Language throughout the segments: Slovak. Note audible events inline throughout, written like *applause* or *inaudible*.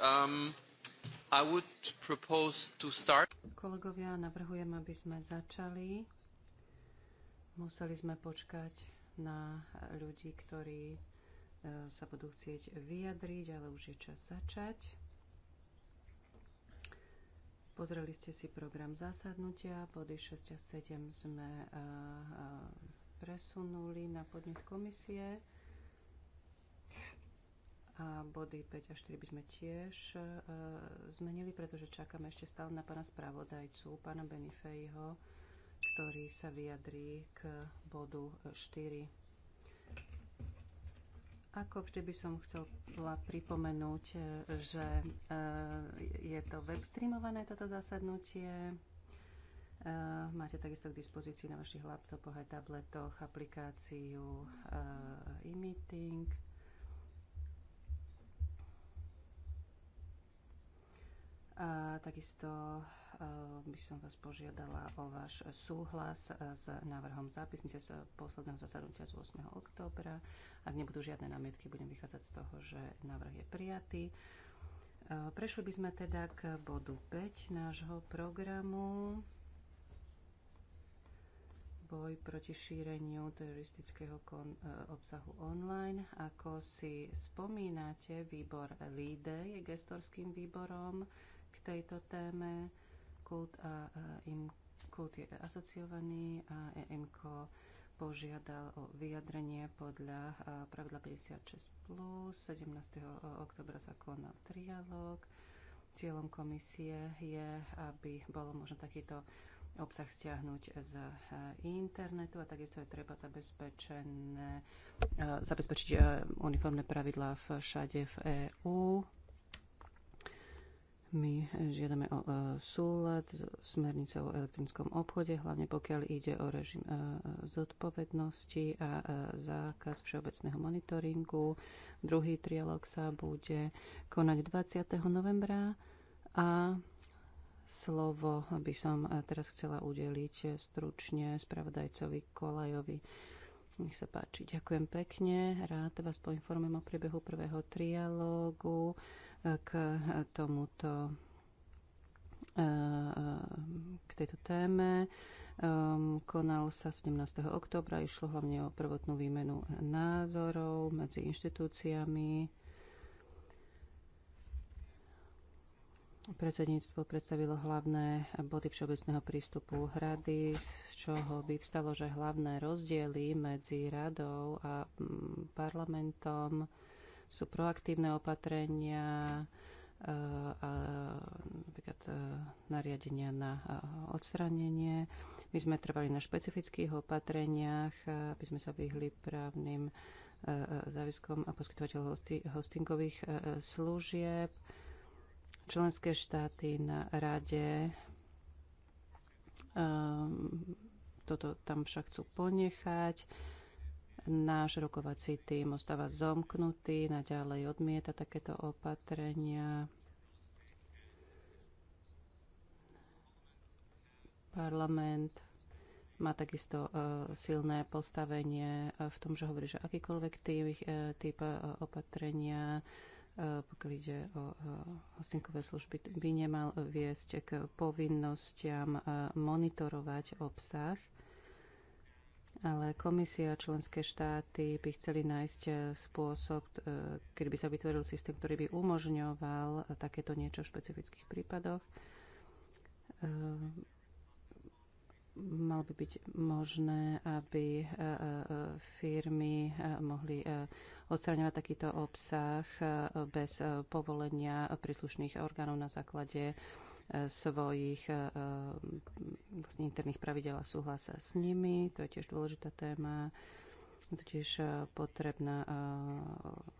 Um, Kolegovia, navrhujem, aby sme začali. Museli sme počkať na ľudí, ktorí e, sa budú chcieť vyjadriť, ale už je čas začať. Pozreli ste si program zasadnutia, body 6 a 7 sme e, e, presunuli na podnet komisie. A body 5 a 4 by sme tiež e, zmenili, pretože čakáme ešte stále na pána spravodajcu, pána Benifejho, ktorý sa vyjadrí k bodu 4. Ako vždy by som chcela pripomenúť, e, že e, je to webstreamované toto zasadnutie. E, máte takisto k dispozícii na vašich laptopoch aj tabletoch aplikáciu e, e-meeting. A takisto e, by som vás požiadala o váš súhlas e, s návrhom zápisnice z posledného zasadnutia z 8. októbra. Ak nebudú žiadne námietky, budem vychádzať z toho, že návrh je prijatý. E, prešli by sme teda k bodu 5 nášho programu boj proti šíreniu teroristického kon, obsahu online. Ako si spomínate, výbor LIDE je gestorským výborom k tejto téme. Kult a im, kult je asociovaný a EMK požiadal o vyjadrenie podľa pravidla 56+. 17. oktobra sa konal trialog. Cieľom komisie je, aby bolo možno takýto obsah stiahnuť z e, internetu a takisto je treba zabezpečené, e, zabezpečiť e, uniformné pravidlá všade v EÚ. My žiadame o e, súlad s smernicou o elektronickom obchode, hlavne pokiaľ ide o režim e, zodpovednosti a e, zákaz všeobecného monitoringu. Druhý trialog sa bude konať 20. novembra a slovo by som teraz chcela udeliť stručne spravodajcovi Kolajovi. Nech sa páči. Ďakujem pekne. Rád vás poinformujem o priebehu prvého trialógu k tomuto e, e, k tejto téme. Konal sa 17. oktobra, išlo hlavne o prvotnú výmenu názorov medzi inštitúciami. Predsedníctvo predstavilo hlavné body všeobecného prístupu rady, z čoho by vstalo, že hlavné rozdiely medzi radou a mm, parlamentom sú proaktívne opatrenia, eh, a napríklad eh, nariadenia na eh, odstránenie. My sme trvali na špecifických opatreniach, aby sme sa vyhli právnym záviskom a poskytovateľ hostingových služieb. Členské štáty na rade ehm, toto tam však chcú ponechať Náš rokovací tým ostáva zomknutý, naďalej odmieta takéto opatrenia. Parlament má takisto e, silné postavenie e, v tom, že hovorí, že akýkoľvek uh, typ opatrenia, pokiaľ ide o hostinkové služby, by nemal viesť k povinnostiam monitorovať obsah ale komisia a členské štáty by chceli nájsť eh, spôsob, eh, kedy by sa vytvoril systém, ktorý by umožňoval eh, takéto niečo v špecifických prípadoch. Malo by byť možné, aby firmy mohli odstraňovať takýto obsah bez povolenia príslušných orgánov na základe svojich eh, eh, vlastne interných pravidel a súhlasa s nimi. To je tiež dôležitá téma. Je to tiež eh, potrebná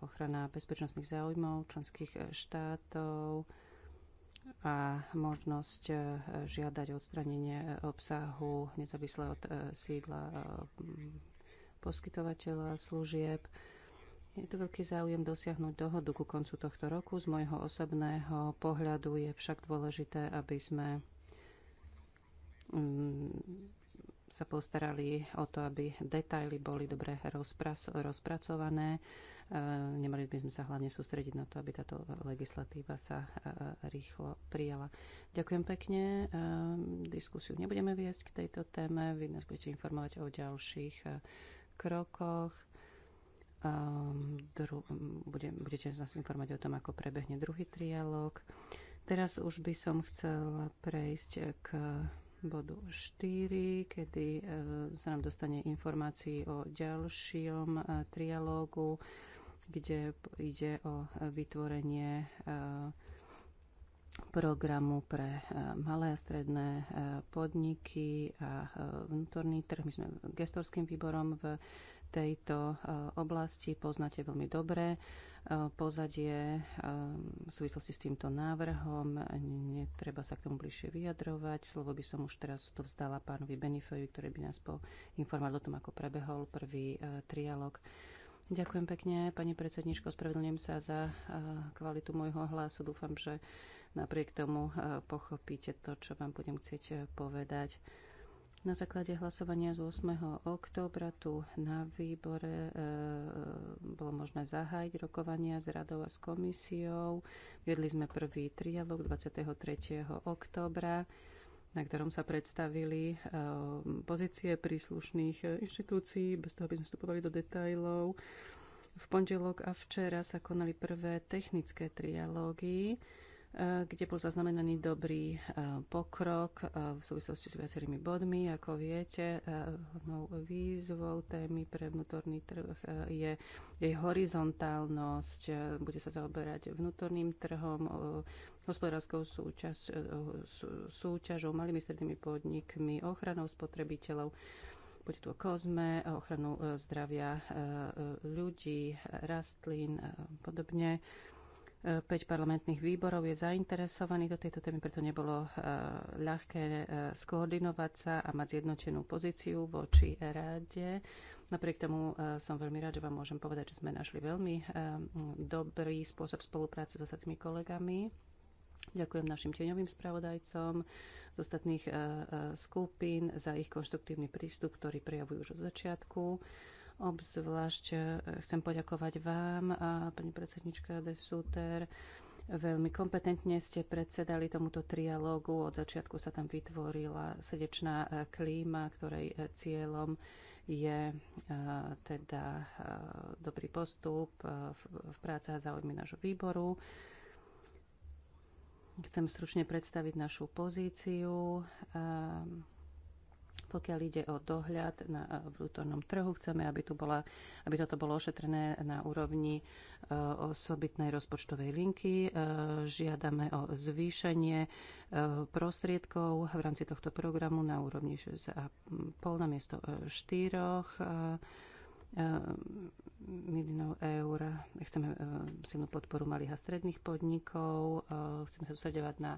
ochrana bezpečnostných záujmov členských štátov a možnosť žiadať odstranenie obsahu nezávisle od sídla poskytovateľa služieb. Je tu veľký záujem dosiahnuť dohodu ku koncu tohto roku. Z môjho osobného pohľadu je však dôležité, aby sme mm, sa postarali o to, aby detaily boli dobre rozpracované. E, nemali by sme sa hlavne sústrediť na to, aby táto legislatíva sa e, rýchlo prijala. Ďakujem pekne. E, diskusiu nebudeme viesť k tejto téme. Vy nás budete informovať o ďalších krokoch. Um, dru- bude, budete nás informovať o tom, ako prebehne druhý trialóg. Teraz už by som chcela prejsť k bodu 4, kedy e, sa nám dostane informácií o ďalšom e, trialógu, kde ide o vytvorenie eh, programu pre malé a stredné podniky a vnútorný trh. My sme gestorským výborom v tejto e, oblasti poznáte veľmi dobre. E, pozadie e, v súvislosti s týmto návrhom, netreba sa k tomu bližšie vyjadrovať. Slovo by som už teraz to vzdala pánovi Benifejovi, ktorý by nás poinformoval o tom, ako prebehol prvý trialog. Ďakujem pekne, pani predsedničko, spravedlňujem sa za kvalitu môjho hlasu. Dúfam, že napriek tomu pochopíte to, čo vám budem chcieť povedať. Na základe hlasovania z 8. októbra tu na výbore e, e, bolo možné zahájiť rokovania s radou a s komisiou. Viedli sme prvý trialog 23. októbra, na ktorom sa predstavili e, pozície príslušných inštitúcií, bez toho, aby sme vstupovali do detajlov. V pondelok a včera sa konali prvé technické trialógy Eh, kde bol zaznamenaný dobrý eh, pokrok eh, v súvislosti s viacerými bodmi. Ako viete, hlavnou výzvou témy pre vnútorný trh je jej horizontálnosť. Bude sa zaoberať vnútorným trhom, hospodárskou súťaž, súťažou, malými strednými podnikmi, ochranou spotrebiteľov. Bude tu o kozme, ochranu zdravia ľudí, rastlín a podobne 5 parlamentných výborov je zainteresovaných do tejto témy, preto nebolo eh, ľahké eh, skoordinovať sa a mať zjednotenú pozíciu voči rade. Napriek tomu eh, som veľmi rád, že vám môžem povedať, že sme našli veľmi dobrý spôsob spolupráce s so ostatnými kolegami. Ďakujem našim tieňovým spravodajcom z ostatných skupín za ich konštruktívny prístup, ktorý prejavujú už od začiatku. Obzvlášť eh, chcem poďakovať vám, a eh, pani predsednička de Suter. Veľmi kompetentne ste predsedali tomuto trialógu. Od začiatku sa tam vytvorila srdečná eh, klíma, ktorej cieľom je teda dobrý postup v práci a záujmy nášho výboru. Chcem stručne predstaviť našu pozíciu. Ehm, pokiaľ ide o dohľad na e, vnútornom trhu, chceme, aby, tu bola, aby toto bolo ošetrené na úrovni e, osobitnej rozpočtovej linky. E, žiadame o zvýšenie prostriedkov v rámci tohto programu na úrovni 6,5 na miesto 4 miliónov eur. Chceme silnú podporu malých a stredných podnikov, chceme sa sústredovať na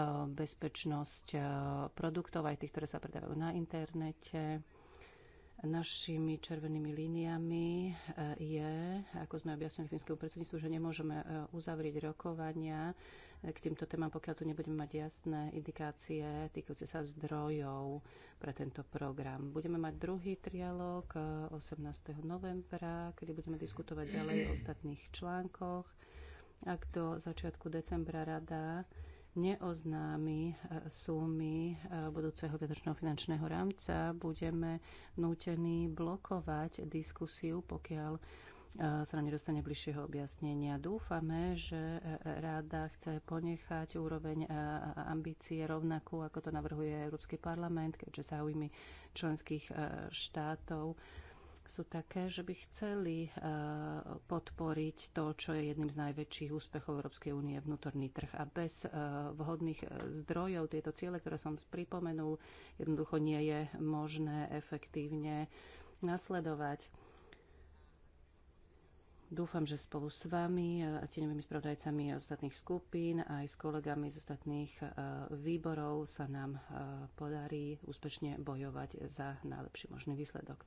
Eh, bezpečnosť eh, produktov, aj tých, ktoré sa predávajú na internete. Našimi červenými líniami eh, je, ako sme objasnili fínskému predsedníctvu, že nemôžeme uzavrieť rokovania k týmto témam, pokiaľ tu nebudeme mať jasné indikácie týkajúce sa zdrojov pre tento program. Budeme mať druhý trialog 18. novembra, kedy budeme diskutovať ďalej o ostatných článkoch. Ak do začiatku decembra rada neoznámi e, sumy e, budúceho viatočného finančného rámca, budeme nútení blokovať diskusiu, pokiaľ e, sa nám nedostane bližšieho objasnenia. Dúfame, že rada chce ponechať úroveň ambície rovnakú, ako to navrhuje Európsky parlament, keďže záujmy členských štátov sú také, že by chceli eh, podporiť to, čo je jedným z najväčších úspechov Európskej únie, vnútorný trh. A bez eh, vhodných eh, zdrojov tieto ciele, ktoré som pripomenul, jednoducho nie je možné efektívne nasledovať. Dúfam, že spolu s vami, tieňovými spravodajcami ostatných skupín aj s kolegami z ostatných výborov sa nám podarí úspešne bojovať za najlepší možný výsledok.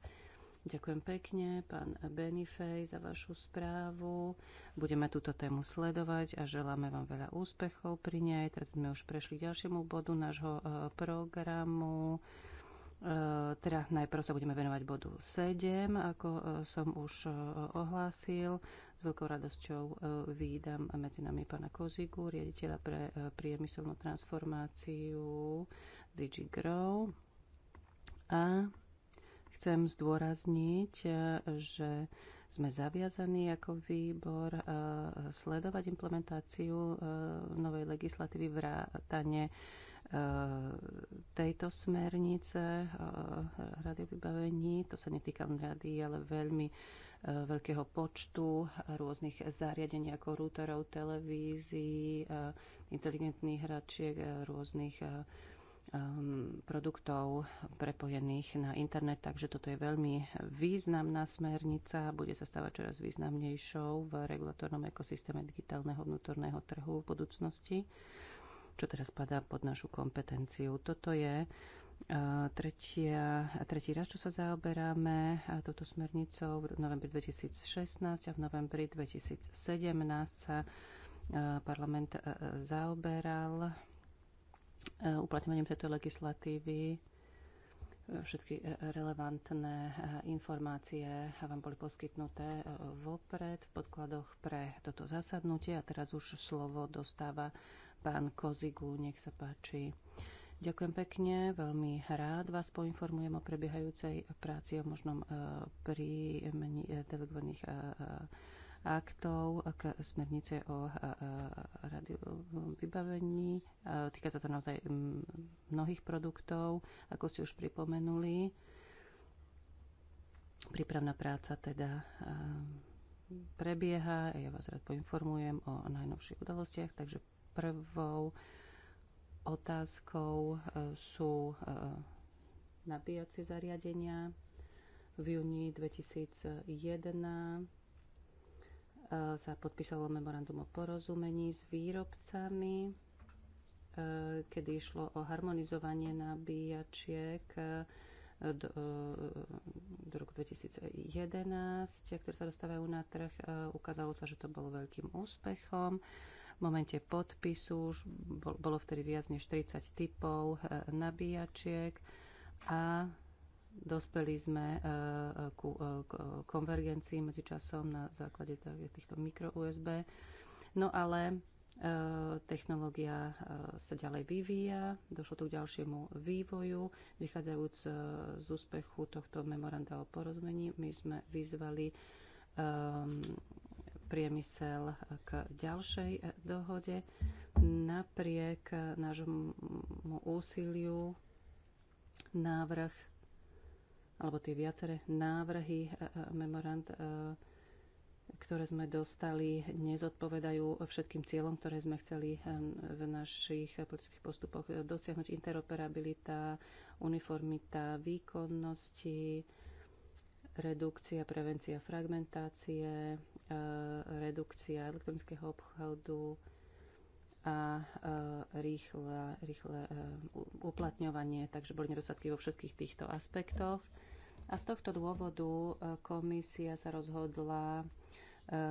Ďakujem pekne, pán Benifej, za vašu správu. Budeme túto tému sledovať a želáme vám veľa úspechov pri nej. Teraz sme už prešli k ďalšiemu bodu nášho e, programu. E, teda najprv sa budeme venovať bodu 7, ako e, som už ohlásil. S veľkou radosťou vídam medzi nami pána Kozigu, riaditeľa pre priemyselnú transformáciu DigiGrow. A chcem zdôrazniť, e, že sme zaviazaní ako výbor e, sledovať implementáciu e, novej legislatívy vrátane tejto smernice radiovybavení. To sa netýka rady, ale veľmi veľkého počtu rôznych zariadení ako routerov, televízií, inteligentných hračiek, rôznych Um, produktov prepojených na internet, takže toto je veľmi významná smernica, bude sa stávať čoraz významnejšou v regulatornom ekosystéme digitálneho vnútorného trhu v budúcnosti, čo teraz spadá pod našu kompetenciu. Toto je uh, tretia, tretí raz, čo sa zaoberáme uh, touto smernicou. V novembri 2016 a v novembri 2017 sa uh, parlament zaoberal E, uplatňovaním tejto legislatívy e, všetky e, relevantné informácie vám boli poskytnuté vopred v podkladoch pre toto zasadnutie. A teraz už slovo dostáva pán Kozigu. Nech sa páči. Ďakujem pekne, veľmi rád vás poinformujem o prebiehajúcej práci, o možnom príjmení delegovaných aktov k smernice o radiovom vybavení. Týka sa to naozaj mnohých produktov, ako ste už pripomenuli. Prípravná práca teda prebieha. Ja vás rád poinformujem o najnovších udalostiach. Takže prvou otázkou e, sú e, nabíjacie zariadenia v júni 2001 sa podpísalo memorandum o porozumení s výrobcami, e, kedy išlo o harmonizovanie nabíjačiek e, do, e, do roku 2011, ktoré sa dostávajú na trh. Ukázalo sa, že to bolo veľkým úspechom. V momente podpisu už bolo vtedy viac než 30 typov nabíjačiek a Dospeli sme e, e, ku e, konvergencii medzičasom na základe týchto mikro-USB. No ale technológia sa ďalej vyvíja, došlo tu k ďalšiemu vývoju. Vychádzajúc z úspechu tohto memoranda o porozumení, my sme vyzvali priemysel k ďalšej dohode. Napriek nášmu úsiliu návrh alebo tie viaceré návrhy e, e, memorand, e, ktoré sme dostali, nezodpovedajú všetkým cieľom, ktoré sme chceli v našich politických postupoch dosiahnuť. Interoperabilita, uniformita výkonnosti, redukcia, prevencia fragmentácie, redukcia elektronického obchodu, a rýchle, rýchle uplatňovanie, takže boli nedostatky vo všetkých týchto aspektoch. A z tohto dôvodu e, komisia sa rozhodla e,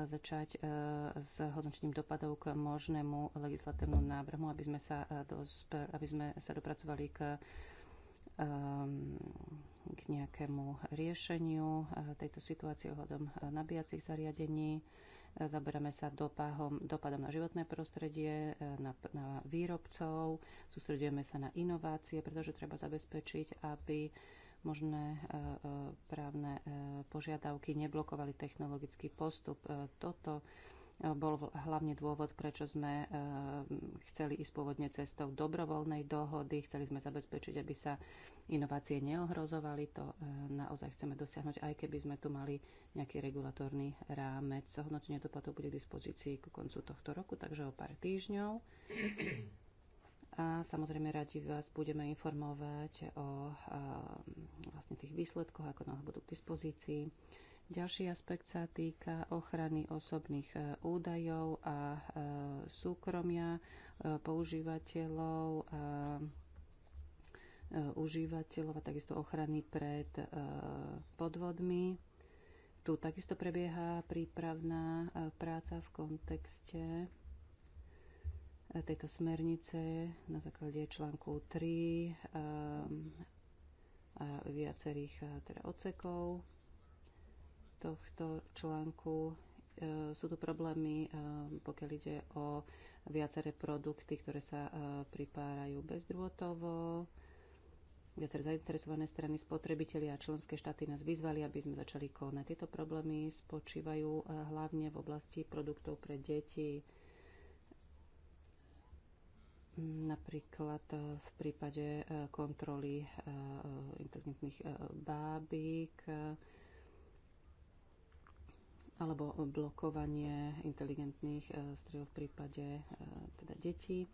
začať e, s hodnotením dopadov k možnému legislatívnemu návrhu, aby sme sa, dosper, aby sme sa dopracovali k, ehm, k nejakému riešeniu tejto situácie ohľadom nabíjacích zariadení. Zaberáme sa dopahom, dopadom na životné prostredie, na, na výrobcov, sústredujeme sa na inovácie, pretože treba zabezpečiť, aby možné e, e, právne e, požiadavky neblokovali technologický postup. Toto bol hlavne dôvod, prečo sme chceli ísť pôvodne cestou dobrovoľnej dohody. Chceli sme zabezpečiť, aby sa inovácie neohrozovali. To naozaj chceme dosiahnuť, aj keby sme tu mali nejaký regulatórny rámec. Hodnotenie dopadov bude k dispozícii ku koncu tohto roku, takže o pár týždňov. A samozrejme radi vás budeme informovať o vlastne tých výsledkoch, ako nám budú k dispozícii. Ďalší aspekt sa týka ochrany osobných e, údajov a, a e, súkromia e, používateľov a užívateľov a takisto ochrany pred podvodmi. Tu takisto prebieha prípravná práca v kontexte tejto smernice na základe článku 3 ehm, a viacerých eh, teda odsekov tohto článku. Eh, sú tu problémy, ehm, pokiaľ ide o viaceré produkty, ktoré sa eh, pripárajú bezdrôtovo. Viaceré zainteresované strany, spotrebitelia a členské štáty nás vyzvali, aby sme začali konať. Tieto problémy spočívajú hlavne v oblasti produktov pre deti, Napríklad eh, v prípade eh, kontroly eh, inteligentných bábik alebo blokovanie inteligentných strojov v prípade teda detí.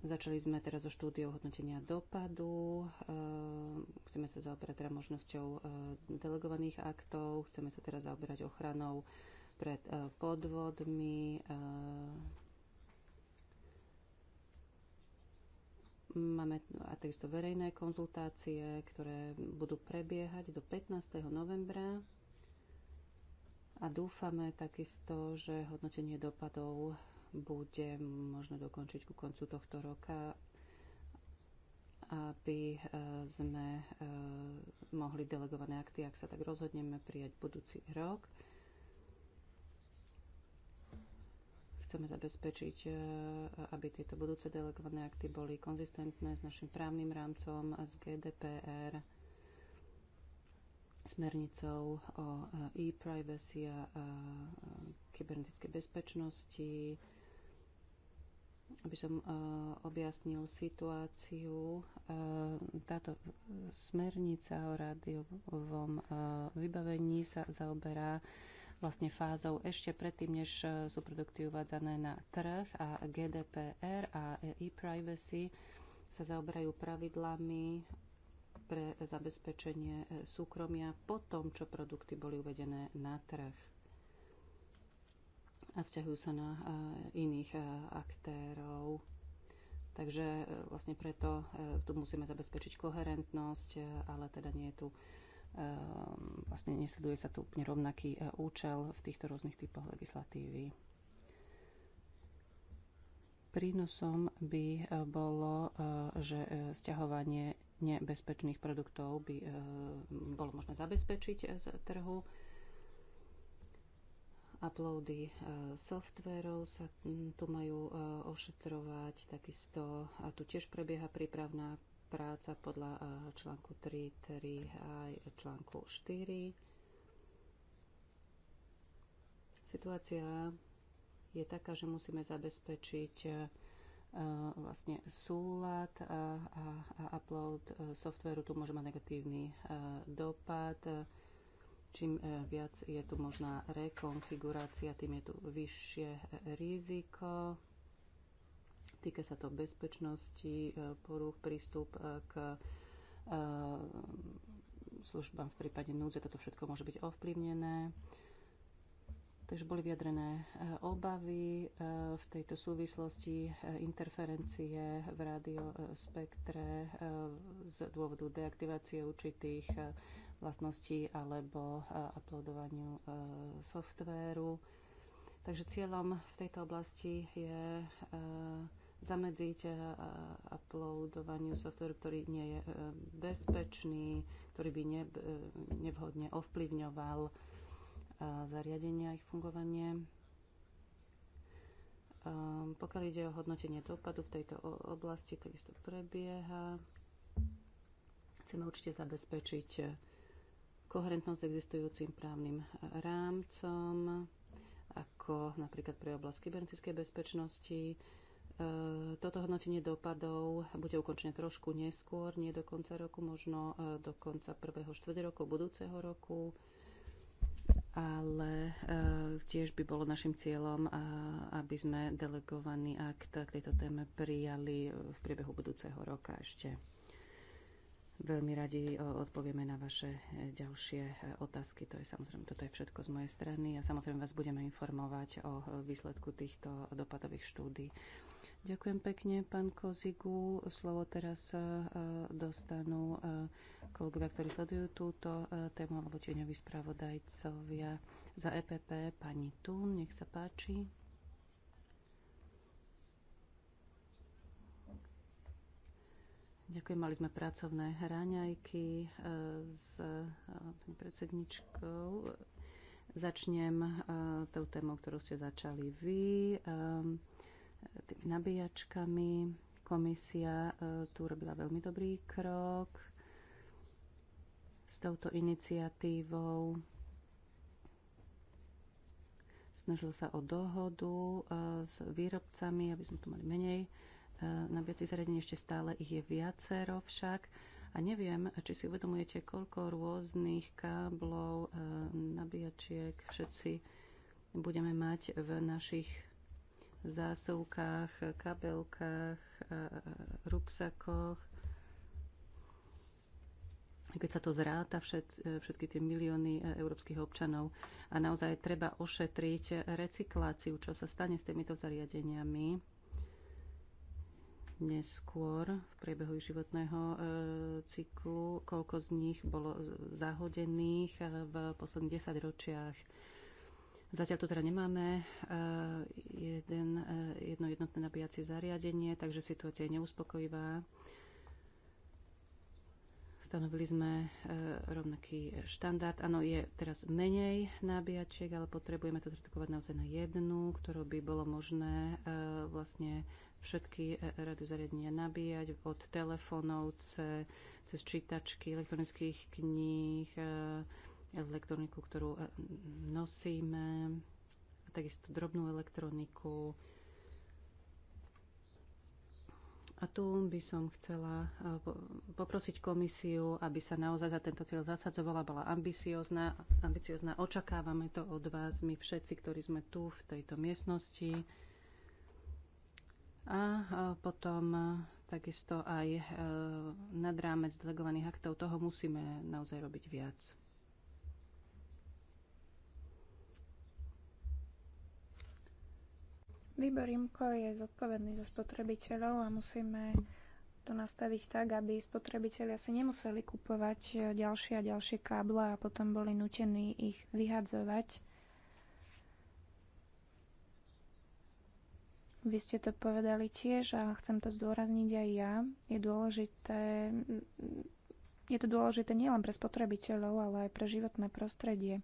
Začali sme teraz so štúdiou hodnotenia dopadu, chceme sa zaoberať teda možnosťou delegovaných aktov, chceme sa teraz zaoberať ochranou pred podvodmi, Máme a takisto verejné konzultácie, ktoré budú prebiehať do 15. novembra a dúfame takisto, že hodnotenie dopadov bude možno dokončiť ku koncu tohto roka, aby e, sme e, mohli delegované akty, ak sa tak rozhodneme, prijať budúci rok. Chceme zabezpečiť, e, aby tieto budúce delegované akty boli konzistentné s našim právnym rámcom, s GDPR, smernicou o e, e-privacy a kybernetickej bezpečnosti, aby som e, objasnil situáciu. táto smernica o rádiovom vybavení sa zaoberá vlastne fázou ešte predtým, než e, sú produkty uvádzané na trh a GDPR a e-privacy sa zaoberajú pravidlami pre zabezpečenie e, súkromia po tom, čo produkty boli uvedené na trh a vzťahujú sa na e, iných aktérov. Takže vlastne preto tu musíme zabezpečiť koherentnosť, ale teda nie je tu Ehm, vlastne nesleduje sa tu úplne rovnaký e, účel v týchto rôznych typoch legislatívy. Prínosom by e, bolo, e, že sťahovanie nebezpečných produktov by bolo možné zabezpečiť z trhu. Uploady softverov sa tu majú ošetrovať, takisto a tu tiež prebieha prípravná práca podľa e, článku 3, 3 aj článku 4. Situácia je taká, že musíme zabezpečiť e, vlastne súlad a, a, a upload e, softveru tu môže mať negatívny dopad. Čím viac je tu možná rekonfigurácia, tým je tu vyššie riziko. Týka sa to bezpečnosti, e, poruch, prístup e, k e, službám v prípade núdze. Toto všetko môže byť ovplyvnené. Takže boli vyjadrené obavy v tejto súvislosti, interferencie v rádiospektre z dôvodu deaktivácie určitých vlastností alebo uploadovaniu softvéru. Takže cieľom v tejto oblasti je zamedziť eh, uploadovaniu softveru, ktorý nie je eh, bezpečný, ktorý by eh, nevhodne ovplyvňoval zariadenia a ich fungovanie. Ehm, pokiaľ ide o hodnotenie dopadu v tejto oblasti, takisto prebieha. Chceme určite zabezpečiť koherentnosť existujúcim právnym rámcom, ako napríklad pre oblasť kybernetickej bezpečnosti, E, toto hodnotenie dopadov bude ukončené trošku neskôr, nie do konca roku, možno e, do konca prvého štvrť roku budúceho roku, ale e, tiež by bolo našim cieľom, aby sme delegovaný akt k tejto téme prijali v priebehu budúceho roka ešte. Veľmi radi odpovieme na vaše ďalšie otázky. To je samozrejme, toto je všetko z mojej strany a samozrejme vás budeme informovať o výsledku týchto dopadových štúdí. Ďakujem pekne, pán Kozigu. Slovo teraz e, dostanú e, kolegovia, ktorí sledujú túto e, tému, alebo tieňoví spravodajcovia za EPP. Pani Tún, nech sa páči. Ďakujem, mali sme pracovné hraňajky s pani predsedničkou. Začnem tou témou, ktorú ste začali vy. Ehm, tými nabíjačkami. Komisia e, tu robila veľmi dobrý krok s touto iniciatívou. Snažil sa o dohodu e, s výrobcami, aby sme tu mali menej e, nabíjacích zariadení. Ešte stále ich je viacero však. A neviem, či si uvedomujete, koľko rôznych káblov, nabíjačiek všetci budeme mať v našich zásuvkách, kabelkách, ruksakoch. Keď sa to zráta, všet, e, všetky tie milióny e, európskych občanov a naozaj treba ošetriť recykláciu, čo sa stane s týmito zariadeniami neskôr v priebehu ich životného e, cyklu, koľko z nich bolo zahodených e, v posledných 10 ročiach. Zatiaľ tu teda nemáme eh, jeden, eh, jedno jednotné nabíjacie zariadenie, takže situácia je neuspokojivá. Stanovili sme eh, rovnaký štandard. Áno, je teraz menej nabíjačiek, ale potrebujeme to zredukovať naozaj na jednu, ktorou by bolo možné vlastne všetky radiozariadenia nabíjať od telefónov, cez čítačky, elektronických kníh, elektroniku, ktorú e, nosíme, a takisto drobnú elektroniku. A tu by som chcela e, poprosiť komisiu, aby sa naozaj za tento cieľ zasadzovala, bola ambiciozná. ambiciozná. Očakávame to od vás, my všetci, ktorí sme tu v tejto miestnosti. A e, potom takisto aj nad rámec delegovaných aktov toho musíme naozaj robiť viac. Výbor IMKO je zodpovedný za spotrebiteľov a musíme to nastaviť tak, aby spotrebitelia si nemuseli kupovať eh, ďalšie a ďalšie káble a potom boli nutení ich vyhadzovať. Vy ste to povedali tiež a chcem to zdôrazniť aj ja. Je dôležité, mm, je to dôležité nielen pre spotrebiteľov, ale aj pre životné prostredie.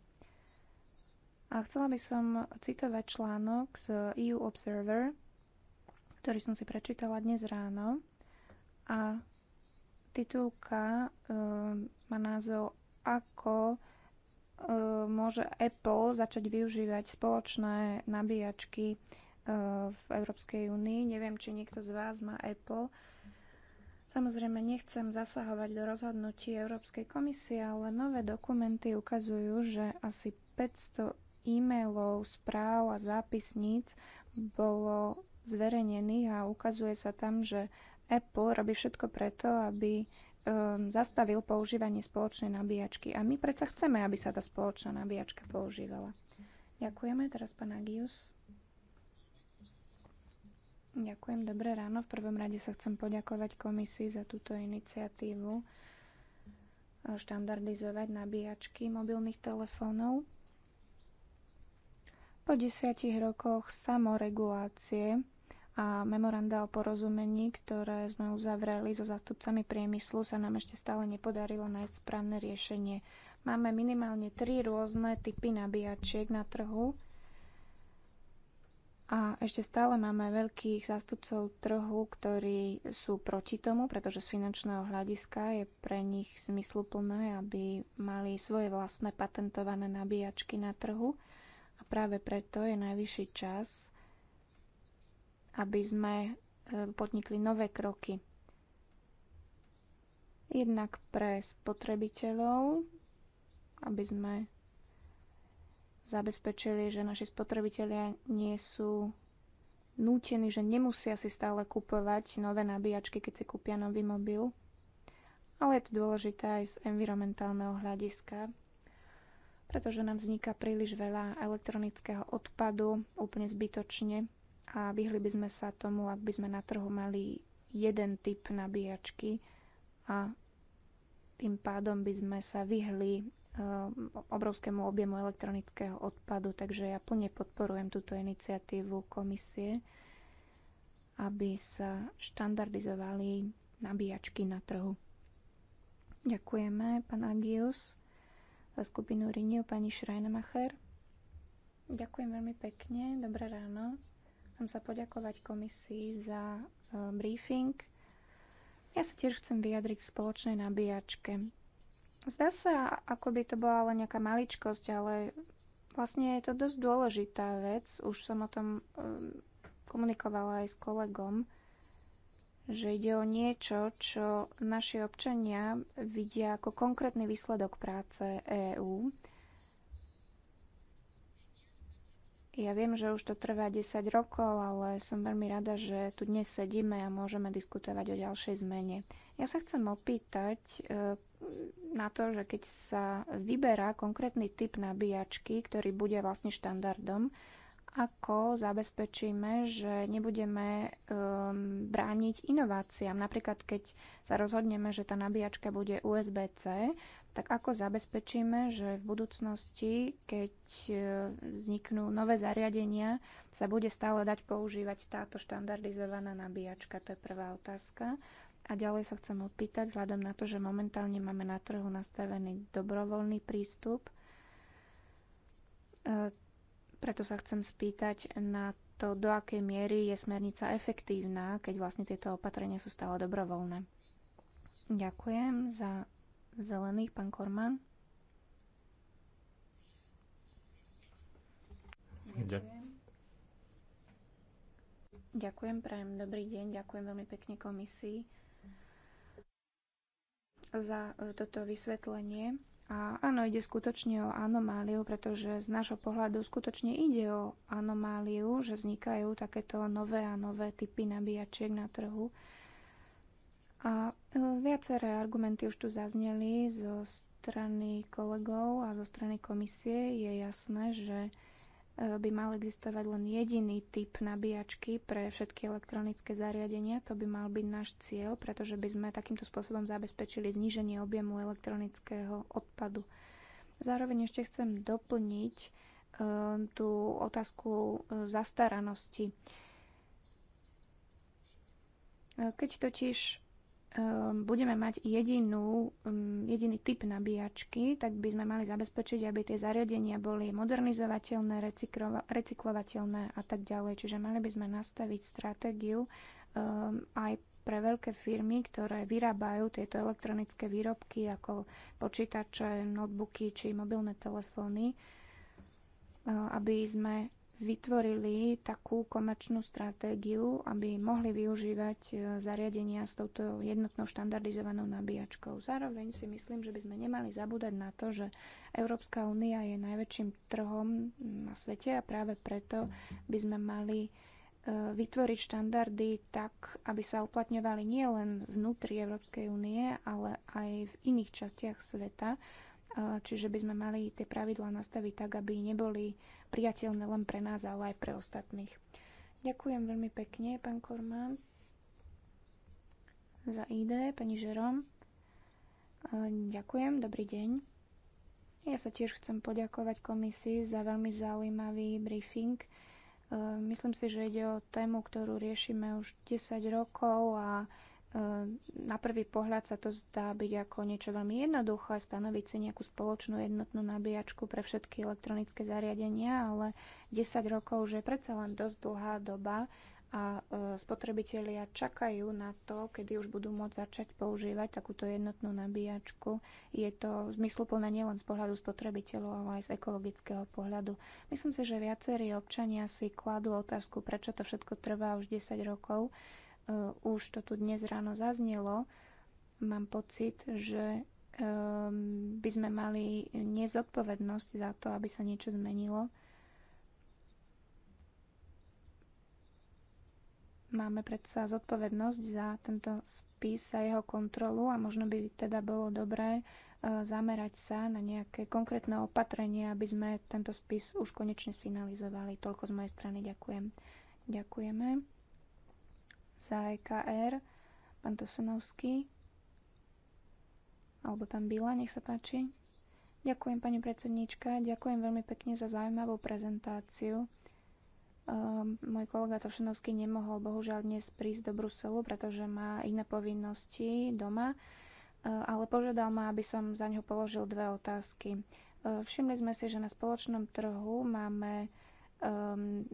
A chcela by som citovať článok z EU Observer, ktorý som si prečítala dnes ráno. A titulka e, má názov Ako e, môže Apple začať využívať spoločné nabíjačky e, v Európskej únii. Neviem, či niekto z vás má Apple. Samozrejme, nechcem zasahovať do rozhodnutí Európskej komisie, ale nové dokumenty ukazujú, že asi 500 e-mailov, správ a zápisníc bolo zverejnených a ukazuje sa tam, že Apple robí všetko preto, aby um, zastavil používanie spoločnej nabíjačky. A my predsa chceme, aby sa tá spoločná nabíjačka používala. Ďakujeme. Teraz pán Agius. Ďakujem. Dobré ráno. V prvom rade sa chcem poďakovať komisii za túto iniciatívu eh, štandardizovať nabíjačky mobilných telefónov. Po desiatich rokoch samoregulácie a memoranda o porozumení, ktoré sme uzavreli so zástupcami priemyslu, sa nám ešte stále nepodarilo nájsť správne riešenie. Máme minimálne tri rôzne typy nabíjačiek na trhu a ešte stále máme veľkých zástupcov trhu, ktorí sú proti tomu, pretože z finančného hľadiska je pre nich zmysluplné, aby mali svoje vlastné patentované nabíjačky na trhu práve preto je najvyšší čas, aby sme e, podnikli nové kroky. Jednak pre spotrebiteľov, aby sme zabezpečili, že naši spotrebitelia nie sú nútení, že nemusia si stále kupovať nové nabíjačky, keď si kúpia nový mobil. Ale je to dôležité aj z environmentálneho hľadiska, pretože nám vzniká príliš veľa elektronického odpadu úplne zbytočne a vyhli by sme sa tomu, ak by sme na trhu mali jeden typ nabíjačky a tým pádom by sme sa vyhli eh, obrovskému objemu elektronického odpadu, takže ja plne podporujem túto iniciatívu komisie, aby sa štandardizovali nabíjačky na trhu. Ďakujeme, pán Agius za skupinu Rinio pani Schreinemacher. Ďakujem veľmi pekne, dobré ráno. Chcem sa poďakovať komisii za uh, briefing. Ja sa tiež chcem vyjadriť k spoločnej nabíjačke. Zdá sa, ako by to bola len nejaká maličkosť, ale vlastne je to dosť dôležitá vec. Už som o tom um, komunikovala aj s kolegom že ide o niečo, čo naši občania vidia ako konkrétny výsledok práce EÚ. Ja viem, že už to trvá 10 rokov, ale som veľmi rada, že tu dnes sedíme a môžeme diskutovať o ďalšej zmene. Ja sa chcem opýtať e, na to, že keď sa vyberá konkrétny typ nabíjačky, ktorý bude vlastne štandardom, ako zabezpečíme, že nebudeme um, brániť inováciám. Napríklad, keď sa rozhodneme, že tá nabíjačka bude USB-C, tak ako zabezpečíme, že v budúcnosti, keď e, vzniknú nové zariadenia, sa bude stále dať používať táto štandardizovaná nabíjačka? To je prvá otázka. A ďalej sa chcem opýtať, vzhľadom na to, že momentálne máme na trhu nastavený dobrovoľný prístup, uh, preto sa chcem spýtať na to, do akej miery je smernica efektívna, keď vlastne tieto opatrenia sú stále dobrovoľné. Ďakujem za zelených, pán Korman. Ďakujem. Ďakujem, prajem dobrý deň, ďakujem veľmi pekne komisii za e, toto vysvetlenie. A áno, ide skutočne o anomáliu, pretože z nášho pohľadu skutočne ide o anomáliu, že vznikajú takéto nové a nové typy nabíjačiek na trhu. A e, viaceré argumenty už tu zazneli zo strany kolegov a zo strany komisie. Je jasné, že by mal existovať len jediný typ nabíjačky pre všetky elektronické zariadenia. To by mal byť náš cieľ, pretože by sme takýmto spôsobom zabezpečili zníženie objemu elektronického odpadu. Zároveň ešte chcem doplniť eh, tú otázku eh, zastaranosti. Eh, keď totiž Ehm, budeme mať jedinú, mm, jediný typ nabíjačky, tak by sme mali zabezpečiť, aby tie zariadenia boli modernizovateľné, recyklovateľné a tak ďalej. Čiže mali by sme nastaviť stratégiu ehm, aj pre veľké firmy, ktoré vyrábajú tieto elektronické výrobky ako počítače, notebooky či mobilné telefóny, ehm, aby sme vytvorili takú komerčnú stratégiu, aby mohli využívať e, zariadenia s touto jednotnou štandardizovanou nabíjačkou. Zároveň si myslím, že by sme nemali zabúdať na to, že Európska únia je najväčším trhom na svete a práve preto by sme mali e, vytvoriť štandardy tak, aby sa uplatňovali nielen vnútri Európskej únie, ale aj v iných častiach sveta čiže by sme mali tie pravidlá nastaviť tak, aby neboli priateľné len pre nás, ale aj pre ostatných. Ďakujem veľmi pekne, pán Korman, za ID, pani Žerom. Ďakujem, dobrý deň. Ja sa tiež chcem poďakovať komisii za veľmi zaujímavý briefing. E, myslím si, že ide o tému, ktorú riešime už 10 rokov a na prvý pohľad sa to zdá byť ako niečo veľmi jednoduché, stanoviť si nejakú spoločnú jednotnú nabíjačku pre všetky elektronické zariadenia, ale 10 rokov už je predsa len dosť dlhá doba a e, spotrebitelia čakajú na to, kedy už budú môcť začať používať takúto jednotnú nabíjačku. Je to zmysluplné nielen z pohľadu spotrebiteľov, ale aj z ekologického pohľadu. Myslím si, že viacerí občania si kladú otázku, prečo to všetko trvá už 10 rokov Eh, už to tu dnes ráno zaznelo, mám pocit, že ehm, by sme mali nezodpovednosť za to, aby sa niečo zmenilo. Máme predsa zodpovednosť za tento spis a jeho kontrolu a možno by teda bolo dobré eh, zamerať sa na nejaké konkrétne opatrenie, aby sme tento spis už konečne sfinalizovali. Toľko z mojej strany ďakujem. Ďakujeme za EKR, pán Tosunovský, alebo pán Bila, nech sa páči. Ďakujem, pani predsedníčka, ďakujem veľmi pekne za zaujímavú prezentáciu. Ehm, môj kolega Tosunovský nemohol bohužiaľ dnes prísť do Bruselu, pretože má iné povinnosti doma, e, ale požiadal ma, aby som za ňo položil dve otázky. E, všimli sme si, že na spoločnom trhu máme um,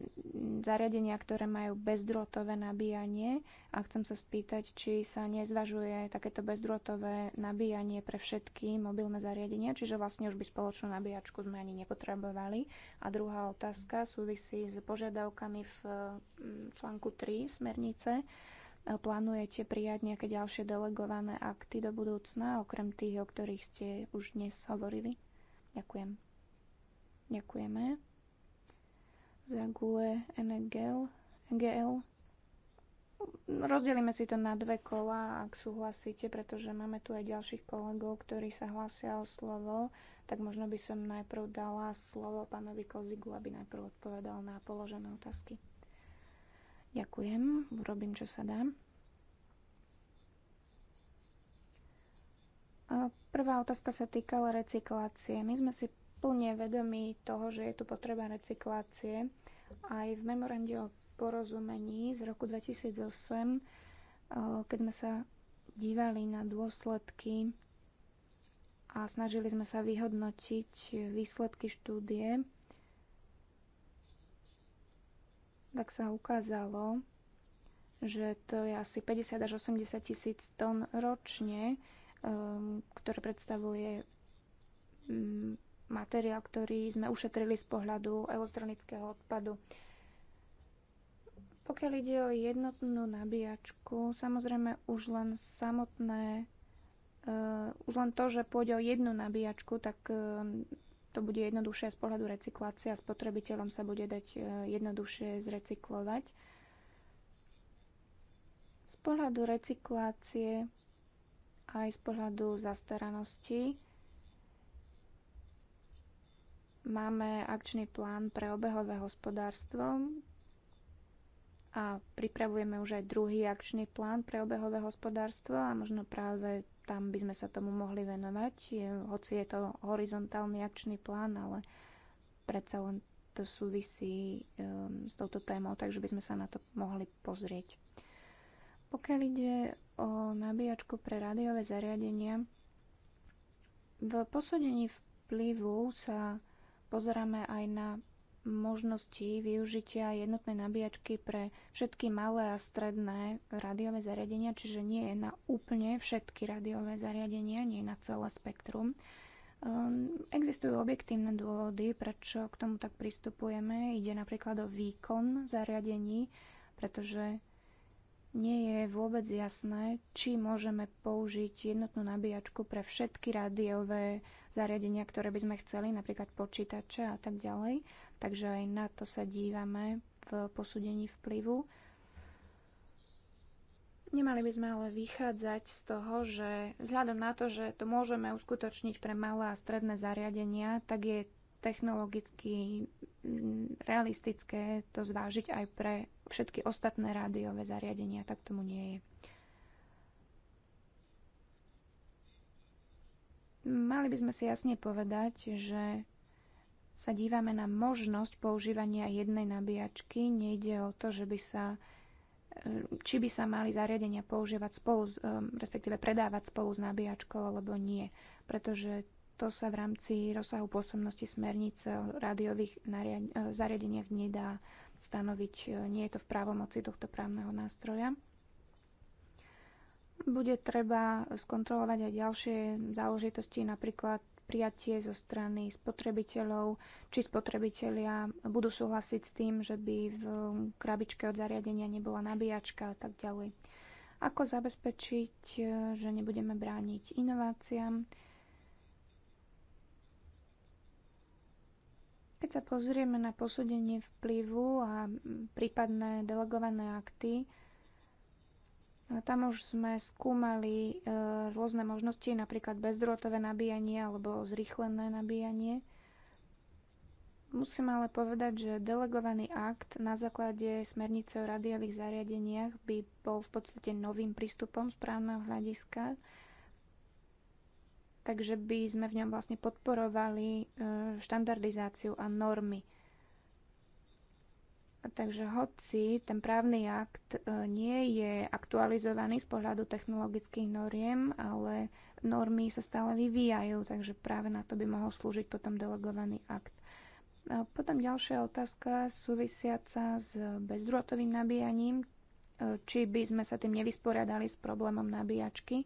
zariadenia, ktoré majú bezdrôtové nabíjanie a chcem sa spýtať, či sa nezvažuje takéto bezdrôtové nabíjanie pre všetky mobilné zariadenia, čiže vlastne už by spoločnú nabíjačku sme ani nepotrebovali. A druhá otázka súvisí s požiadavkami v mm, článku 3 smernice. Plánujete prijať nejaké ďalšie delegované akty do budúcna, okrem tých, o ktorých ste už dnes hovorili? Ďakujem. Ďakujeme za e NGL. NGL. Rozdelíme si to na dve kola, ak súhlasíte, pretože máme tu aj ďalších kolegov, ktorí sa hlásia o slovo. Tak možno by som najprv dala slovo pánovi Kozigu, aby najprv odpovedal na položené otázky. Ďakujem, urobím, čo sa dá. Prvá otázka sa týkala recyklácie. My sme si plne vedomí toho, že je tu potreba recyklácie. Aj v memorande o porozumení z roku 2008, eh, keď sme sa dívali na dôsledky a snažili sme sa vyhodnotiť výsledky štúdie, tak sa ukázalo, že to je asi 50 až 80 tisíc tón ročne, eh, ktoré predstavuje mm, materiál, ktorý sme ušetrili z pohľadu elektronického odpadu. Pokiaľ ide o jednotnú nabíjačku, samozrejme už len samotné, uh, už len to, že pôjde o jednu nabíjačku, tak uh, to bude jednoduchšie z pohľadu recyklácie a spotrebiteľom sa bude dať uh, jednoduchšie zrecyklovať. Z pohľadu recyklácie aj z pohľadu zastaranosti Máme akčný plán pre obehové hospodárstvo a pripravujeme už aj druhý akčný plán pre obehové hospodárstvo a možno práve tam by sme sa tomu mohli venovať. Je, hoci je to horizontálny akčný plán, ale predsa len to súvisí um, s touto témou, takže by sme sa na to mohli pozrieť. Pokiaľ ide o nabíjačku pre rádiové zariadenia, v posúdení vplyvu sa pozeráme aj na možnosti využitia jednotnej nabíjačky pre všetky malé a stredné rádiové zariadenia, čiže nie je na úplne všetky rádiové zariadenia, nie je na celé spektrum. Um, existujú objektívne dôvody, prečo k tomu tak pristupujeme. Ide napríklad o výkon zariadení, pretože nie je vôbec jasné, či môžeme použiť jednotnú nabíjačku pre všetky rádiové zariadenia, ktoré by sme chceli, napríklad počítače a tak ďalej. Takže aj na to sa dívame v posúdení vplyvu. Nemali by sme ale vychádzať z toho, že vzhľadom na to, že to môžeme uskutočniť pre malé a stredné zariadenia, tak je technologicky realistické to zvážiť aj pre všetky ostatné rádiové zariadenia. Tak tomu nie je. Mali by sme si jasne povedať, že sa dívame na možnosť používania jednej nabíjačky. Nejde o to, že by sa e, či by sa mali zariadenia používať spolu, e, respektíve predávať spolu s nabíjačkou alebo nie. Pretože to sa v rámci rozsahu pôsobnosti smernice o rádiových e, zariadeniach nedá stanoviť. Nie je to v právomoci tohto právneho nástroja. Bude treba skontrolovať aj ďalšie záležitosti, napríklad prijatie zo strany spotrebiteľov, či spotrebitelia budú súhlasiť s tým, že by v krabičke od zariadenia nebola nabíjačka a tak ďalej. Ako zabezpečiť, že nebudeme brániť inováciám? Keď sa pozrieme na posúdenie vplyvu a prípadné delegované akty, tam už sme skúmali e, rôzne možnosti, napríklad bezdrôtové nabíjanie alebo zrýchlené nabíjanie. Musím ale povedať, že delegovaný akt na základe smernice o rádiových zariadeniach by bol v podstate novým prístupom správneho hľadiska, takže by sme v ňom vlastne podporovali e, štandardizáciu a normy. Takže hoci ten právny akt e, nie je aktualizovaný z pohľadu technologických noriem, ale normy sa stále vyvíjajú, takže práve na to by mohol slúžiť potom delegovaný akt. Potom ďalšia otázka súvisiaca s bezdrôtovým nabíjaním, e, či by sme sa tým nevysporiadali s problémom nabíjačky. E,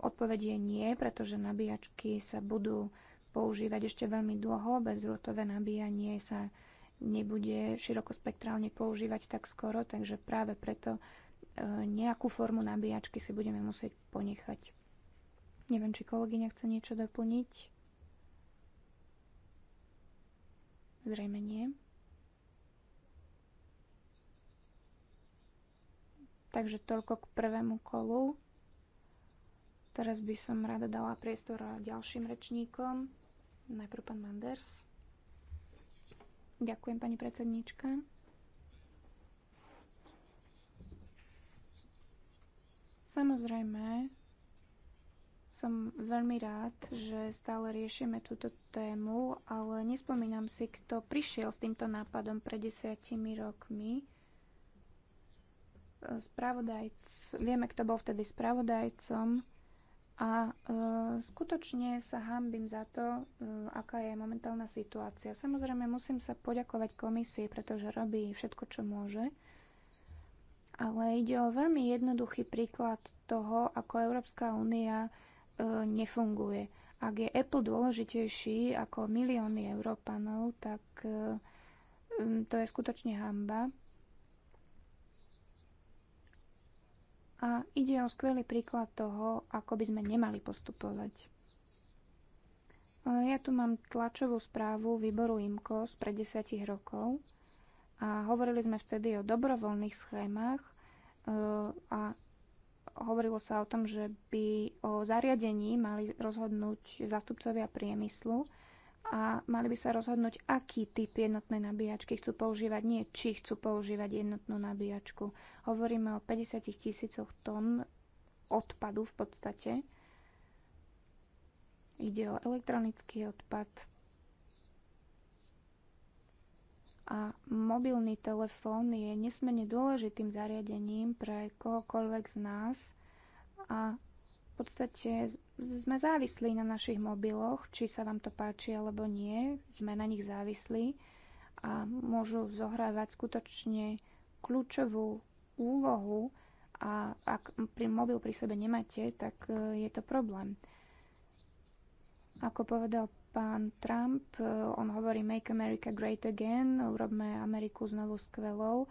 odpoveď je nie, pretože nabíjačky sa budú používať ešte veľmi dlho, bezdrôtové nabíjanie sa nebude širokospektrálne používať tak skoro, takže práve preto e, nejakú formu nabíjačky si budeme musieť ponechať. Neviem, či kolegyňa chce niečo doplniť. Zrejme nie. Takže toľko k prvému kolu. Teraz by som rada dala priestor ďalším rečníkom. Najprv pán Manders. Ďakujem, pani predsedníčka. Samozrejme, som veľmi rád, že stále riešime túto tému, ale nespomínam si, kto prišiel s týmto nápadom pred desiatimi rokmi. Spravodajc, vieme, kto bol vtedy spravodajcom a e, skutočne sa hambím za to, e, aká je momentálna situácia. Samozrejme, musím sa poďakovať komisii, pretože robí všetko, čo môže. Ale ide o veľmi jednoduchý príklad toho, ako Európska únia e, nefunguje. Ak je Apple dôležitejší ako milióny Európanov, tak e, to je skutočne hamba. A ide o skvelý príklad toho, ako by sme nemali postupovať. E, ja tu mám tlačovú správu výboru IMKO z pred desiatich rokov a hovorili sme vtedy o dobrovoľných schémach e, a hovorilo sa o tom, že by o zariadení mali rozhodnúť zástupcovia priemyslu a mali by sa rozhodnúť, aký typ jednotnej nabíjačky chcú používať, nie či chcú používať jednotnú nabíjačku. Hovoríme o 50 tisícoch tón odpadu v podstate. Ide o elektronický odpad a mobilný telefón je nesmierne dôležitým zariadením pre kohokoľvek z nás a v podstate sme závislí na našich mobiloch, či sa vám to páči alebo nie, sme na nich závislí a môžu zohrávať skutočne kľúčovú úlohu a ak pri mobil pri sebe nemáte, tak e, je to problém. Ako povedal pán Trump, e, on hovorí Make America Great Again, urobme Ameriku znovu skvelou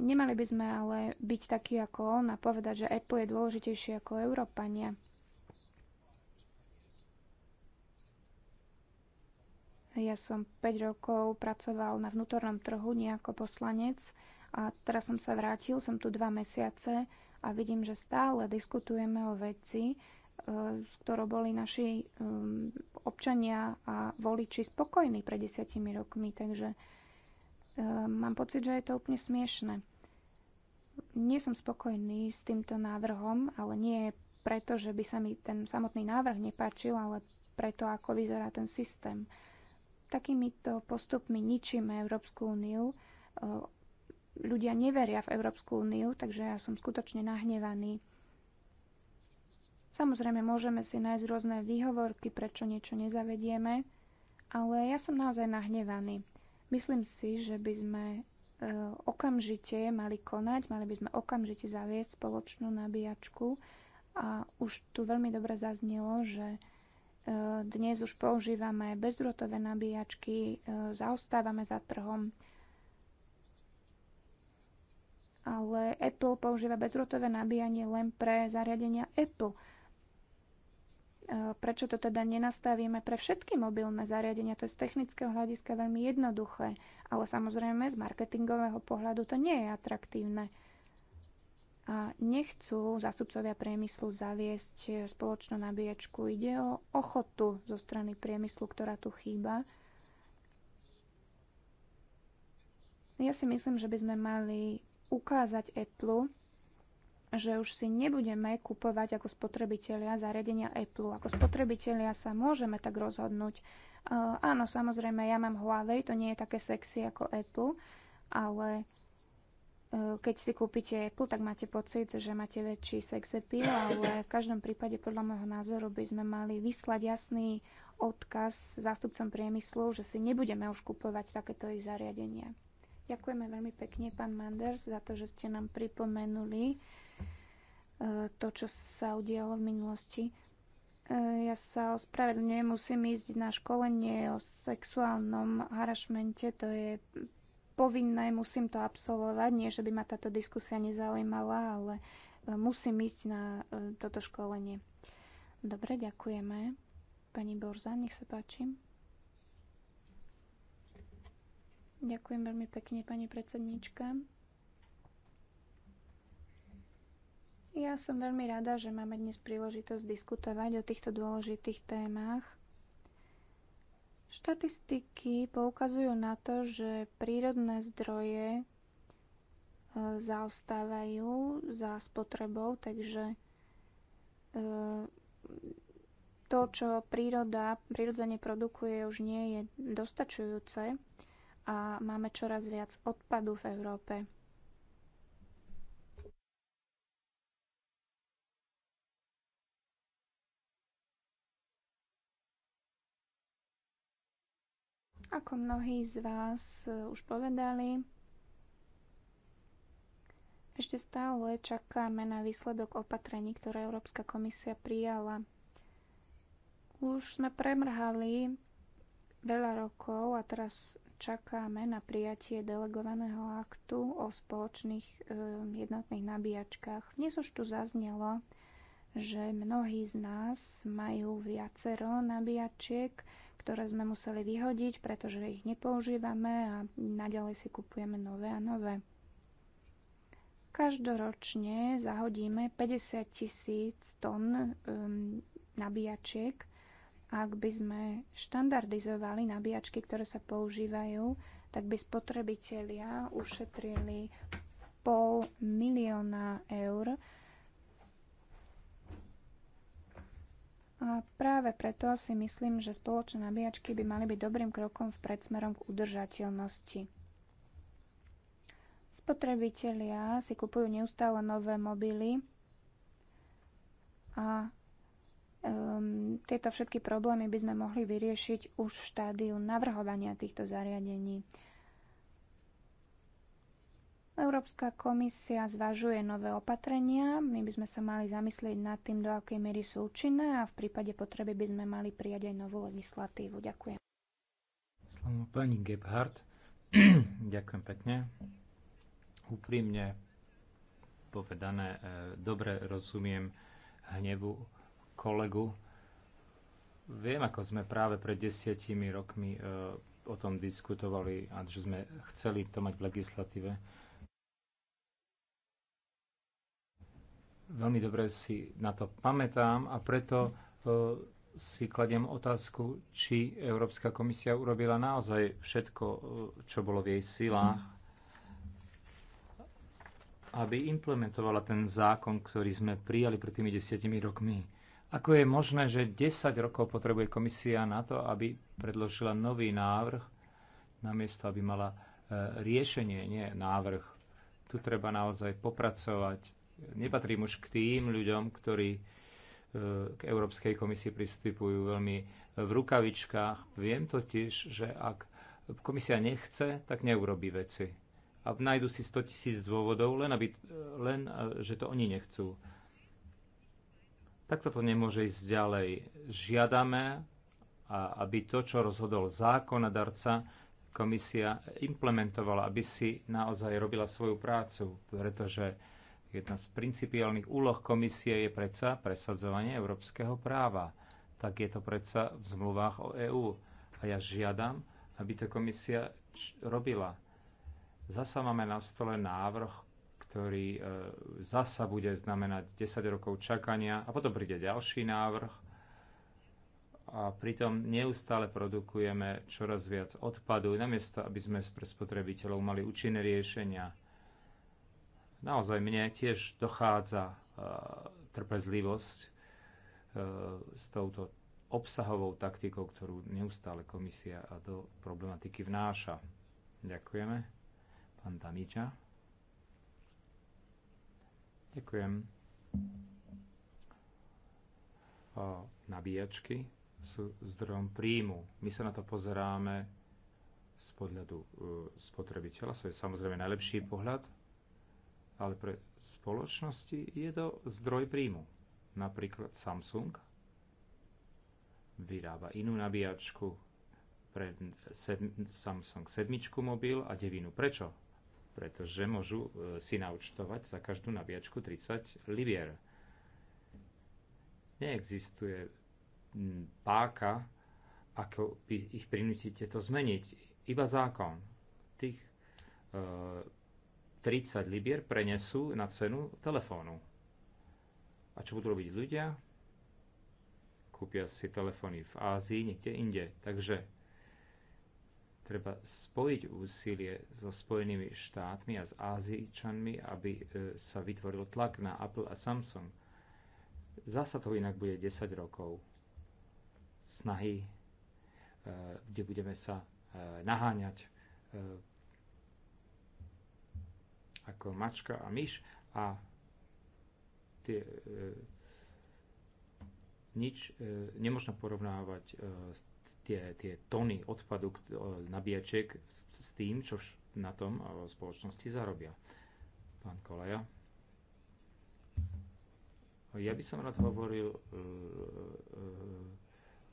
nemali by sme ale byť takí ako on a povedať, že Apple je dôležitejšie ako Európania. Ja som 5 rokov pracoval na vnútornom trhu nejako poslanec a teraz som sa vrátil, som tu 2 mesiace a vidím, že stále diskutujeme o veci, e, s ktorou boli naši e, občania a voliči spokojní pred desiatimi rokmi. Takže Ehm, mám pocit, že je to úplne smiešne. Nie som spokojný s týmto návrhom, ale nie preto, že by sa mi ten samotný návrh nepáčil, ale preto, ako vyzerá ten systém. Takýmito postupmi ničíme Európsku úniu. Ehm, ľudia neveria v Európsku úniu, takže ja som skutočne nahnevaný. Samozrejme, môžeme si nájsť rôzne výhovorky, prečo niečo nezavedieme, ale ja som naozaj nahnevaný. Myslím si, že by sme e, okamžite mali konať, mali by sme okamžite zaviesť spoločnú nabíjačku a už tu veľmi dobre zaznelo, že e, dnes už používame bezdrôtové nabíjačky, e, zaostávame za trhom, ale Apple používa bezdrôtové nabíjanie len pre zariadenia Apple. E, prečo to teda nenastavíme pre všetky mobilné zariadenia. To je z technického hľadiska veľmi jednoduché, ale samozrejme z marketingového pohľadu to nie je atraktívne. A nechcú zastupcovia priemyslu zaviesť e, spoločnú nabíjačku. Ide o ochotu zo strany priemyslu, ktorá tu chýba. Ja si myslím, že by sme mali ukázať Apple, že už si nebudeme kupovať ako spotrebitelia zariadenia Apple. Ako spotrebitelia sa môžeme tak rozhodnúť. Uh, áno, samozrejme, ja mám Huawei, to nie je také sexy ako Apple, ale uh, keď si kúpite Apple, tak máte pocit, že máte väčší sex appeal, ale v každom prípade podľa môjho názoru by sme mali vyslať jasný odkaz zástupcom priemyslu, že si nebudeme už kupovať takéto ich zariadenia. Ďakujeme veľmi pekne, pán Manders, za to, že ste nám pripomenuli E, to, čo sa udialo v minulosti. E, ja sa ospravedlňujem, musím ísť na školenie o sexuálnom harašmente, to je povinné, musím to absolvovať. Nie, že by ma táto diskusia nezaujímala, ale e, musím ísť na toto školenie. Dobre, ďakujeme. Pani Borza, nech sa páči. Ďakujem veľmi pekne, pani predsedníčka. Ja som veľmi rada, že máme dnes príležitosť diskutovať o týchto dôležitých témach. Štatistiky poukazujú na to, že prírodné zdroje e, zaostávajú za spotrebou, takže e, to, čo príroda prirodzene produkuje, už nie je dostačujúce a máme čoraz viac odpadu v Európe. Ako mnohí z vás e, už povedali, ešte stále čakáme na výsledok opatrení, ktoré Európska komisia prijala. Už sme premrhali veľa rokov a teraz čakáme na prijatie delegovaného aktu o spoločných e, jednotných nabíjačkách. Dnes už tu zaznelo, že mnohí z nás majú viacero nabíjačiek, ktoré sme museli vyhodiť, pretože ich nepoužívame a naďalej si kupujeme nové a nové. Každoročne zahodíme 50 tisíc tón um, nabíjačiek. Ak by sme štandardizovali nabíjačky, ktoré sa používajú, tak by spotrebitelia ušetrili pol milióna eur A práve preto si myslím, že spoločné nabíjačky by mali byť dobrým krokom vpred smerom k udržateľnosti. Spotrebitelia si kupujú neustále nové mobily a um, tieto všetky problémy by sme mohli vyriešiť už v štádiu navrhovania týchto zariadení. Európska komisia zvažuje nové opatrenia. My by sme sa mali zamyslieť nad tým, do akej miery sú účinné a v prípade potreby by sme mali prijať aj novú legislatívu. Ďakujem. Slovo pani Gebhardt. *clears throat* Ďakujem pekne. Úprimne povedané, e, dobre rozumiem hnevu kolegu. Viem, ako sme práve pred desiatimi rokmi e, o tom diskutovali a že sme chceli to mať v legislatíve. veľmi dobre si na to pamätám a preto hm. e, si kladiem otázku, či Európska komisia urobila naozaj všetko, e, čo bolo v jej silách, hm. aby implementovala ten zákon, ktorý sme prijali pred tými desiatimi rokmi. Ako je možné, že 10 rokov potrebuje komisia na to, aby predložila nový návrh, namiesto aby mala e, riešenie, nie návrh. Tu treba naozaj popracovať nepatrím už k tým ľuďom, ktorí e, k Európskej komisii pristupujú veľmi v rukavičkách. Viem totiž, že ak komisia nechce, tak neurobi veci. A nájdu si 100 tisíc dôvodov, len, aby, len e, že to oni nechcú. Takto to nemôže ísť ďalej. Žiadame, aby to, čo rozhodol zákonodarca, komisia implementovala, aby si naozaj robila svoju prácu, pretože Jedna z principiálnych úloh komisie je predsa presadzovanie európskeho práva. Tak je to predsa v zmluvách o EÚ. A ja žiadam, aby to komisia robila. Zasa máme na stole návrh, ktorý e, zasa bude znamenať 10 rokov čakania a potom príde ďalší návrh a pritom neustále produkujeme čoraz viac odpadu, namiesto aby sme pre spotrebiteľov mali účinné riešenia Naozaj mne tiež dochádza e, trpezlivosť e, s touto obsahovou taktikou, ktorú neustále komisia a do problematiky vnáša. Ďakujeme. Pán Damiča. Ďakujem. O, nabíjačky sú zdrojom príjmu. My sa na to pozeráme z pohľadu e, spotrebiteľa, to je samozrejme najlepší pohľad, ale pre spoločnosti je to zdroj príjmu. Napríklad Samsung vyrába inú nabíjačku pre Samsung 7 mobil a 9. Prečo? Pretože môžu e, si naučtovať za každú nabíjačku 30 libier. Neexistuje páka, ako by ich prinútite to zmeniť. Iba zákon. Tých e, 30 libier prenesú na cenu telefónu. A čo budú robiť ľudia? Kúpia si telefóny v Ázii, niekde inde. Takže treba spojiť úsilie so Spojenými štátmi a s Ázijčanmi, aby e, sa vytvoril tlak na Apple a Samsung. Zasa to inak bude 10 rokov snahy, e, kde budeme sa e, naháňať ako mačka a myš a tie, e, nič e, nemôžno porovnávať e, tie, tie tony odpadu e, nabíjačiek s, s tým, čo na tom e, spoločnosti zarobia. Pán Koleja. Ja by som rád hovoril e, e,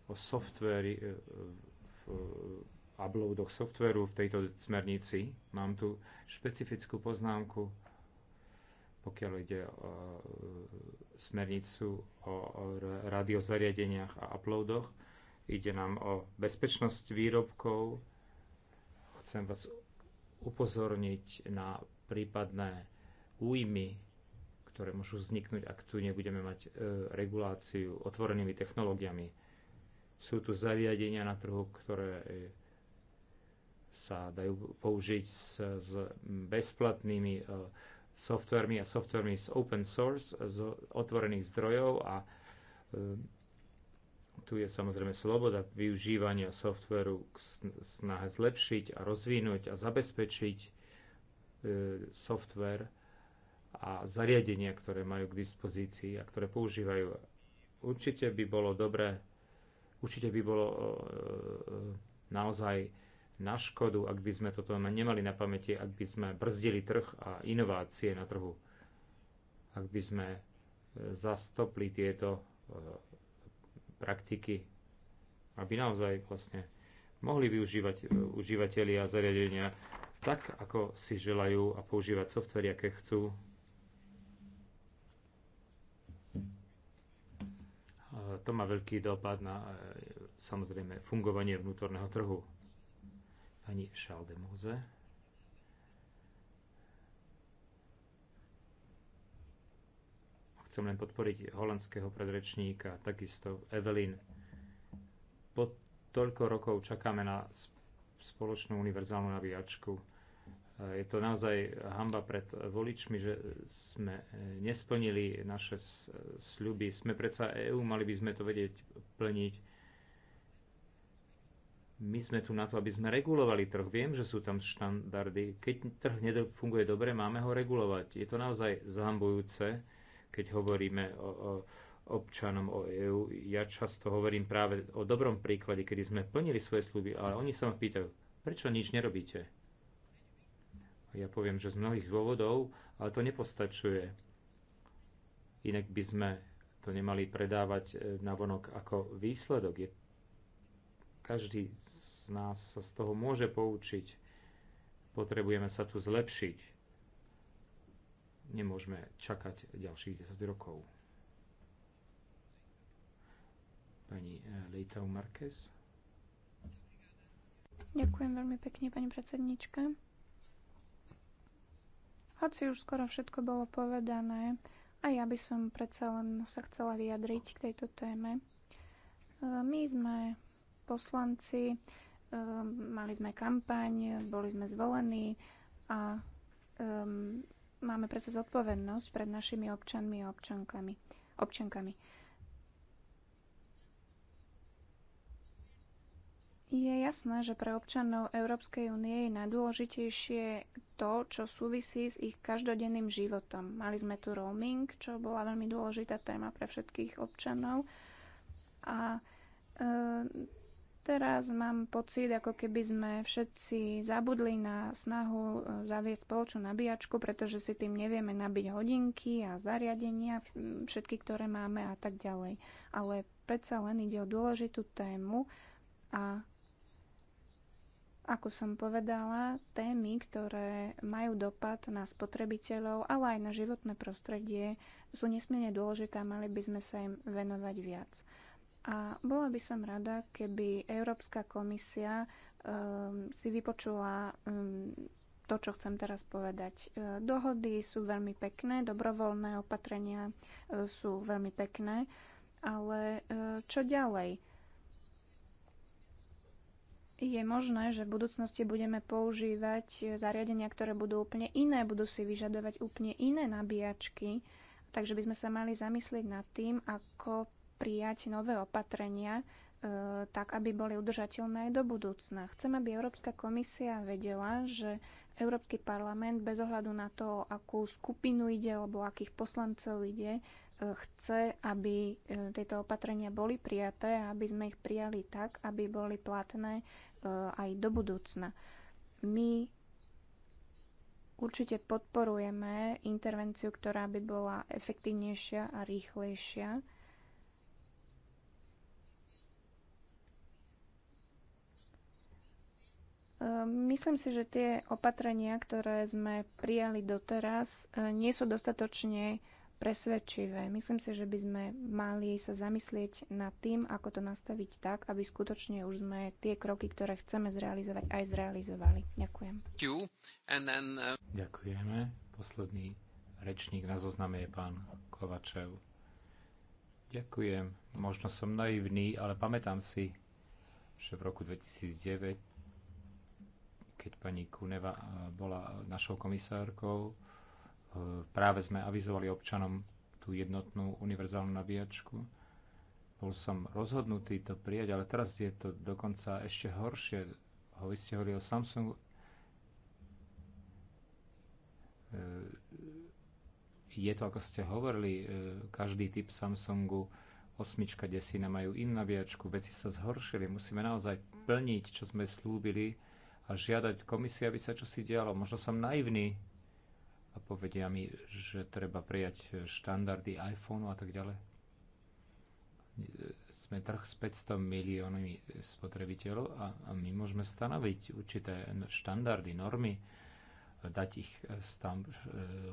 o softvéri e, v uploadoch softveru v tejto smernici. Mám tu špecifickú poznámku, pokiaľ ide o e, smernicu o radiozariadeniach a uploadoch. Ide nám o bezpečnosť výrobkov. Chcem vás upozorniť na prípadné újmy, ktoré môžu vzniknúť, ak tu nebudeme mať e, reguláciu otvorenými technológiami. Sú tu zariadenia na trhu, ktoré e, sa dajú použiť s, s bezplatnými e, softvermi a softvermi z open source, z otvorených zdrojov a e, tu je samozrejme sloboda využívania softveru k snahe zlepšiť a rozvinúť a zabezpečiť e, software a zariadenia, ktoré majú k dispozícii a ktoré používajú. Určite by bolo dobré, určite by bolo naozaj na škodu, ak by sme toto nemali na pamäti, ak by sme brzdili trh a inovácie na trhu, ak by sme e, zastopli tieto e, praktiky, aby naozaj vlastne mohli využívať e, užívateľi a zariadenia tak, ako si želajú a používať softvery, aké chcú. To má veľký dopad na samozrejme fungovanie vnútorného trhu ani Šaldemoze. Chcem len podporiť holandského predrečníka, takisto Evelyn. Po toľko rokov čakáme na spoločnú univerzálnu nabíjačku. Je to naozaj hamba pred voličmi, že sme e, nesplnili naše e, sľuby. Sme predsa EÚ, mali by sme to vedieť plniť my sme tu na to, aby sme regulovali trh. Viem, že sú tam štandardy. Keď trh funguje dobre, máme ho regulovať. Je to naozaj zahambujúce, keď hovoríme o, o občanom o EÚ. Ja často hovorím práve o dobrom príklade, kedy sme plnili svoje sluby, ale oni sa ma pýtajú, prečo nič nerobíte? Ja poviem, že z mnohých dôvodov, ale to nepostačuje. Inak by sme to nemali predávať e, navonok ako výsledok. Je každý z nás sa z toho môže poučiť. Potrebujeme sa tu zlepšiť. Nemôžeme čakať ďalších 10 rokov. Pani eh, Leitau Marquez. Ďakujem veľmi pekne, pani predsednička. Hoci už skoro všetko bolo povedané, a ja by som predsa len sa chcela vyjadriť k tejto téme. Eh, my sme poslanci, ehm, mali sme kampaň, boli sme zvolení a um, máme predsa zodpovednosť pred našimi občanmi a občankami, občankami. Je jasné, že pre občanov Európskej únie je najdôležitejšie to, čo súvisí s ich každodenným životom. Mali sme tu roaming, čo bola veľmi dôležitá téma pre všetkých občanov. A ehm, Teraz mám pocit, ako keby sme všetci zabudli na snahu e, zaviesť spoločnú nabíjačku, pretože si tým nevieme nabiť hodinky a zariadenia, všetky, ktoré máme a tak ďalej. Ale predsa len ide o dôležitú tému a ako som povedala, témy, ktoré majú dopad na spotrebiteľov, ale aj na životné prostredie, sú nesmierne dôležité a mali by sme sa im venovať viac. A bola by som rada, keby Európska komisia um, si vypočula um, to, čo chcem teraz povedať. Uh, dohody sú veľmi pekné, dobrovoľné opatrenia uh, sú veľmi pekné, ale uh, čo ďalej? Je možné, že v budúcnosti budeme používať zariadenia, ktoré budú úplne iné, budú si vyžadovať úplne iné nabíjačky, takže by sme sa mali zamyslieť nad tým, ako prijať nové opatrenia, e, tak aby boli udržateľné aj do budúcna. Chcem, aby Európska komisia vedela, že Európsky parlament bez ohľadu na to, akú skupinu ide alebo akých poslancov ide, e, chce, aby e, tieto opatrenia boli prijaté a aby sme ich prijali tak, aby boli platné aj do budúcna. My určite podporujeme intervenciu, ktorá by bola efektívnejšia a rýchlejšia Ehm, myslím si, že tie opatrenia, ktoré sme prijali doteraz, eh, nie sú dostatočne presvedčivé. Myslím si, že by sme mali sa zamyslieť nad tým, ako to nastaviť tak, aby skutočne už sme tie kroky, ktoré chceme zrealizovať, aj zrealizovali. Ďakujem. Uh, Ďakujeme. Posledný rečník na zozname je pán Kovačev. Ďakujem. Možno som naivný, ale pamätám si, že v roku 2009 keď pani Kuneva eh, bola eh, našou komisárkou, eh, práve sme avizovali občanom tú jednotnú univerzálnu nabíjačku. Bol som rozhodnutý to prijať, ale teraz je to dokonca ešte horšie. Vy ste hovorili o Samsungu. Je to, ako ste hovorili, každý typ Samsungu, osmička, desina majú inú nabíjačku, veci sa zhoršili, musíme naozaj plniť, čo sme slúbili, a žiadať Komisie aby sa čosi dialo. Možno som naivný a povedia mi, že treba prijať štandardy iPhone a tak ďalej. Sme trh s 500 miliónmi spotrebiteľov a, a my môžeme stanoviť určité štandardy, normy, dať ich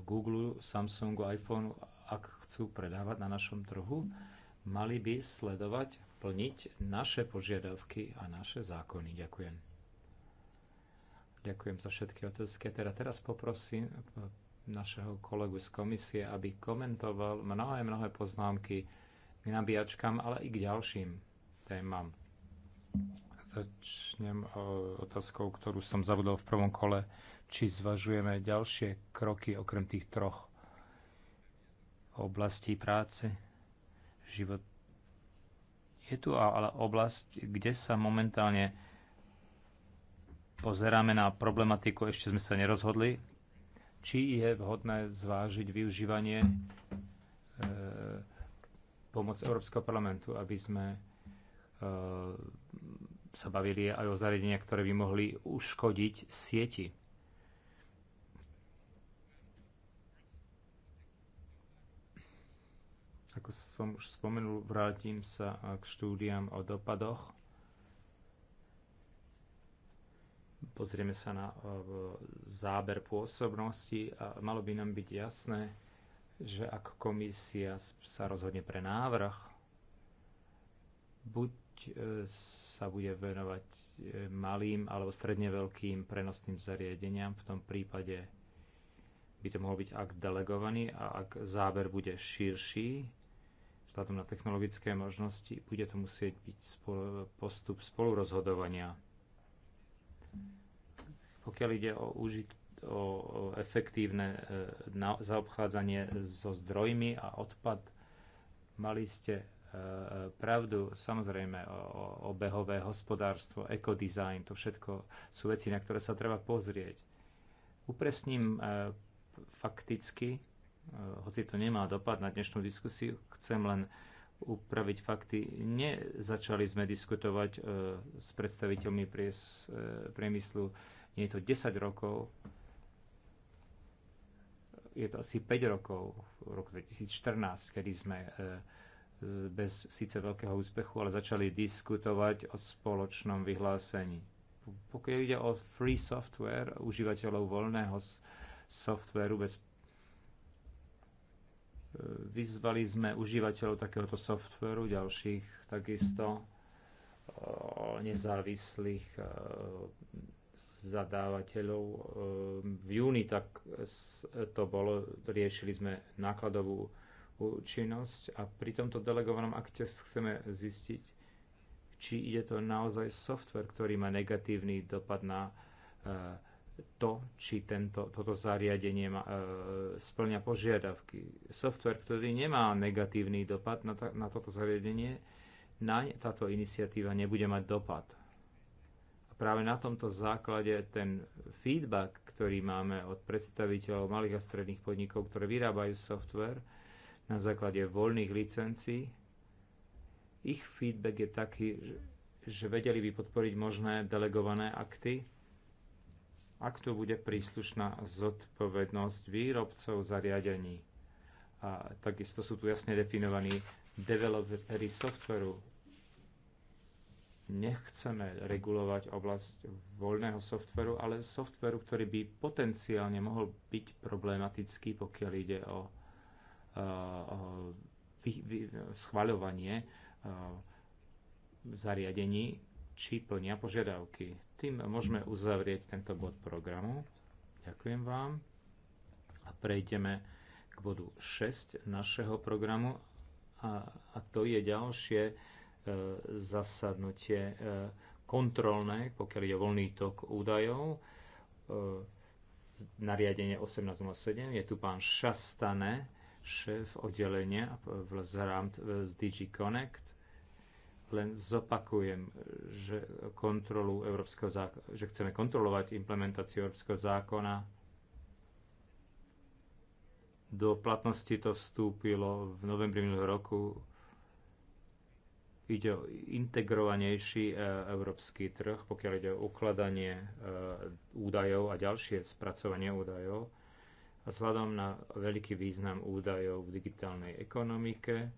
Google, Samsungu, iPhoneu, ak chcú predávať na našom trhu, mali by sledovať, plniť naše požiadavky a naše zákony. Ďakujem. Ďakujem za všetky otázky. Teda teraz poprosím našeho kolegu z komisie, aby komentoval mnohé, mnohé poznámky k nabíjačkám, ale i k ďalším témam. Začnem eh, otázkou, ktorú som zavodol v prvom kole. Či zvažujeme ďalšie kroky okrem tých troch oblastí práce, život. Je tu ale oblasť, kde sa momentálne pozeráme na problematiku, ešte sme sa nerozhodli, či je vhodné zvážiť využívanie e, pomoc Európskeho parlamentu, aby sme e, sa bavili aj o zariadenia, ktoré by mohli uškodiť sieti. Ako som už spomenul, vrátim sa k štúdiám o dopadoch pozrieme sa na e, záber pôsobnosti a malo by nám byť jasné, že ak komisia sa rozhodne pre návrh, buď e, sa bude venovať e, malým alebo stredne veľkým prenosným zariadeniam, v tom prípade by to mohol byť ak delegovaný a ak záber bude širší, vzhľadom na technologické možnosti, bude to musieť byť postup spolurozhodovania pokiaľ ide o, užit- o, efektívne e, na- zaobchádzanie so zdrojmi a odpad, mali ste e, e, pravdu, samozrejme, o, behové hospodárstvo, ekodizajn, to všetko sú veci, na ktoré sa treba pozrieť. Upresním fakticky, hoci to nemá dopad na dnešnú diskusiu, chcem len upraviť fakty. Nezačali sme diskutovať s predstaviteľmi priemyslu nie je to 10 rokov, je to asi 5 rokov, v roku 2014, kedy sme e, bez síce veľkého úspechu, ale začali diskutovať o spoločnom vyhlásení. Pokiaľ ide o free software, užívateľov voľného softwaru bez e, Vyzvali sme užívateľov takéhoto softwaru ďalších takisto nezávislých e, zadávateľov. Ehm, v júni tak to bolo, riešili sme nákladovú činnosť a pri tomto delegovanom akte chceme zistiť, či ide to naozaj software, ktorý má negatívny dopad na ehm, to, či tento, toto zariadenie má, e, splňa požiadavky. Software, ktorý nemá negatívny dopad na, ta, na toto zariadenie, na táto iniciatíva nebude mať dopad práve na tomto základe ten feedback, ktorý máme od predstaviteľov malých a stredných podnikov, ktoré vyrábajú software na základe voľných licencií, ich feedback je taký, že vedeli by podporiť možné delegované akty, ak tu bude príslušná zodpovednosť výrobcov zariadení. A takisto sú tu jasne definovaní developeri softveru, nechceme regulovať oblasť voľného softveru, ale softveru, ktorý by potenciálne mohol byť problematický, pokiaľ ide o, e, o vy, vy, schvaľovanie e, zariadení, či plnia požiadavky. Tým môžeme uzavrieť tento bod programu. Ďakujem vám a prejdeme k bodu 6 našeho programu a, a to je ďalšie E, zasadnutie e, kontrolné, pokiaľ je voľný tok údajov. E, nariadenie 1807 je tu pán Šastane, šéf oddelenia v rámci DG Connect. Len zopakujem, že, kontrolu Európskeho zákona, že chceme kontrolovať implementáciu Európskeho zákona. Do platnosti to vstúpilo v novembri minulého roku Ide o integrovanejší e, európsky trh, pokiaľ ide o ukladanie e, údajov a ďalšie spracovanie údajov. A vzhľadom na veľký význam údajov v digitálnej ekonomike,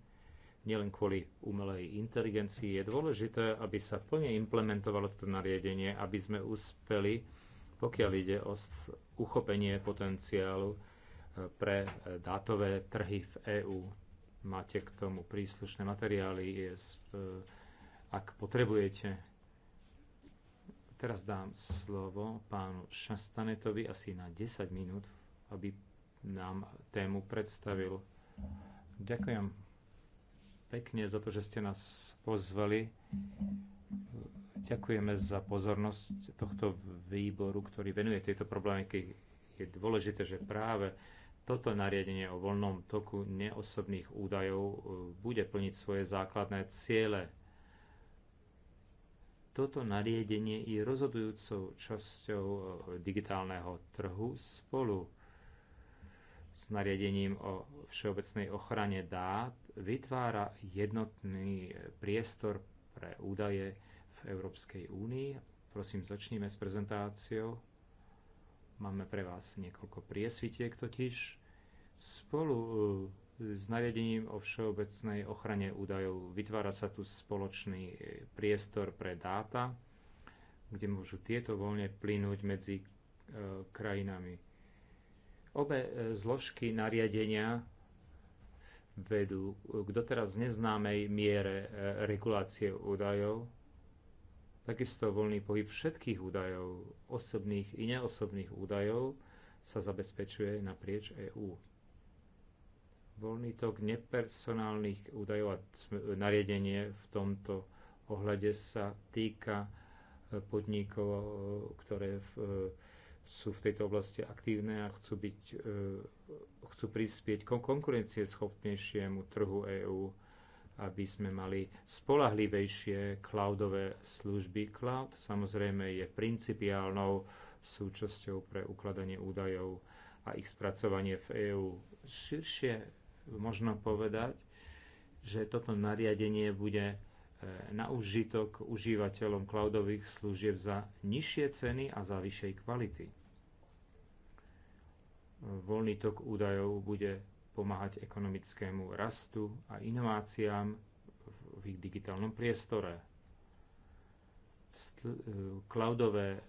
nielen kvôli umelej inteligencii, je dôležité, aby sa plne implementovalo toto nariadenie, aby sme uspeli, pokiaľ ide o uchopenie potenciálu e, pre dátové trhy v EÚ. Máte k tomu príslušné materiály, e, ak potrebujete. Teraz dám slovo pánu Šastanetovi asi na 10 minút, aby nám tému predstavil. Ďakujem pekne za to, že ste nás pozvali. Ďakujeme za pozornosť tohto výboru, ktorý venuje tejto keď Je dôležité, že práve toto nariadenie o voľnom toku neosobných údajov e, bude plniť svoje základné ciele. Toto nariadenie je rozhodujúcou časťou e, digitálneho trhu spolu s nariadením o všeobecnej ochrane dát vytvára jednotný e, priestor pre údaje v Európskej únii. Prosím, začníme s prezentáciou. Máme pre vás niekoľko priesvitiek totiž. Spolu e, s nariadením o všeobecnej ochrane údajov vytvára sa tu spoločný e, priestor pre dáta, kde môžu tieto voľne plynúť medzi e, krajinami. Obe zložky nariadenia vedú k doteraz neznámej miere regulácie údajov, takisto voľný pohyb všetkých údajov, osobných i neosobných údajov sa zabezpečuje naprieč EÚ voľný tok nepersonálnych údajov a nariadenie v tomto ohľade sa týka e, podnikov, e, ktoré v, e, sú v tejto oblasti aktívne a chcú, byť, chcú prispieť schopnejšiemu trhu EÚ, aby sme mali spolahlivejšie cloudové služby. Cloud samozrejme je principiálnou súčasťou pre ukladanie údajov a ich spracovanie v EÚ. Širšie možno povedať, že toto nariadenie bude e, na užitok užívateľom cloudových služieb za nižšie ceny a za vyššej kvality. Voľný tok údajov bude pomáhať ekonomickému rastu a inováciám v ich digitálnom priestore. E, cloudové e,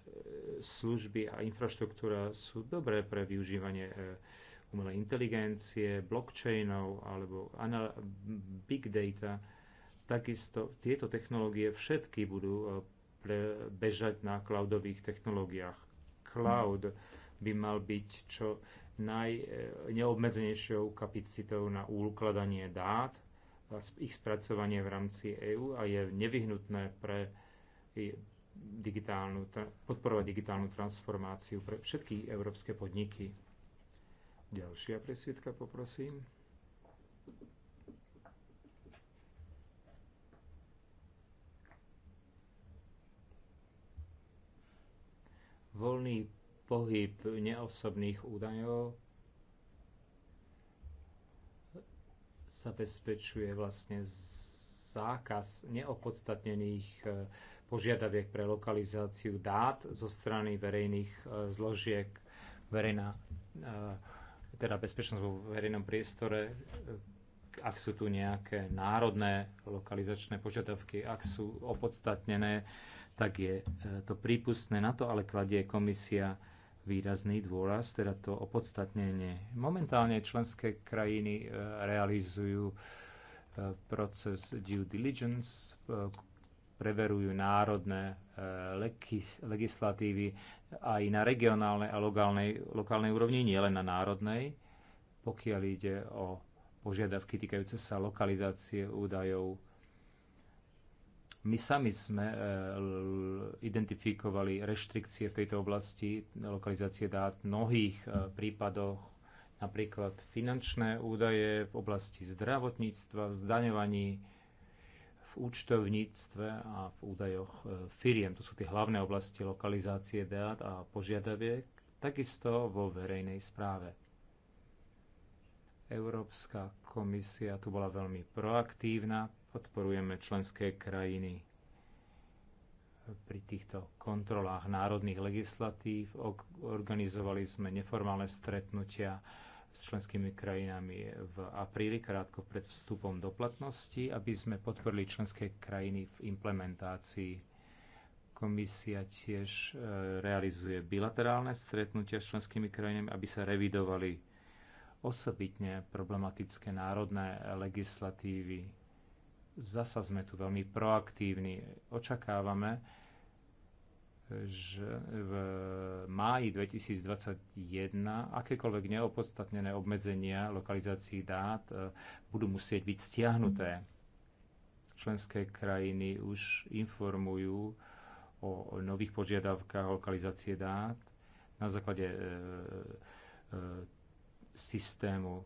služby a infraštruktúra sú dobré pre využívanie umelej inteligencie, blockchainov alebo big data, takisto tieto technológie všetky budú e, bežať na cloudových technológiách. Cloud by mal byť čo najneobmedzenejšou e, kapacitou na ukladanie dát a ich spracovanie v rámci EÚ a je nevyhnutné pre e, digitálnu, podporovať digitálnu transformáciu pre všetky európske podniky. Ďalšia presvietka poprosím. Voľný pohyb neosobných údajov zabezpečuje vlastne zákaz neopodstatnených e, požiadaviek pre lokalizáciu dát zo strany verejných e, zložiek. Verejná e, teda bezpečnosť vo verejnom priestore, e, ak sú tu nejaké národné lokalizačné požiadavky, ak sú opodstatnené, tak je e, to prípustné. Na to ale kladie komisia výrazný dôraz, teda to opodstatnenie. Momentálne členské krajiny e, realizujú proces due diligence, preverujú národné e, legislatívy aj na regionálnej a lokálnej, lokálnej úrovni, nielen na národnej, pokiaľ ide o požiadavky týkajúce sa lokalizácie údajov. My sami sme e, identifikovali reštrikcie v tejto oblasti lokalizácie dát v mnohých e, prípadoch, napríklad finančné údaje v oblasti zdravotníctva, v zdaňovaní, v účtovníctve a v údajoch e, firiem. To sú tie hlavné oblasti lokalizácie dát a požiadaviek, takisto vo verejnej správe. Európska komisia tu bola veľmi proaktívna, podporujeme členské krajiny pri týchto kontrolách národných legislatív, organizovali sme neformálne stretnutia s členskými krajinami v apríli, krátko pred vstupom do platnosti, aby sme podporili členské krajiny v implementácii. Komisia tiež e, realizuje bilaterálne stretnutia s členskými krajinami, aby sa revidovali osobitne problematické národné legislatívy. Zasa sme tu veľmi proaktívni. Očakávame, že v máji 2021 akékoľvek neopodstatnené obmedzenia lokalizácií dát e, budú musieť byť stiahnuté. Členské krajiny už informujú o nových požiadavkách lokalizácie dát na základe e, e, systému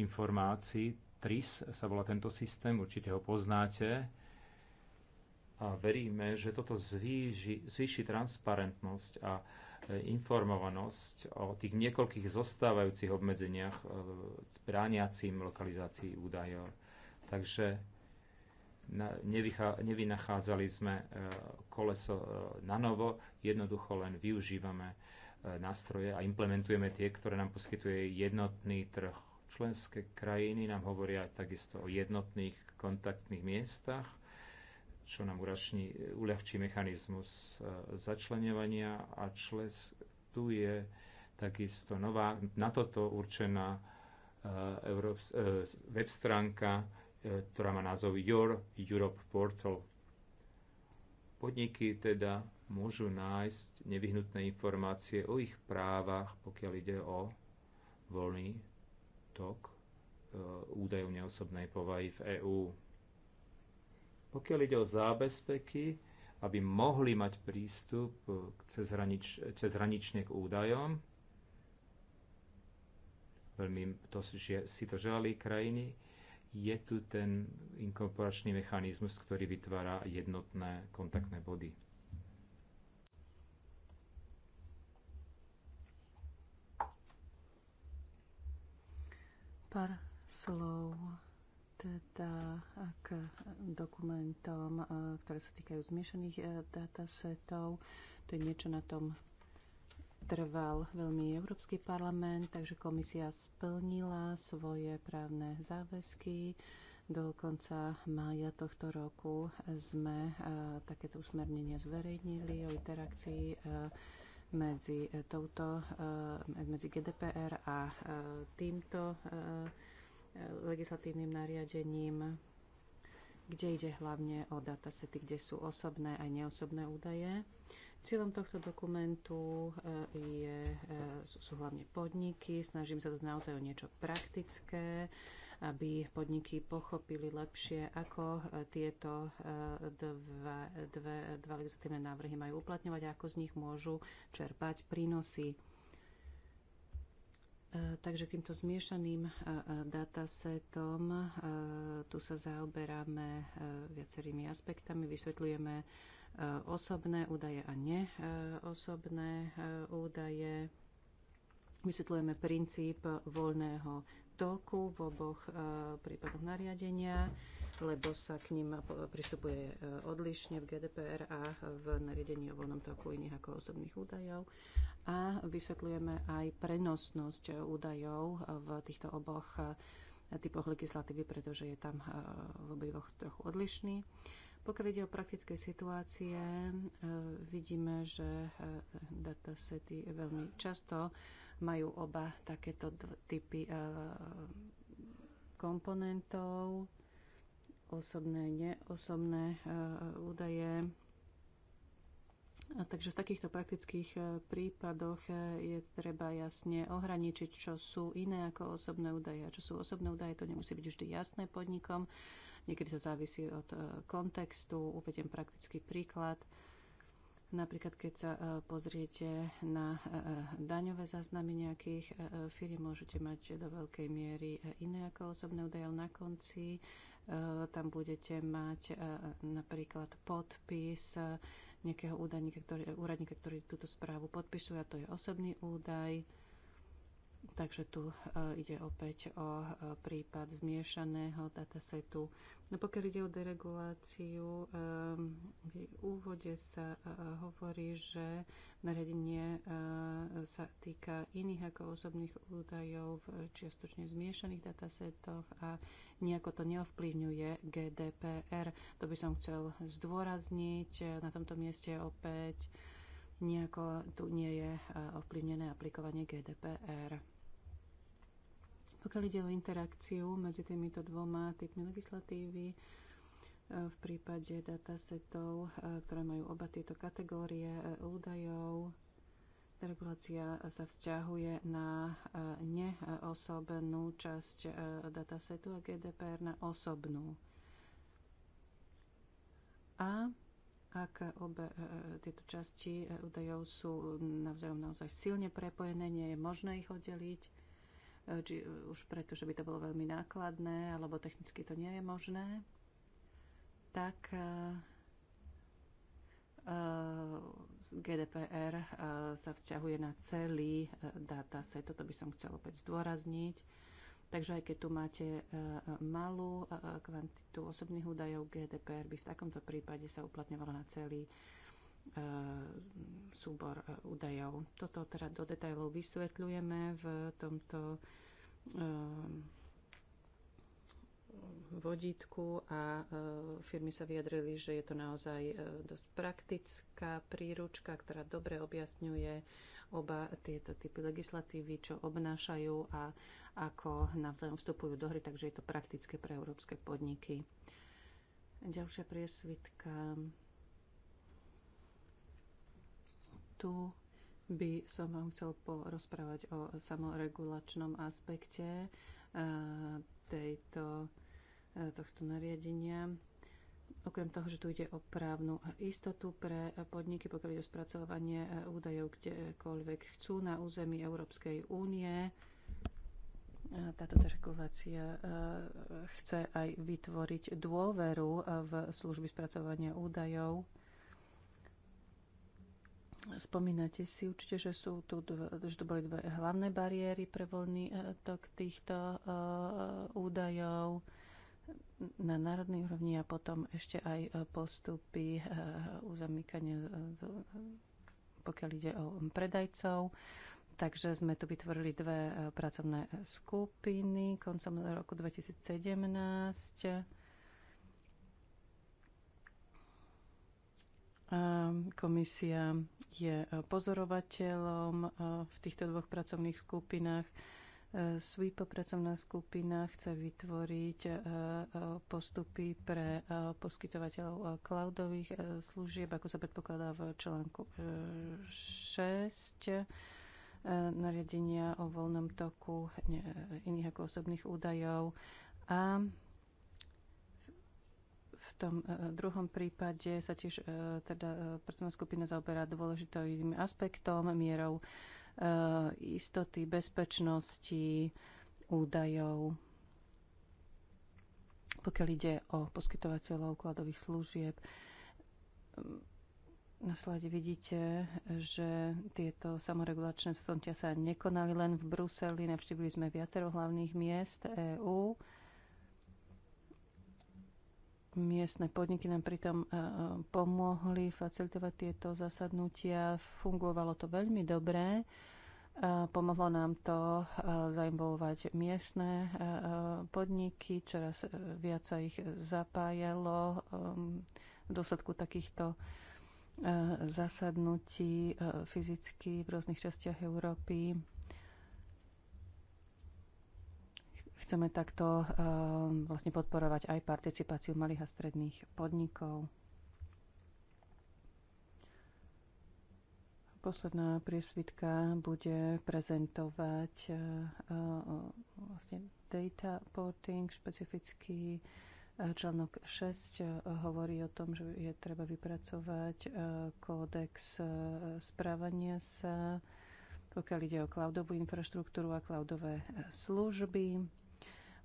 informácií. TRIS sa volá tento systém, určite ho poznáte a veríme, že toto zvýši, zvýši transparentnosť a e, informovanosť o tých niekoľkých zostávajúcich obmedzeniach e, brániacím lokalizácii údajov. Takže nevynachádzali sme e, koleso na novo, jednoducho len využívame nástroje a implementujeme tie, ktoré nám poskytuje jednotný trh. Členské krajiny nám hovoria takisto o jednotných kontaktných miestach čo nám uračni, uľahčí mechanizmus e, začlenovania a čles tu je takisto nová, na toto určená e, Európs- e, web stránka, ktorá má názov Your Europe Portal. Podniky teda môžu nájsť nevyhnutné informácie o ich právach, pokiaľ ide o voľný tok údajov neosobnej povahy v EÚ pokiaľ ide o zábezpeky, aby mohli mať prístup cezhranič, cezhranične k údajom, veľmi to, že si to želali krajiny, je tu ten inkorporačný mechanizmus, ktorý vytvára jednotné kontaktné body. Pár slov teda k dokumentom, e, ktoré sa týkajú zmiešaných e, datasetov. To je niečo na tom trval veľmi Európsky parlament, takže komisia splnila svoje právne záväzky. Do konca mája tohto roku sme e, takéto usmernenie zverejnili o interakcii medzi, touto, medzi GDPR a týmto legislatívnym nariadením, kde ide hlavne o datasety, kde sú osobné aj neosobné údaje. Cieľom tohto dokumentu e, je, e, sú hlavne podniky. Snažím sa tu naozaj o niečo praktické, aby podniky pochopili lepšie, ako e, tieto dva, dve, dva legislatívne návrhy majú uplatňovať a ako z nich môžu čerpať prínosy. E, takže týmto zmiešaným e, e, datasetom tu sa zaoberáme viacerými aspektami, vysvetľujeme osobné údaje a neosobné údaje. Vysvetľujeme princíp voľného toku v oboch prípadoch nariadenia lebo sa k ním pristupuje e, odlišne v GDPR a v nariadení o voľnom toku iných ako osobných údajov. A vysvetľujeme aj prenosnosť e, údajov e, v týchto oboch typoch legislatívy, pretože je tam v obidvoch trochu odlišný. Pokiaľ ide o praktické situácie, vidíme, že datasety veľmi často majú oba takéto typy komponentov osobné, neosobné eh, údaje. A takže v takýchto praktických eh, prípadoch eh, je treba jasne ohraničiť, čo sú iné ako osobné údaje. A čo sú osobné údaje, to nemusí byť vždy jasné podnikom. Niekedy to závisí od kontextu. Uvediem praktický príklad. Napríklad, keď sa pozriete na daňové záznamy nejakých firiem, môžete mať do veľkej miery iné ako osobné údaje, ale na konci Eh, tam budete mať eh, napríklad podpis eh, nejakého úradníka, ktorý, úradníka, ktorý túto správu podpisuje a to je osobný údaj Takže tu e, ide opäť o e, prípad zmiešaného datasetu. No pokiaľ ide o dereguláciu, e, v úvode sa hovorí, že nariadenie sa týka iných ako osobných údajov v čiastočne zmiešaných datasetoch a nejako to neovplyvňuje GDPR. To by som chcel zdôrazniť na tomto mieste opäť nejako tu nie je eh, ovplyvnené aplikovanie GDPR. Pokiaľ ide o interakciu medzi týmito dvoma typmi legislatívy, eh, v prípade datasetov, eh, ktoré majú oba tieto kategórie údajov, Regulácia sa vzťahuje na neosobnú časť datasetu a GDPR na osobnú. A ak obe e, e, tieto časti e, údajov sú navzájom naozaj silne prepojené, nie je možné ich oddeliť, či už preto, že by to bolo veľmi nákladné, alebo technicky to nie je možné, tak GDPR sa vzťahuje na celý dataset. Toto by som chcela opäť zdôrazniť Takže aj keď tu máte e, e, malú e, kvantitu osobných údajov, GDPR by v takomto prípade sa uplatňovalo na celý súbor údajov. Toto teda do detajlov vysvetľujeme v tomto vodítku a firmy sa vyjadrili, že je to naozaj dosť praktická príručka, ktorá dobre objasňuje oba tieto typy legislatívy, čo obnášajú a ako navzájom vstupujú do hry, takže je to praktické pre európske podniky. Ďalšia priesvitka. Tu by som vám chcel porozprávať o samoregulačnom aspekte eh, tejto, eh, tohto nariadenia okrem toho, že tu ide o právnu istotu pre podniky, pokiaľ ide o spracovanie e, údajov kdekoľvek chcú na území Európskej únie. E, táto regulácia e, chce aj vytvoriť dôveru v služby spracovania údajov. Spomínate si určite, že, sú tu dve, že to boli dve hlavné bariéry pre voľný tok týchto údajov na národnej úrovni a potom ešte aj e, postupy e, uzamykania, e, pokiaľ ide o predajcov. Takže sme tu vytvorili dve pracovné skupiny koncom roku 2017. Komisia je pozorovateľom v týchto dvoch pracovných skupinách SWIPO pracovná skupina chce vytvoriť e, e, postupy pre e, poskytovateľov cloudových služieb, ako sa predpokladá v článku 6 nariadenia o voľnom toku iných ako osobných údajov. A v tom druhom prípade sa tiež teda pracovná skupina zaoberá dôležitým aspektom, mierou Eh, istoty, bezpečnosti údajov, pokiaľ ide o poskytovateľov kladových služieb. Ehm, na slade vidíte, že tieto samoregulačné stontia sa nekonali len v Bruseli, navštívili sme viacero hlavných miest EÚ. Miestne podniky nám pritom e, e, pomohli facilitovať tieto zasadnutia. Fungovalo to veľmi dobre. E, pomohlo nám to zainvolovať miestne podniky, čoraz viac sa ich zapájalo v dôsledku takýchto zasadnutí fyzicky v rôznych častiach Európy. chceme takto ehm, vlastne podporovať aj participáciu malých a stredných podnikov. Posledná priesvitka bude prezentovať eh, eh, vlastne data porting špecifický eh, Článok 6 hovorí o tom, že je treba vypracovať kódex správania sa, pokiaľ ide o cloudovú infraštruktúru a cloudové služby.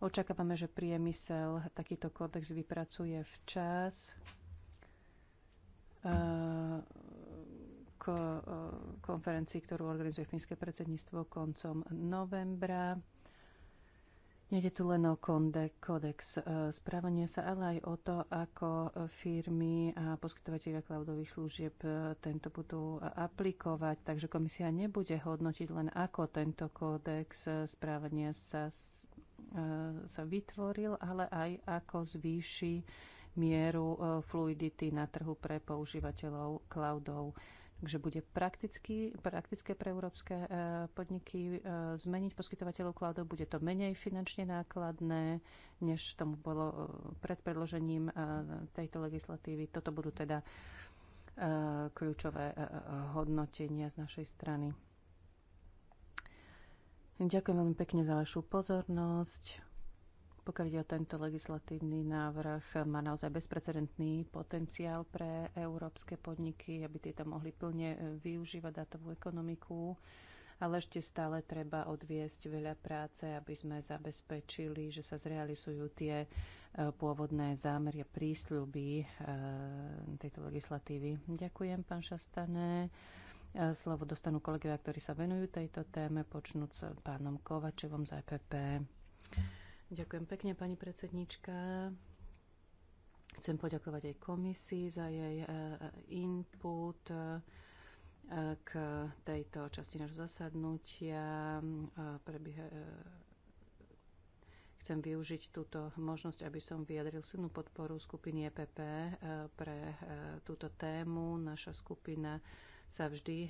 Očakávame, že priemysel takýto kódex vypracuje včas eh, k eh, konferencii, ktorú organizuje fínske predsedníctvo koncom novembra. Nede tu len o kódex eh, správania sa, ale aj o to, ako firmy a poskytovateľia cloudových služieb tento budú aplikovať. Takže komisia nebude hodnotiť len, ako tento kódex správania sa E, sa vytvoril, ale aj ako zvýši mieru e, fluidity na trhu pre používateľov cloudov. Takže bude prakticky, praktické pre európske e, podniky zmeniť poskytovateľov cloudov. Bude to menej finančne nákladné, než tomu bolo pred predložením tejto legislatívy. Toto budú teda kľúčové hodnotenia z našej strany. Ďakujem veľmi pekne za vašu pozornosť. Pokiaľ ide o tento legislatívny návrh, má naozaj bezprecedentný potenciál pre európske podniky, aby tieto mohli plne e, využívať datovú ekonomiku, ale ešte stále treba odviesť veľa práce, aby sme zabezpečili, že sa zrealizujú tie e, pôvodné zámery a prísľuby e, tejto legislatívy. Ďakujem, pán Šastané. E, slovo dostanú kolegovia, ktorí sa venujú tejto téme, počnúť s pánom Kovačevom z EPP. Ďakujem pekne, pani predsednička. Chcem poďakovať aj komisii za jej e, e, input k tejto časti nášho zasadnutia. chcem využiť túto možnosť, aby som vyjadril silnú podporu skupiny EPP pre túto tému. Naša skupina sa vždy e,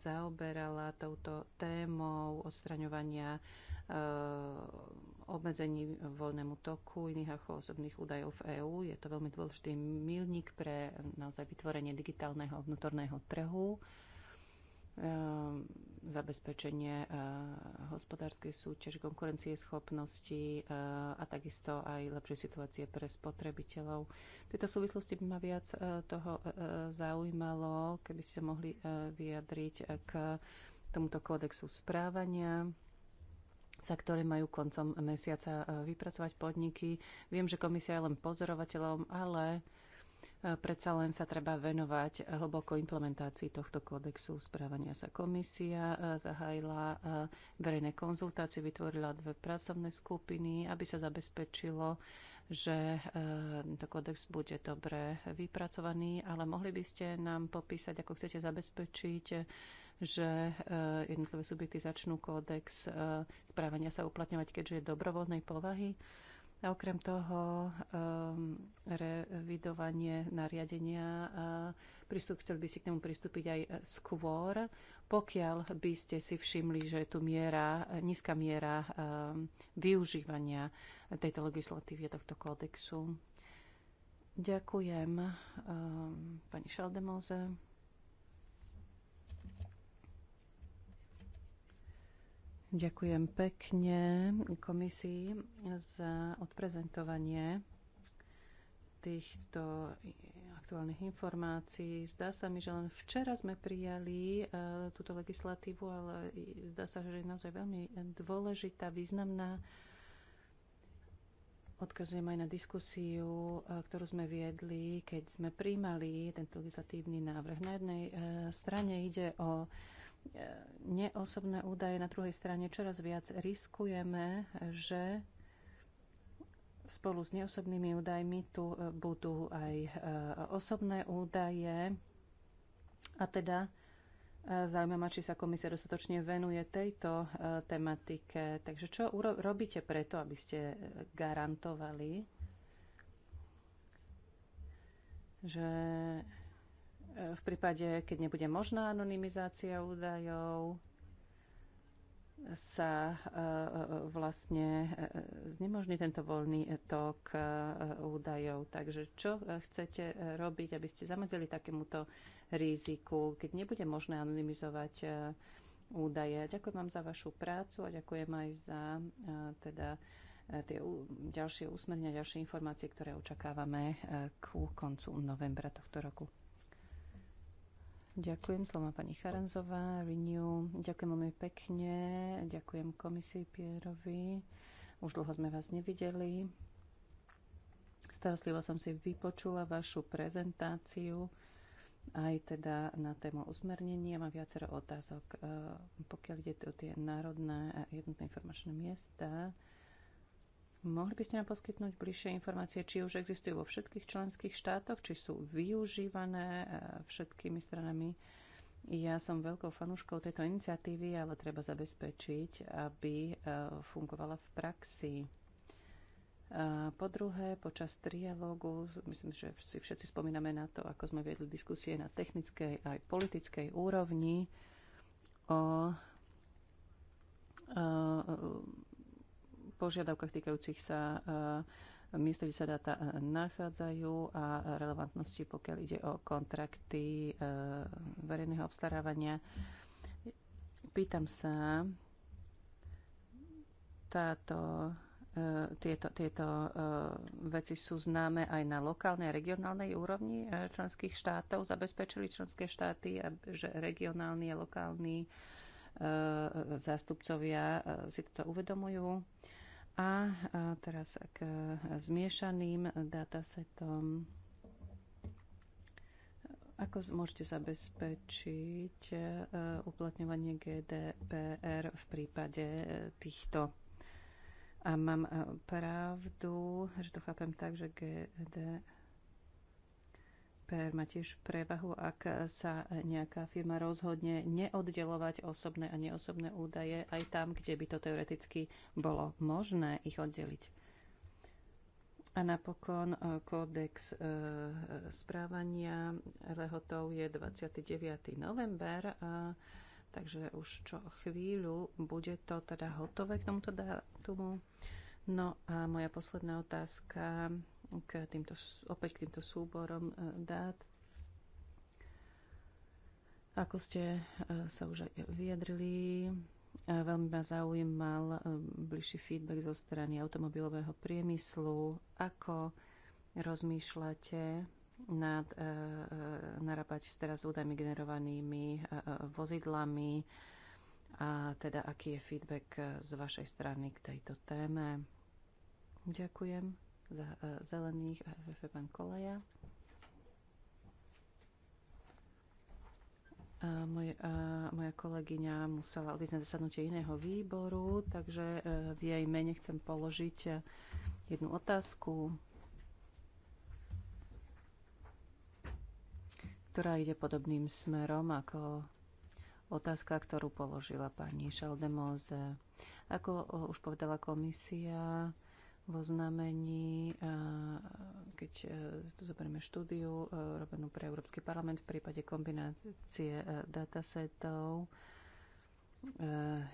zaoberala touto témou odstraňovania e, obmedzení voľnému toku iných ako osobných údajov v EÚ. Je to veľmi dôležitý milník pre naozaj vytvorenie digitálneho vnútorného trhu. Ehm, zabezpečenie eh, hospodárskej súťaže, konkurencie schopnosti eh, a takisto aj lepšie situácie pre spotrebiteľov. V tejto súvislosti by ma viac eh, toho zaujímalo, keby ste mohli vyjadriť k tomuto kódexu správania sa ktoré majú koncom mesiaca vypracovať podniky. Viem, že komisia je len pozorovateľom, ale E, predsa len sa treba venovať hlboko implementácii tohto kódexu správania sa komisia, e, zahájila e, verejné konzultácie, vytvorila dve pracovné skupiny, aby sa zabezpečilo, že tento kódex bude dobre vypracovaný, ale mohli by ste nám popísať, ako chcete zabezpečiť, že jednotlivé subjekty začnú kódex správania sa uplatňovať, keďže je dobrovoľnej povahy? A okrem toho um, revidovanie nariadenia, uh, chcel by si k nemu pristúpiť aj skôr, pokiaľ by ste si všimli, že je tu miera, nízka miera um, využívania tejto legislatívy, tohto kódexu. Ďakujem um, pani Šaldemoze. Ďakujem pekne komisii za odprezentovanie týchto aktuálnych informácií. Zdá sa mi, že len včera sme prijali e, túto legislatívu, ale zdá sa, že je naozaj veľmi dôležitá, významná. Odkazujem aj na diskusiu, e, ktorú sme viedli, keď sme príjmali tento legislatívny návrh. Na jednej e, strane ide o E, neosobné údaje. Na druhej strane čoraz viac riskujeme, že spolu s neosobnými údajmi tu e, budú aj e, osobné údaje. A teda Zaujímavá, či sa komisia dostatočne venuje tejto tematike. Takže čo robíte preto, aby ste garantovali, že v prípade, keď nebude možná anonymizácia údajov, sa e, e, vlastne e, znemožní tento voľný tok údajov. Takže čo chcete robiť, aby ste zamedzili takémuto riziku, keď nebude možné anonymizovať údaje. Ďakujem vám za vašu prácu a ďakujem aj za teda tie ďalšie úsmernia, ďalšie informácie, ktoré očakávame ku koncu novembra tohto roku. Ďakujem, slova pani Charanzová, Renew. Ďakujem veľmi pekne, ďakujem komisii Pierovi. Už dlho sme vás nevideli. Starostlivo som si vypočula vašu prezentáciu aj teda na tému uzmernenia. Mám viacero otázok, e, pokiaľ ide o tie národné jednotné informačné miesta. Mohli by ste nám poskytnúť bližšie informácie, či už existujú vo všetkých členských štátoch, či sú využívané e, všetkými stranami. Ja som veľkou fanúškou tejto iniciatívy, ale treba zabezpečiť, aby e, fungovala v praxi. A e, po druhé, počas trialógu, myslím, že si všetci spomíname na to, ako sme viedli diskusie na technickej aj politickej úrovni o, o požiadavkách týkajúcich sa eh, miesta, kde sa dáta eh, nachádzajú a relevantnosti, pokiaľ ide o kontrakty eh, verejného obstarávania. Pýtam sa, táto, tieto, tieto veci sú známe aj na lokálnej a regionálnej úrovni členských štátov. Zabezpečili členské štáty, že regionálni a lokálni zástupcovia si to uvedomujú a teraz k zmiešaným datasetom. Ako môžete zabezpečiť e, uplatňovanie GDPR v prípade e, týchto? A mám e, pravdu, že to chápem tak, že GDPR GDPR má tiež prevahu, ak sa nejaká firma rozhodne neoddelovať osobné a neosobné údaje aj tam, kde by to teoreticky bolo možné ich oddeliť. A napokon eh, kódex eh, správania lehotov je 29. november, eh, takže už čo chvíľu bude to teda hotové k tomuto dátumu. No a moja posledná otázka k týmto, opäť k týmto súborom e, dát. Ako ste e, sa už aj vyjadrili, e, Veľmi ma zaujímal bližší feedback zo strany automobilového priemyslu. Ako rozmýšľate nad narábať s teraz údajmi generovanými vozidlami a teda aký je feedback z vašej strany k tejto téme. Ďakujem za e, zelených a e, FF pán Koleja. A moj, a moja kolegyňa musela odísť na zasadnutie iného výboru, takže e, v jej mene chcem položiť jednu otázku, ktorá ide podobným smerom ako otázka, ktorú položila pani Šaldemoze. Ako už povedala komisia, vo znamení, eh, keď eh, to zoberieme štúdiu eh, robenú pre Európsky parlament v prípade kombinácie datasetov,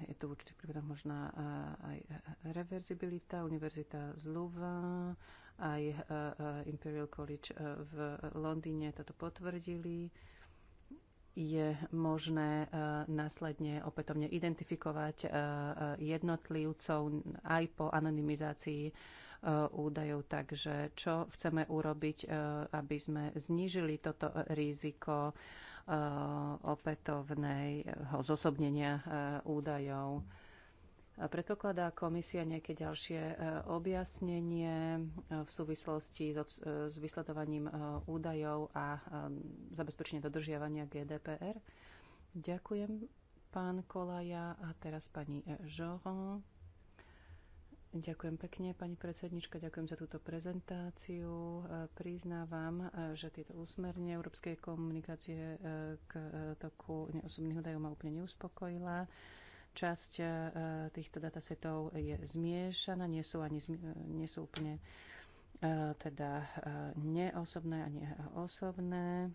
je tu v určitých prípadoch možná aj reverzibilita. Univerzita z Louvain, aj Imperial College v Londýne toto potvrdili je možné e, následne opätovne identifikovať e, e, jednotlivcov aj po anonymizácii údajov. Takže čo chceme urobiť, aby sme znížili toto riziko opätovného zosobnenia údajov? Predpokladá komisia nejaké ďalšie e, objasnenie e, v súvislosti s e, vysledovaním údajov a zabezpečenie dodržiavania GDPR? Ďakujem, pán Kolaja. A teraz pani Joron. Ďakujem pekne, pani predsednička, ďakujem za túto prezentáciu. Priznávam, že tieto úsmerne európskej komunikácie k toku neosobných údajov ma úplne neuspokojila. Časť e, týchto datasetov je zmiešaná, nie sú, ani, nie sú úplne e, teda e, neosobné a neosobné.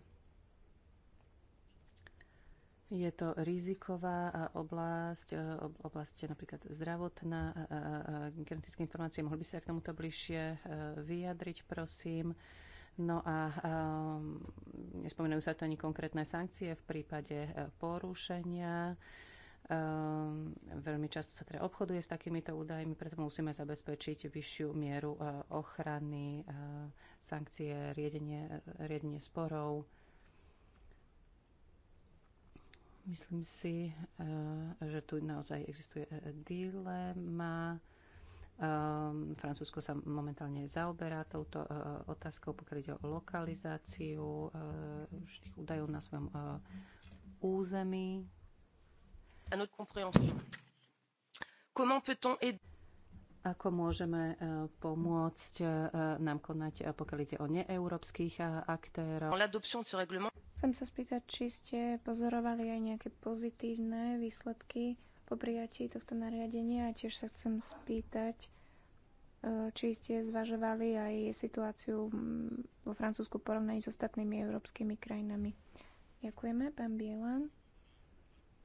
Je to riziková oblasť, oblasť napríklad zdravotná, genetické informácie. Mohli by sa k tomuto bližšie vyjadriť, prosím. No a nespomínajú sa to ani konkrétne sankcie v prípade porušenia. Ehm, veľmi často sa teda obchoduje s takýmito údajmi, preto musíme zabezpečiť vyššiu mieru e, ochrany, e, sankcie, riedenie, e, riedenie sporov. Myslím si, že tu naozaj existuje dilema. Ehm, Francúzsko sa momentálne zaoberá touto otázkou, pokiaľ ide o lokalizáciu všetkých údajov na svojom území à notre compréhension. Comment peut-on aider ako môžeme e, pomôcť e, nám konať, e, pokiaľ ide o neeurópskych aktérov. Chcem sa spýtať, či ste pozorovali aj nejaké pozitívne výsledky po prijatí tohto nariadenia a tiež sa chcem spýtať, či ste zvažovali aj situáciu vo Francúzsku porovnaní s ostatnými európskymi krajinami. Ďakujeme, pán Bielan.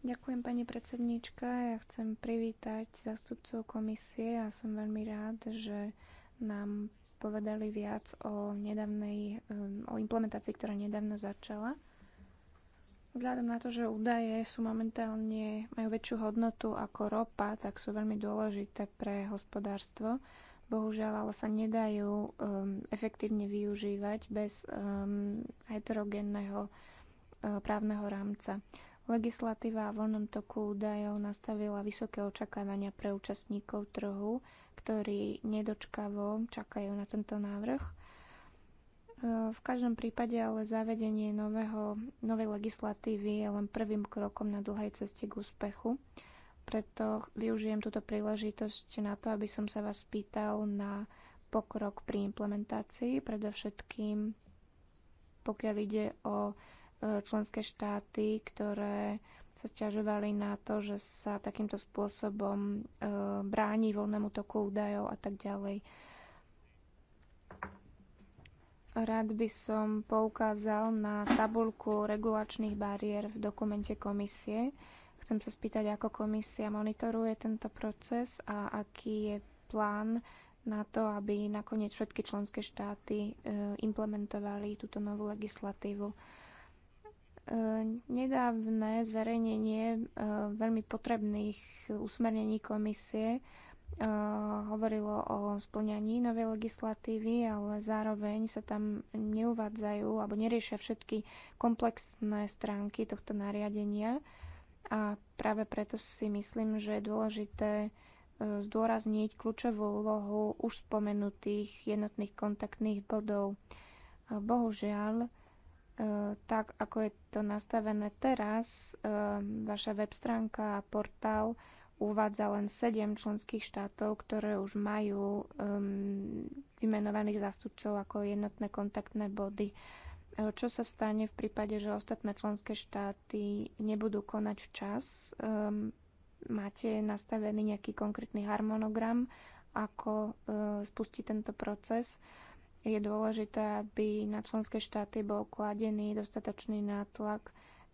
Ďakujem, pani predsedníčka. Ja chcem privítať zastupcov komisie a som veľmi rád, že nám povedali viac o, nedavnej o implementácii, ktorá nedávno začala. Vzhľadom na to, že údaje sú momentálne, majú väčšiu hodnotu ako ropa, tak sú veľmi dôležité pre hospodárstvo. Bohužiaľ, ale sa nedajú um, efektívne využívať bez um, heterogénneho uh, právneho rámca. Legislatíva v voľnom toku údajov nastavila vysoké očakávania pre účastníkov trhu, ktorí nedočkavo čakajú na tento návrh. E, v každom prípade ale zavedenie nového, novej legislatívy je len prvým krokom na dlhej ceste k úspechu. Preto využijem túto príležitosť na to, aby som sa vás pýtal na pokrok pri implementácii, predovšetkým pokiaľ ide o E, členské štáty, ktoré sa stiažovali na to, že sa takýmto spôsobom e, bráni voľnému toku údajov a tak ďalej. Rád by som poukázal na tabulku regulačných bariér v dokumente komisie. Chcem sa spýtať, ako komisia monitoruje tento proces a aký je plán na to, aby nakoniec všetky členské štáty e, implementovali túto novú legislatívu nedávne zverejnenie eh, veľmi potrebných usmernení komisie eh, hovorilo o splňaní novej legislatívy, ale zároveň sa tam neuvádzajú alebo neriešia všetky komplexné stránky tohto nariadenia. A práve preto si myslím, že je dôležité eh, zdôrazniť kľúčovú úlohu už spomenutých jednotných kontaktných bodov. Bohužiaľ, E, tak, ako je to nastavené teraz, e, vaša web stránka a portál uvádza len 7 členských štátov, ktoré už majú vymenovaných zástupcov ako jednotné kontaktné body. E, čo sa stane v prípade, že ostatné členské štáty nebudú konať včas? Máte nastavený nejaký konkrétny harmonogram, ako spustiť tento proces? Je dôležité, aby na členské štáty bol kladený dostatočný nátlak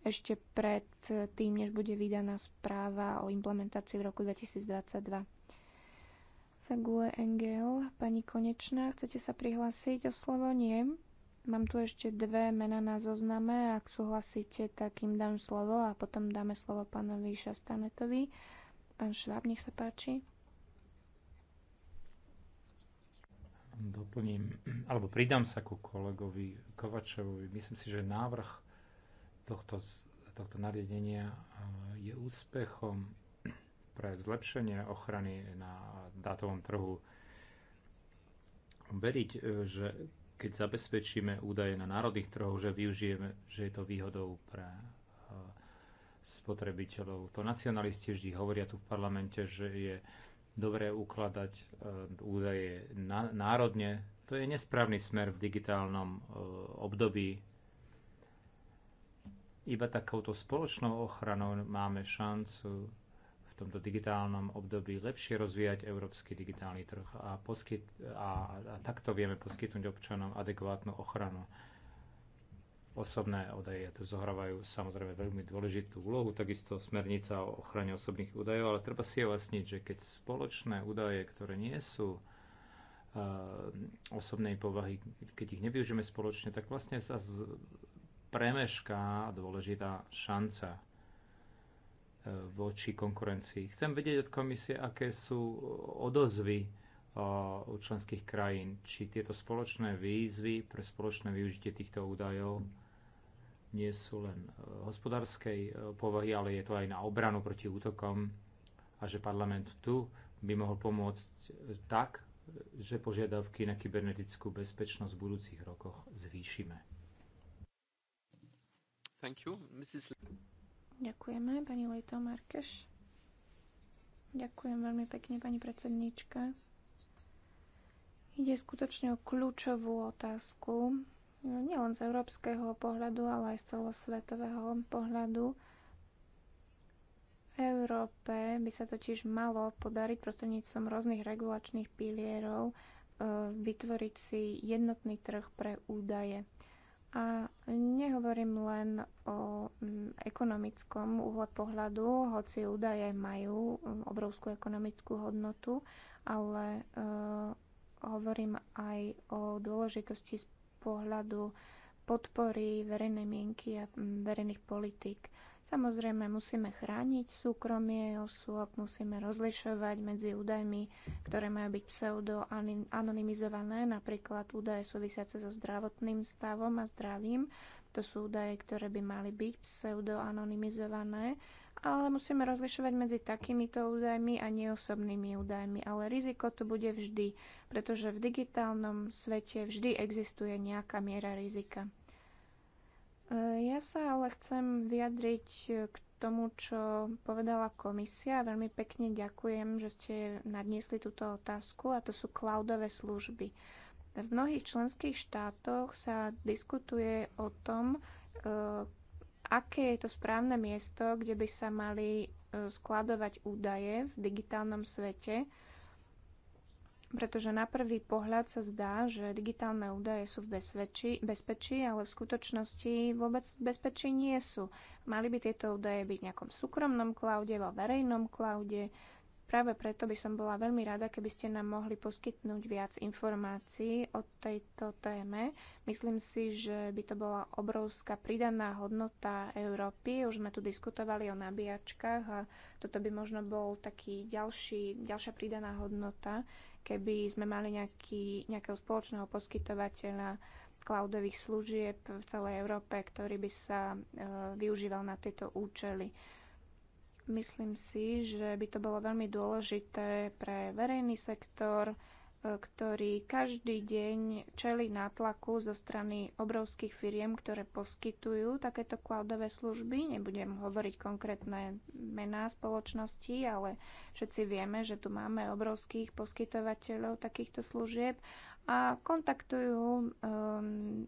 ešte pred tým, než bude vydaná správa o implementácii v roku 2022. Za Engel, pani Konečná, chcete sa prihlásiť o slovo? Nie. Mám tu ešte dve mená na zozname. Ak súhlasíte, tak im dám slovo a potom dáme slovo pánovi Šastanetovi. Pán Šváb, nech sa páči. doplním, alebo pridám sa ku kolegovi Kovačovi. Myslím si, že návrh tohto, tohto nariadenia je úspechom pre zlepšenie ochrany na dátovom trhu. Veriť, e, že keď zabezpečíme údaje na národných trhoch, že využijeme, že je to výhodou pre e, spotrebiteľov. To nacionalisti vždy hovoria tu v parlamente, že je dobre ukladať e, údaje národne. To je nesprávny smer v digitálnom e, období. Iba takouto spoločnou ochranou máme šancu v tomto digitálnom období lepšie rozvíjať európsky digitálny trh a, poskyt, a, a takto vieme poskytnúť občanom adekvátnu ochranu. Osobné údaje tu zohrávajú samozrejme veľmi dôležitú úlohu, takisto smernica o ochrane osobných údajov, ale treba si vlastniť, že keď spoločné údaje, ktoré nie sú e, osobnej povahy, keď ich nevyužijeme spoločne, tak vlastne sa z, premešká dôležitá šanca e, voči konkurencii. Chcem vedieť od komisie, aké sú odozvy e, u členských krajín, či tieto spoločné výzvy pre spoločné využitie týchto údajov nie sú len e, hospodárskej e, povahy, ale je to aj na obranu proti útokom a že parlament tu by mohol pomôcť e, tak, že požiadavky na kybernetickú bezpečnosť v budúcich rokoch zvýšime. Thank you. Mrs. Ďakujeme, pani Lejto Markeš. Ďakujem veľmi pekne, pani predsedníčka. Ide skutočne o kľúčovú otázku, No, nielen z európskeho pohľadu, ale aj z celosvetového pohľadu. Európe by sa totiž malo podariť prostredníctvom rôznych regulačných pilierov e, vytvoriť si jednotný trh pre údaje. A nehovorím len o mm, ekonomickom uhle pohľadu, hoci údaje majú mm, obrovskú ekonomickú hodnotu, ale e, hovorím aj o dôležitosti pohľadu podpory verejnej mienky a mm, verejných politík. Samozrejme, musíme chrániť súkromie osôb, musíme rozlišovať medzi údajmi, ktoré majú byť pseudo-anonymizované, napríklad údaje súvisiace so zdravotným stavom a zdravím. To sú údaje, ktoré by mali byť pseudo-anonymizované ale musíme rozlišovať medzi takýmito údajmi a neosobnými údajmi. Ale riziko tu bude vždy, pretože v digitálnom svete vždy existuje nejaká miera rizika. E, ja sa ale chcem vyjadriť k tomu, čo povedala komisia. Veľmi pekne ďakujem, že ste nadniesli túto otázku a to sú cloudové služby. V mnohých členských štátoch sa diskutuje o tom, e, aké je to správne miesto, kde by sa mali e, skladovať údaje v digitálnom svete, pretože na prvý pohľad sa zdá, že digitálne údaje sú v bezpečí, bezpečí, ale v skutočnosti vôbec v bezpečí nie sú. Mali by tieto údaje byť v nejakom súkromnom klaude, vo verejnom klaude, Práve preto by som bola veľmi rada, keby ste nám mohli poskytnúť viac informácií o tejto téme. Myslím si, že by to bola obrovská pridaná hodnota Európy. Už sme tu diskutovali o nabíjačkách a toto by možno bol taký ďalší, ďalšia pridaná hodnota, keby sme mali nejaký, nejakého spoločného poskytovateľa cloudových služieb v celej Európe, ktorý by sa e, využíval na tieto účely. Myslím si, že by to bolo veľmi dôležité pre verejný sektor, e, ktorý každý deň čelí nátlaku zo strany obrovských firiem, ktoré poskytujú takéto cloudové služby. Nebudem hovoriť konkrétne mená spoločnosti, ale všetci vieme, že tu máme obrovských poskytovateľov takýchto služieb a kontaktujú um,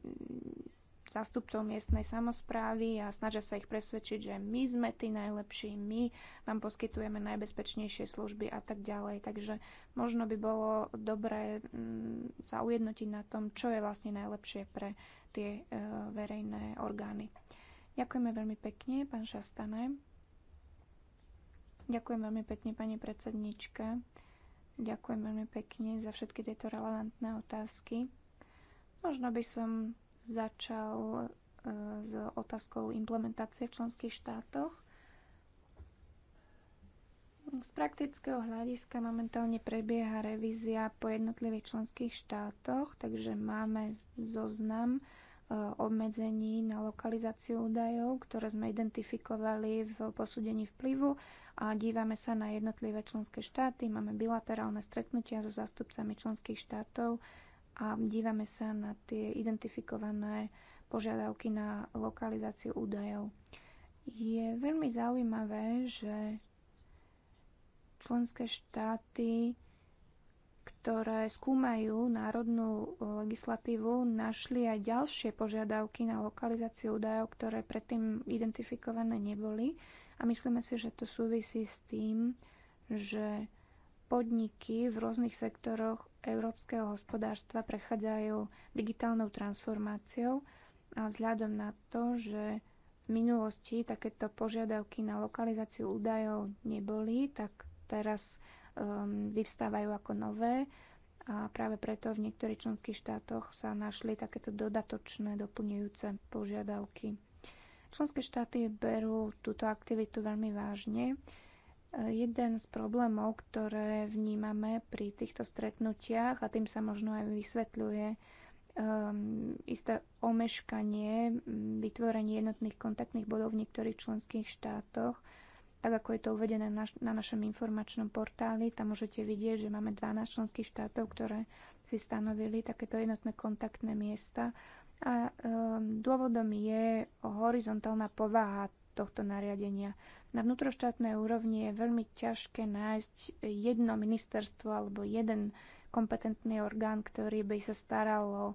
zástupcov miestnej samozprávy a snažia sa ich presvedčiť, že my sme tí najlepší, my vám poskytujeme najbezpečnejšie služby a tak ďalej. Takže možno by bolo dobré mm, sa ujednotiť na tom, čo je vlastne najlepšie pre tie e, verejné orgány. Ďakujeme veľmi pekne, pán Šastane. Ďakujem veľmi pekne, pani predsednička. Ďakujem veľmi pekne za všetky tieto relevantné otázky. Možno by som začal e, s otázkou implementácie v členských štátoch. Z praktického hľadiska momentálne prebieha revízia po jednotlivých členských štátoch, takže máme zoznam e, obmedzení na lokalizáciu údajov, ktoré sme identifikovali v posúdení vplyvu a dívame sa na jednotlivé členské štáty. Máme bilaterálne stretnutia so zástupcami členských štátov a dívame sa na tie identifikované požiadavky na lokalizáciu údajov. Je veľmi zaujímavé, že členské štáty, ktoré skúmajú národnú legislatívu, našli aj ďalšie požiadavky na lokalizáciu údajov, ktoré predtým identifikované neboli. A myslíme si, že to súvisí s tým, že podniky v rôznych sektoroch európskeho hospodárstva prechádzajú digitálnou transformáciou a vzhľadom na to, že v minulosti takéto požiadavky na lokalizáciu údajov neboli, tak teraz um, vyvstávajú ako nové a práve preto v niektorých členských štátoch sa našli takéto dodatočné doplňujúce požiadavky. Členské štáty berú túto aktivitu veľmi vážne Jeden z problémov, ktoré vnímame pri týchto stretnutiach, a tým sa možno aj vysvetľuje um, isté omeškanie, mm, vytvorenie jednotných kontaktných bodov v niektorých členských štátoch, tak ako je to uvedené na, na našom informačnom portáli. Tam môžete vidieť, že máme 12 členských štátov, ktoré si stanovili takéto jednotné kontaktné miesta. A um, dôvodom je horizontálna povaha tohto nariadenia. Na vnútroštátnej úrovni je veľmi ťažké nájsť jedno ministerstvo alebo jeden kompetentný orgán, ktorý by sa staral o e,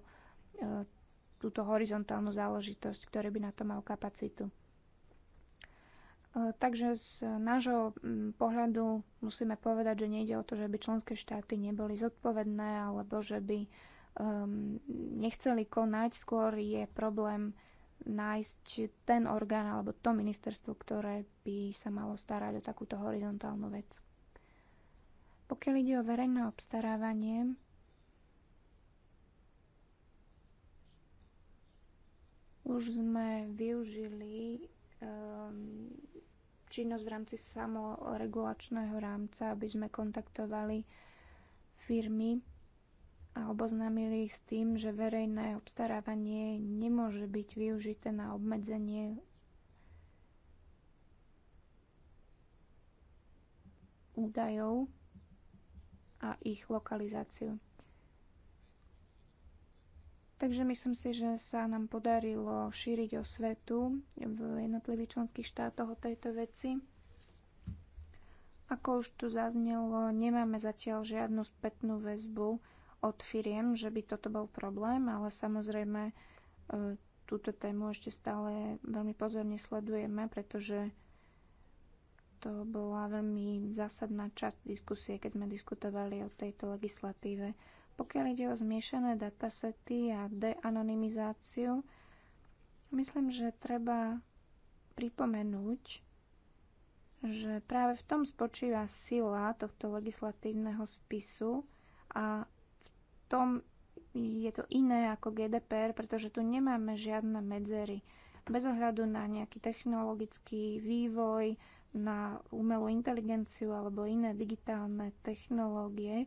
túto horizontálnu záležitosť, ktorý by na to mal kapacitu. E, takže z nášho pohľadu musíme povedať, že nejde o to, že by členské štáty neboli zodpovedné alebo že by um, nechceli konať, skôr je problém nájsť ten orgán alebo to ministerstvo, ktoré by sa malo starať o takúto horizontálnu vec. Pokiaľ ide o verejné obstarávanie, už sme využili um, činnosť v rámci samoregulačného rámca, aby sme kontaktovali firmy a oboznámili ich s tým, že verejné obstarávanie nemôže byť využité na obmedzenie údajov a ich lokalizáciu. Takže myslím si, že sa nám podarilo šíriť osvetu v jednotlivých členských štátoch o tejto veci. Ako už tu zaznelo, nemáme zatiaľ žiadnu spätnú väzbu od firiem, že by toto bol problém, ale samozrejme e, túto tému ešte stále veľmi pozorne sledujeme, pretože to bola veľmi zásadná časť diskusie, keď sme diskutovali o tejto legislatíve. Pokiaľ ide o zmiešané datasety a deanonymizáciu, myslím, že treba pripomenúť, že práve v tom spočíva sila tohto legislatívneho spisu a tom je to iné ako GDPR, pretože tu nemáme žiadne medzery. Bez ohľadu na nejaký technologický vývoj, na umelú inteligenciu alebo iné digitálne technológie, e,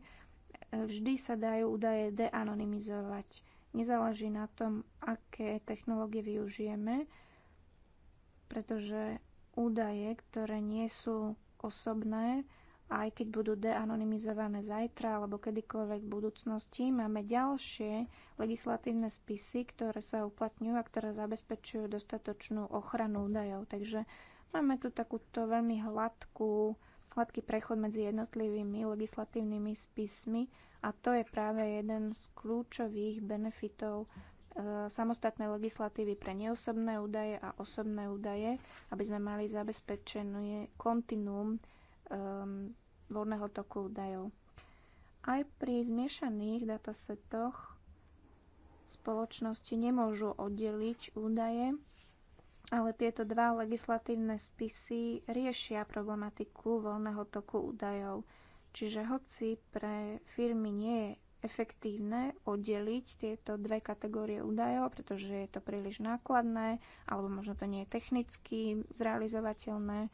vždy sa dajú údaje deanonymizovať. Nezáleží na tom, aké technológie využijeme, pretože údaje, ktoré nie sú osobné, aj keď budú deanonymizované zajtra alebo kedykoľvek v budúcnosti, máme ďalšie legislatívne spisy, ktoré sa uplatňujú a ktoré zabezpečujú dostatočnú ochranu údajov. Takže máme tu takúto veľmi hladkú, hladký prechod medzi jednotlivými legislatívnymi spismi a to je práve jeden z kľúčových benefitov e, samostatnej legislatívy pre neosobné údaje a osobné údaje, aby sme mali zabezpečené kontinuum um, voľného toku údajov. Aj pri zmiešaných datasetoch spoločnosti nemôžu oddeliť údaje, ale tieto dva legislatívne spisy riešia problematiku voľného toku údajov. Čiže hoci pre firmy nie je efektívne oddeliť tieto dve kategórie údajov, pretože je to príliš nákladné, alebo možno to nie je technicky zrealizovateľné,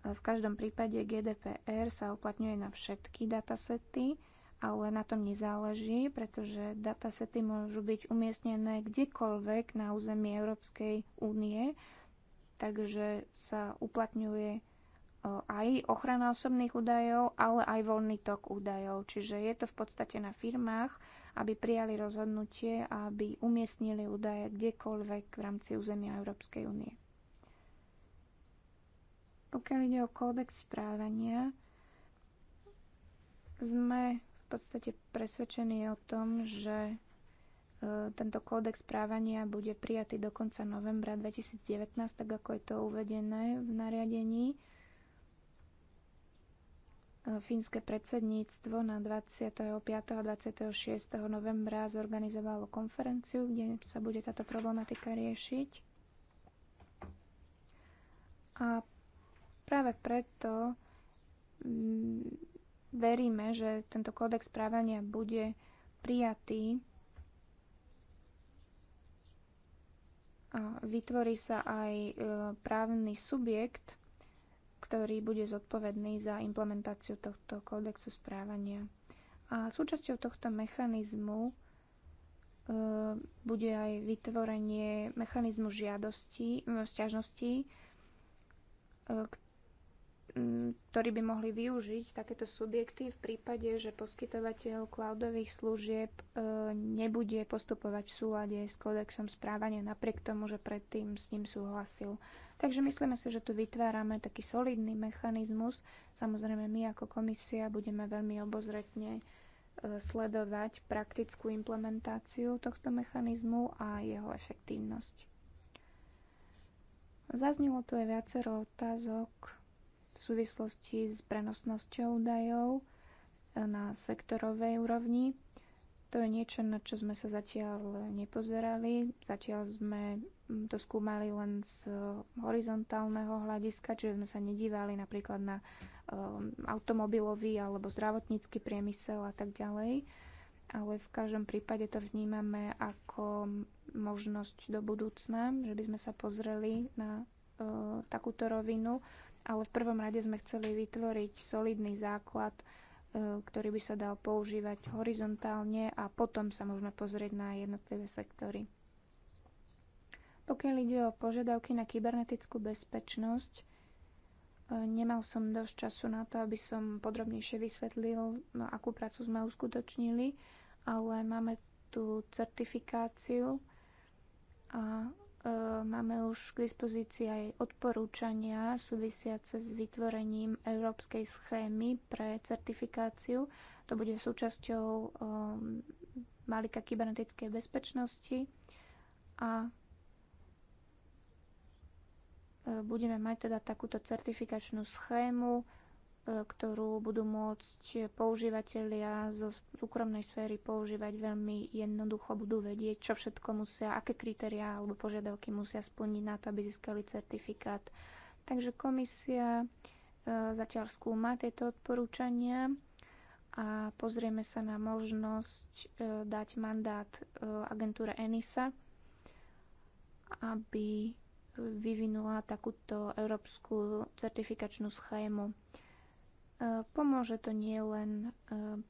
v každom prípade GDPR sa uplatňuje na všetky datasety, ale na tom nezáleží, pretože datasety môžu byť umiestnené kdekoľvek na území Európskej únie, takže sa uplatňuje e, aj ochrana osobných údajov, ale aj voľný tok údajov. Čiže je to v podstate na firmách, aby prijali rozhodnutie a aby umiestnili údaje kdekoľvek v rámci územia Európskej únie. Pokiaľ ide o kódex správania, sme v podstate presvedčení o tom, že e, tento kódex správania bude prijatý do konca novembra 2019, tak ako je to uvedené v nariadení. E, fínske predsedníctvo na 25. a 26. novembra zorganizovalo konferenciu, kde sa bude táto problematika riešiť. A Práve preto mm, veríme, že tento kódex správania bude prijatý a vytvorí sa aj e, právny subjekt, ktorý bude zodpovedný za implementáciu tohto kódexu správania. A súčasťou tohto mechanizmu e, bude aj vytvorenie mechanizmu žiadosti, e, sťažnosti, ktorí by mohli využiť takéto subjekty v prípade, že poskytovateľ cloudových služieb e, nebude postupovať v súlade s kódexom správania napriek tomu, že predtým s ním súhlasil. Takže myslíme si, že tu vytvárame taký solidný mechanizmus. Samozrejme, my ako komisia budeme veľmi obozretne e, sledovať praktickú implementáciu tohto mechanizmu a jeho efektívnosť. Zaznilo tu aj viacero otázok v súvislosti s prenosnosťou údajov e, na sektorovej úrovni. To je niečo, na čo sme sa zatiaľ nepozerali. Zatiaľ sme mm, to skúmali len z e, horizontálneho hľadiska, čiže sme sa nedívali napríklad na um, automobilový alebo zdravotnícky priemysel a tak ďalej. Ale v každom prípade to vnímame ako možnosť do budúcna, že by sme sa pozreli na uh, takúto rovinu ale v prvom rade sme chceli vytvoriť solidný základ, e, ktorý by sa dal používať horizontálne a potom sa môžeme pozrieť na jednotlivé sektory. Pokiaľ ide o požiadavky na kybernetickú bezpečnosť, e, nemal som dosť času na to, aby som podrobnejšie vysvetlil, no, akú prácu sme uskutočnili, ale máme tu certifikáciu a E, máme už k dispozícii aj odporúčania súvisiace s vytvorením európskej schémy pre certifikáciu. To bude súčasťou malika um, kybernetickej bezpečnosti a e, budeme mať teda takúto certifikačnú schému E, ktorú budú môcť používateľia zo súkromnej sféry používať veľmi jednoducho, budú vedieť, čo všetko musia, aké kritériá alebo požiadavky musia splniť na to, aby získali certifikát. Takže komisia e, zatiaľ skúma tieto odporúčania a pozrieme sa na možnosť e, dať mandát agentúre ENISA, aby vyvinula takúto európsku certifikačnú schému. E, pomôže to nielen e,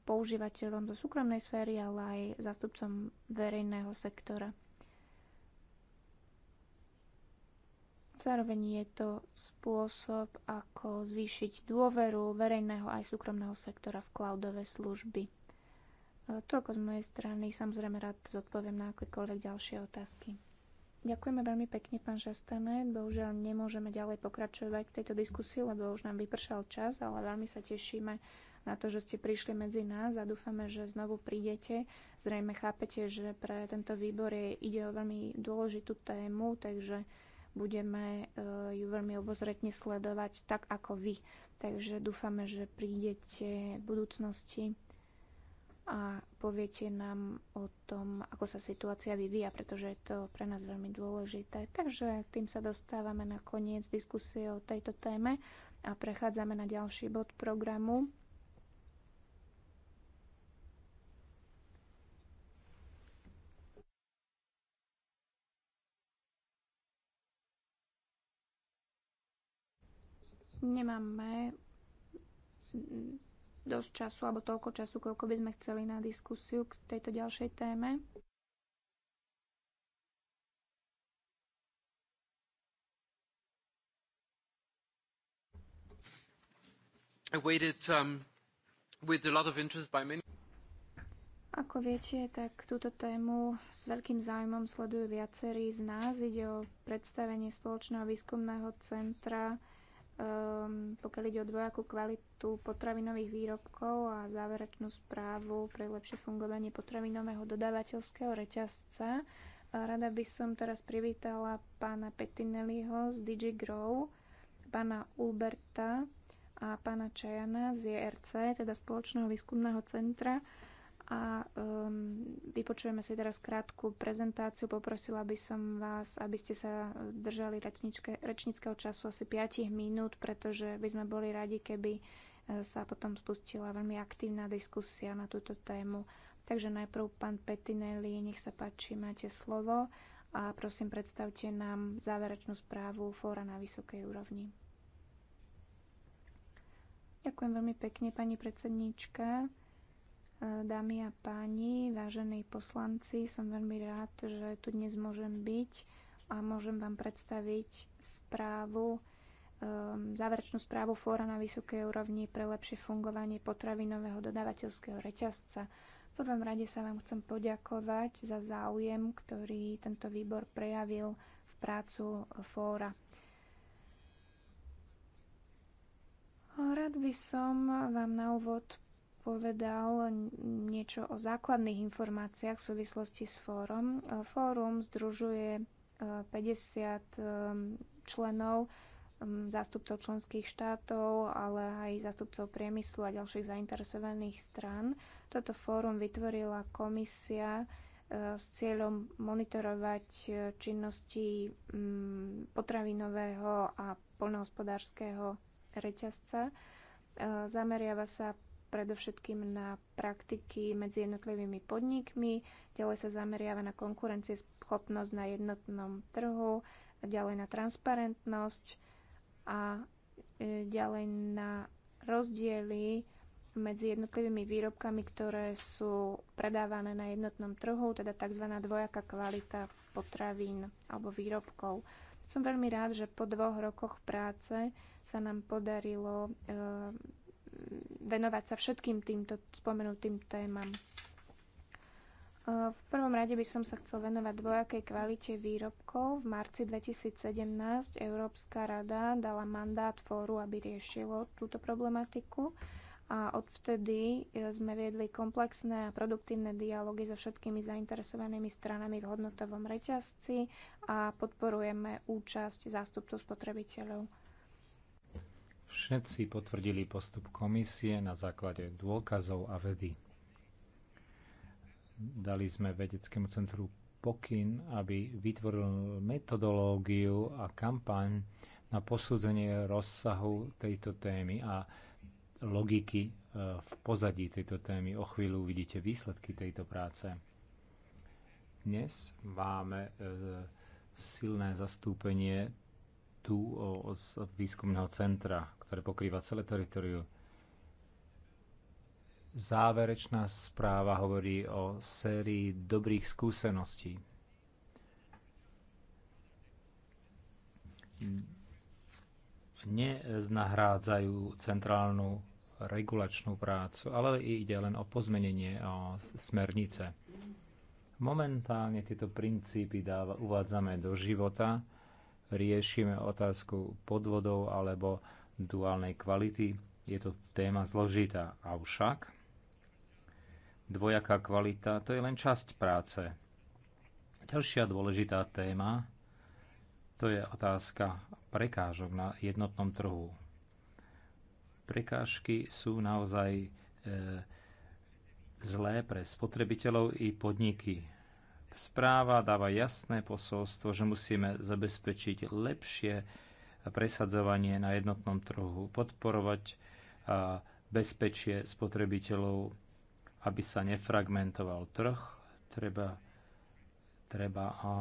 používateľom zo súkromnej sféry, ale aj zástupcom verejného sektora. Zároveň je to spôsob, ako zvýšiť dôveru verejného aj súkromného sektora v cloudové služby. E, toľko z mojej strany. Samozrejme rád zodpoviem na akékoľvek ďalšie otázky. Ďakujeme veľmi pekne, pán Šastane. Bohužiaľ nemôžeme ďalej pokračovať v tejto diskusii, lebo už nám vypršal čas, ale veľmi sa tešíme na to, že ste prišli medzi nás a dúfame, že znovu prídete. Zrejme chápete, že pre tento výbor je, ide o veľmi dôležitú tému, takže budeme eh, ju veľmi obozretne sledovať tak ako vy. Takže dúfame, že prídete v budúcnosti a poviete nám o tom, ako sa situácia vyvíja, pretože je to pre nás veľmi dôležité. Takže tým sa dostávame na koniec diskusie o tejto téme a prechádzame na ďalší bod programu. Nemáme dosť času alebo toľko času, koľko by sme chceli na diskusiu k tejto ďalšej téme. Waited, um, many... Ako viete, tak túto tému s veľkým záujmom sledujú viacerí z nás. Ide o predstavenie spoločného výskumného centra um, pokiaľ ide o dvojakú kvalitu potravinových výrobkov a záverečnú správu pre lepšie fungovanie potravinového dodávateľského reťazca. Eh, rada by som teraz privítala pána Petinelliho z DigiGrow, Grow, pána Ulberta a pána Čajana z JRC, teda Spoločného výskumného centra, a um, vypočujeme si teraz krátku prezentáciu. Poprosila by som vás, aby ste sa držali rečníckého času asi 5 minút, pretože by sme boli radi, keby e, sa potom spustila veľmi aktívna diskusia na túto tému. Takže najprv pán Petinelli, nech sa páči, máte slovo a prosím predstavte nám záverečnú správu fóra na vysokej úrovni. Ďakujem veľmi pekne, pani predsedníčka. Dámy a páni, vážení poslanci, som veľmi rád, že tu dnes môžem byť a môžem vám predstaviť správu, ehm, záverečnú správu Fóra na vysokej úrovni pre lepšie fungovanie potravinového dodávateľského reťazca. V prvom rade sa vám chcem poďakovať za záujem, ktorý tento výbor prejavil v prácu Fóra. Rád by som vám na úvod povedal niečo o základných informáciách v súvislosti s fórum. Fórum združuje 50 e, e, členov, zástupcov členských štátov, ale aj zástupcov priemyslu a ďalších zainteresovaných strán. Toto fórum vytvorila komisia e, s cieľom monitorovať činnosti potravinového a poľnohospodárskeho reťazca. Zameriava sa predovšetkým na praktiky medzi jednotlivými podnikmi, ďalej sa zameriava na konkurencieschopnosť na jednotnom trhu, ďalej na transparentnosť a e, ďalej na rozdiely medzi jednotlivými výrobkami, ktoré sú predávané na jednotnom trhu, teda tzv. dvojaká kvalita potravín alebo výrobkov. Som veľmi rád, že po dvoch rokoch práce sa nám podarilo e, venovať sa všetkým týmto spomenutým témam. E, v prvom rade by som sa chcel venovať dvojakej kvalite výrobkov. V marci 2017 Európska rada dala mandát fóru, aby riešilo túto problematiku a odvtedy e, sme viedli komplexné a produktívne dialógy so všetkými zainteresovanými stranami v hodnotovom reťazci a podporujeme účasť zástupcov spotrebiteľov. Všetci potvrdili postup komisie na základe dôkazov a vedy. Dali sme vedeckému centru pokyn, aby vytvoril metodológiu a kampaň na posúdenie rozsahu tejto témy a logiky e, v pozadí tejto témy. O chvíľu uvidíte výsledky tejto práce. Dnes máme e, silné zastúpenie tu o, z výskumného centra, ktoré pokrýva celé teritoriu. Záverečná správa hovorí o sérii dobrých skúseností. Neznahrádzajú centrálnu regulačnú prácu, ale ide len o pozmenenie o smernice. Momentálne tieto princípy dáva, uvádzame do života riešime otázku podvodov alebo duálnej kvality. Je to téma zložitá. Avšak dvojaká kvalita to je len časť práce. Ďalšia dôležitá téma to je otázka prekážok na jednotnom trhu. Prekážky sú naozaj e, zlé pre spotrebiteľov i podniky. Správa dáva jasné posolstvo, že musíme zabezpečiť lepšie presadzovanie na jednotnom trhu, podporovať bezpečie spotrebiteľov, aby sa nefragmentoval trh. Treba, treba a,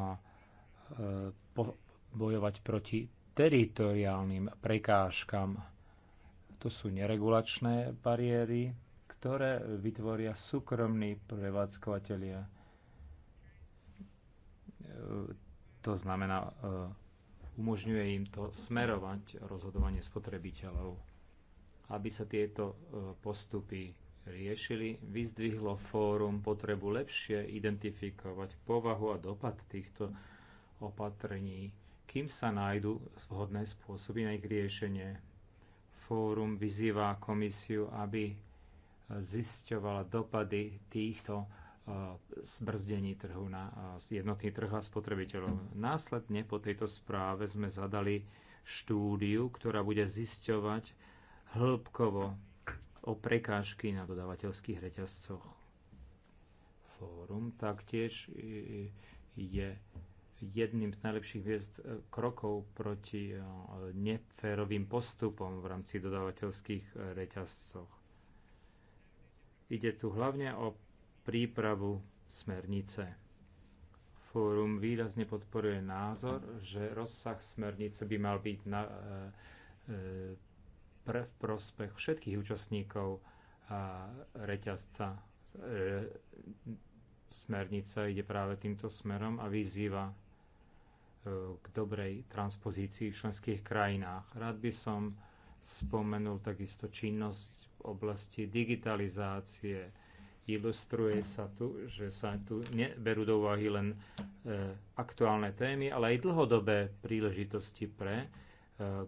e, po, bojovať proti teritoriálnym prekážkam. To sú neregulačné bariéry, ktoré vytvoria súkromní prevádzkovateľia E, to znamená, e, umožňuje im to smerovať rozhodovanie spotrebiteľov. Aby sa tieto e, postupy riešili, vyzdvihlo fórum potrebu lepšie identifikovať povahu a dopad týchto opatrení, kým sa nájdu vhodné spôsoby na ich riešenie. Fórum vyzýva komisiu, aby zisťovala dopady týchto zbrzdení trhu na jednotný trh a spotrebiteľov. Následne po tejto správe sme zadali štúdiu, ktorá bude zisťovať hĺbkovo o prekážky na dodávateľských reťazcoch. Fórum taktiež je jedným z najlepších hviezd e, krokov proti e, neférovým postupom v rámci dodávateľských e, reťazcoch. Ide tu hlavne o prípravu smernice. Fórum výrazne podporuje názor, že rozsah smernice by mal byť na, e, e pre, v prospech všetkých účastníkov a reťazca. E, smernica ide práve týmto smerom a vyzýva e, k dobrej transpozícii v členských krajinách. Rád by som spomenul takisto činnosť v oblasti digitalizácie, Ilustruje sa tu, že sa tu neberú do úvahy len e, aktuálne témy, ale aj dlhodobé príležitosti pre e,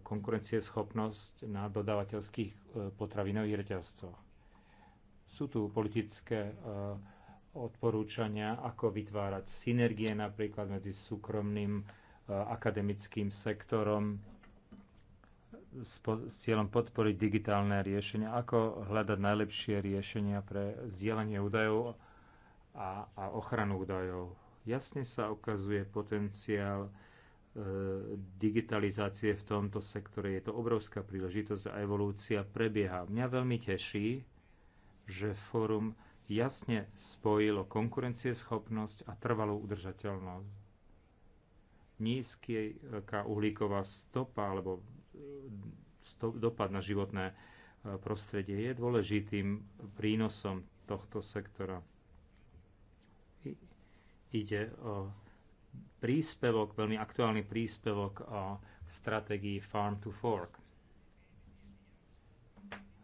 konkurencieschopnosť na dodávateľských e, potravinových reťazcoch. Sú tu politické odporúčania, ako vytvárať synergie napríklad medzi súkromným akademickým sektorom, s, po, s cieľom podporiť digitálne riešenia, ako hľadať najlepšie riešenia pre vzdielanie údajov a, a ochranu údajov. Jasne sa ukazuje potenciál e, digitalizácie v tomto sektore. Je to obrovská príležitosť a evolúcia prebieha. Mňa veľmi teší, že fórum jasne spojilo konkurencieschopnosť a trvalú udržateľnosť Nízky uhlíková stopa alebo dopad na životné e, prostredie je dôležitým prínosom tohto sektora. Ide o príspevok, veľmi aktuálny príspevok o stratégii Farm to Fork.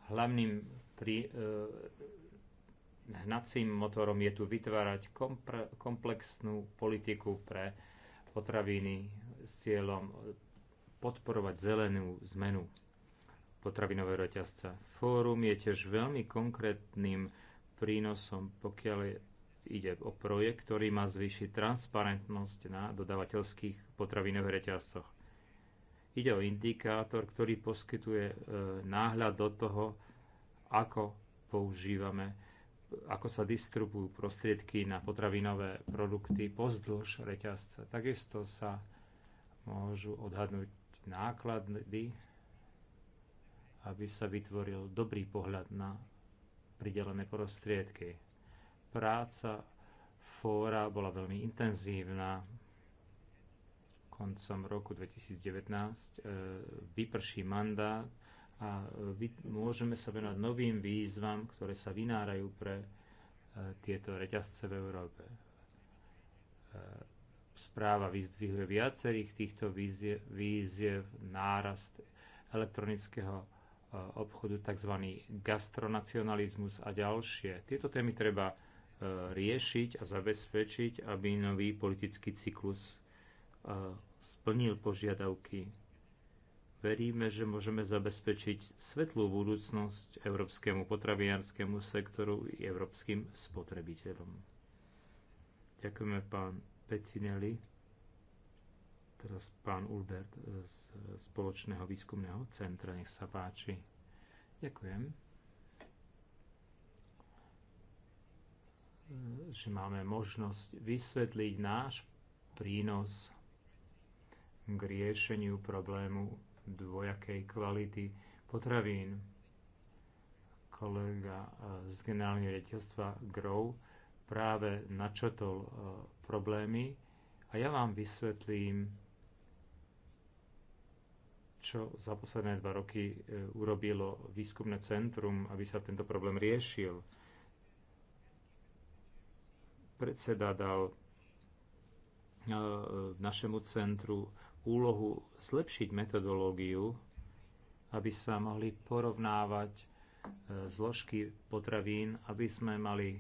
Hlavným prí, eh, hnacím motorom je tu vytvárať komplexnú politiku pre potraviny s cieľom podporovať zelenú zmenu potravinového reťazca. Fórum je tiež veľmi konkrétnym prínosom, pokiaľ ide o projekt, ktorý má zvýšiť transparentnosť na dodavateľských potravinových reťazcoch. Ide o indikátor, ktorý poskytuje e, náhľad do toho, ako používame, ako sa distribujú prostriedky na potravinové produkty pozdĺž reťazca. Takisto sa môžu odhadnúť náklady, aby sa vytvoril dobrý pohľad na pridelené prostriedky. Práca fóra bola veľmi intenzívna. Koncom roku 2019 e, vyprší mandát a môžeme sa venovať novým výzvam, ktoré sa vynárajú pre e, tieto reťazce v Európe. E, Správa vyzdvihuje viacerých týchto výziev, nárast elektronického e, obchodu, tzv. gastronacionalizmus a ďalšie. Tieto témy treba e, riešiť a zabezpečiť, aby nový politický cyklus e, splnil požiadavky. Veríme, že môžeme zabezpečiť svetlú budúcnosť európskemu potravinárskému sektoru i európskym spotrebiteľom. Ďakujeme pán Petinelli, teraz pán Ulbert e, z Spoločného výskumného centra. Nech sa páči. Ďakujem. E, že máme možnosť vysvetliť náš prínos k riešeniu problému dvojakej kvality potravín. Kolega e, z generálneho riaditeľstva GROW práve načatol problémy a ja vám vysvetlím, čo za posledné dva roky e, urobilo výskumné centrum, aby sa tento problém riešil. Predseda dal e, našemu centru úlohu zlepšiť metodológiu, aby sa mohli porovnávať e, zložky potravín, aby sme mali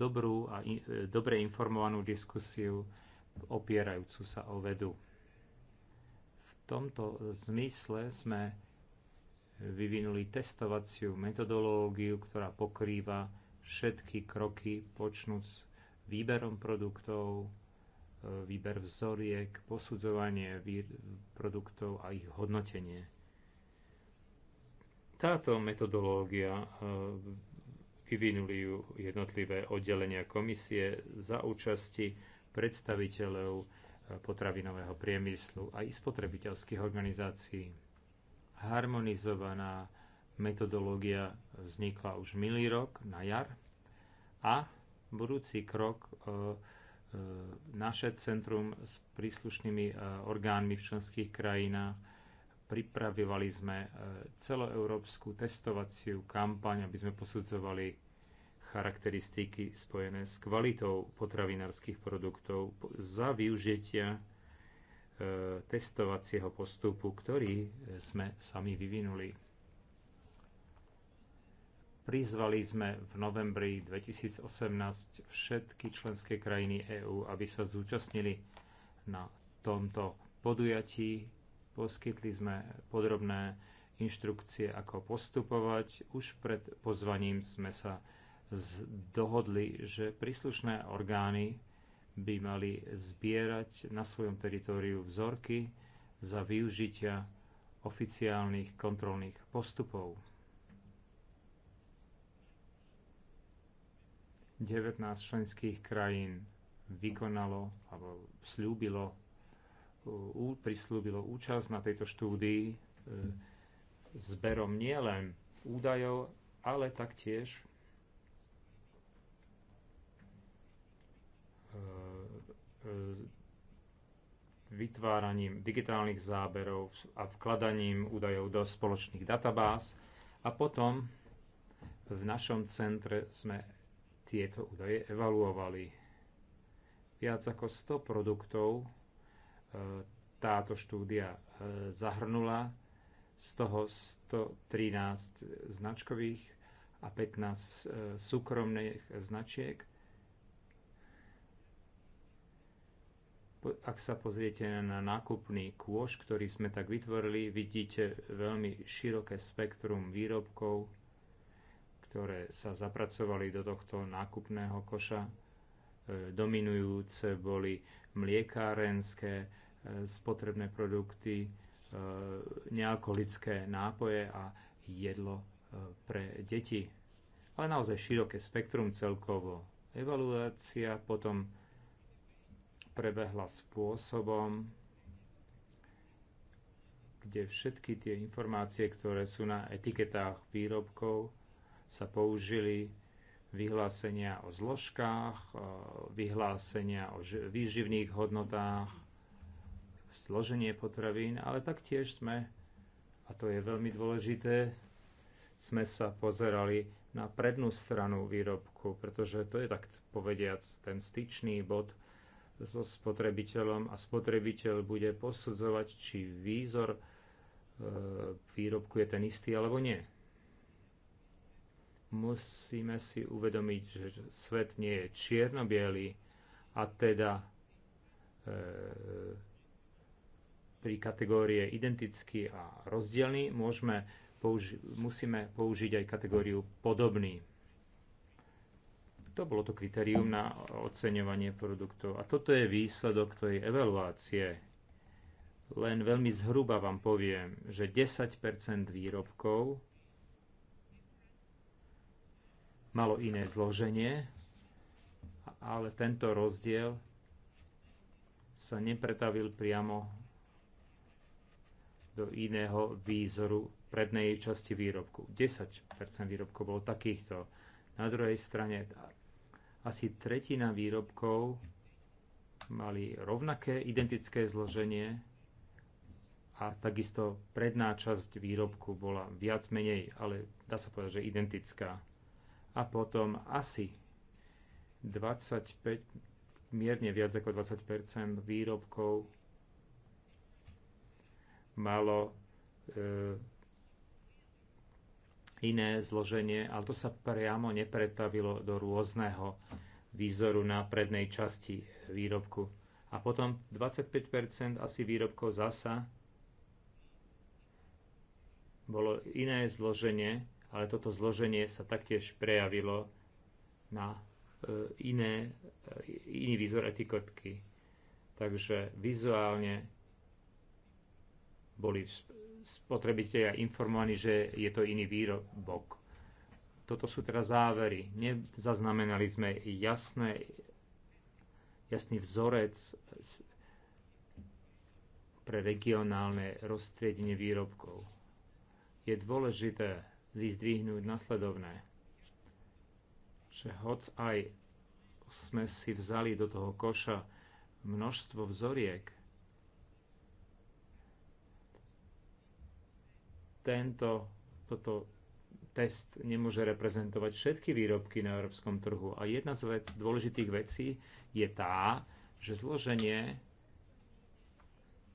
dobrú a in, e, dobre informovanú diskusiu opierajúcu sa o vedu. V tomto zmysle sme vyvinuli testovaciu metodológiu, ktorá pokrýva všetky kroky počnúc výberom produktov, e, výber vzoriek, posudzovanie produktov a ich hodnotenie. Táto metodológia e, Vyvinuli ju jednotlivé oddelenia komisie za účasti predstaviteľov eh, potravinového priemyslu a i spotrebiteľských organizácií. Harmonizovaná metodológia vznikla už minulý rok na jar a budúci krok eh, eh, naše centrum s príslušnými orgánmi v členských krajinách pripravovali sme e, celoeurópsku testovaciu kampaň, aby sme posudzovali charakteristiky spojené s kvalitou potravinárskych produktov za využitia e, testovacieho postupu, ktorý e, sme sami vyvinuli. Prizvali sme v novembri 2018 všetky členské krajiny EÚ, aby sa zúčastnili na tomto podujatí Poskytli sme podrobné inštrukcie, ako postupovať. Už pred pozvaním sme sa dohodli, že príslušné orgány by mali zbierať na svojom teritóriu vzorky za využitia oficiálnych kontrolných postupov. 19 členských krajín vykonalo alebo slúbilo prislúbilo účasť na tejto štúdii e, zberom nielen údajov, ale taktiež e, e, vytváraním digitálnych záberov a vkladaním údajov do spoločných databáz. A potom v našom centre sme tieto údaje evaluovali. Viac ako 100 produktov E, táto štúdia e, zahrnula, z toho 113 značkových a 15 e, súkromných značiek. Ak sa pozriete na nákupný kôž, ktorý sme tak vytvorili, vidíte veľmi široké spektrum výrobkov, ktoré sa zapracovali do tohto nákupného koša. Dominujúce boli mliekárenské, spotrebné produkty, e, nealkoholické nápoje a jedlo e, pre deti. Ale naozaj široké spektrum celkovo. Evaluácia potom prebehla spôsobom, kde všetky tie informácie, ktoré sú na etiketách výrobkov, sa použili vyhlásenia o zložkách, e, vyhlásenia o výživných hodnotách, složenie potravín, ale taktiež sme, a to je veľmi dôležité, sme sa pozerali na prednú stranu výrobku, pretože to je tak povediac ten styčný bod so spotrebiteľom a spotrebiteľ bude posudzovať, či výzor e, výrobku je ten istý alebo nie. Musíme si uvedomiť, že svet nie je čierno-bielý a teda e, pri kategórie identický a rozdielný môžeme použi- musíme použiť aj kategóriu podobný. To bolo to kritérium na oceňovanie produktov. A toto je výsledok tej evaluácie. Len veľmi zhruba vám poviem, že 10 výrobkov malo iné zloženie, ale tento rozdiel sa nepretavil priamo do iného výzoru prednej časti výrobku. 10 výrobkov bolo takýchto. Na druhej strane asi tretina výrobkov mali rovnaké identické zloženie a takisto predná časť výrobku bola viac menej, ale dá sa povedať, že identická. A potom asi 25, mierne viac ako 20 výrobkov malo e, iné zloženie, ale to sa priamo nepretavilo do rôzneho výzoru na prednej časti výrobku. A potom 25% asi výrobkov zasa bolo iné zloženie, ale toto zloženie sa taktiež prejavilo na e, iné, e, iný výzor etikotky. Takže vizuálne boli spotrebitelia informovaní, že je to iný výrobok. Toto sú teda závery. Nezaznamenali sme jasné, jasný vzorec pre regionálne rozstriedenie výrobkov. Je dôležité vyzdvihnúť nasledovné, že hoc aj sme si vzali do toho koša množstvo vzoriek, tento, toto test nemôže reprezentovať všetky výrobky na európskom trhu. A jedna z vec, dôležitých vecí je tá, že zloženie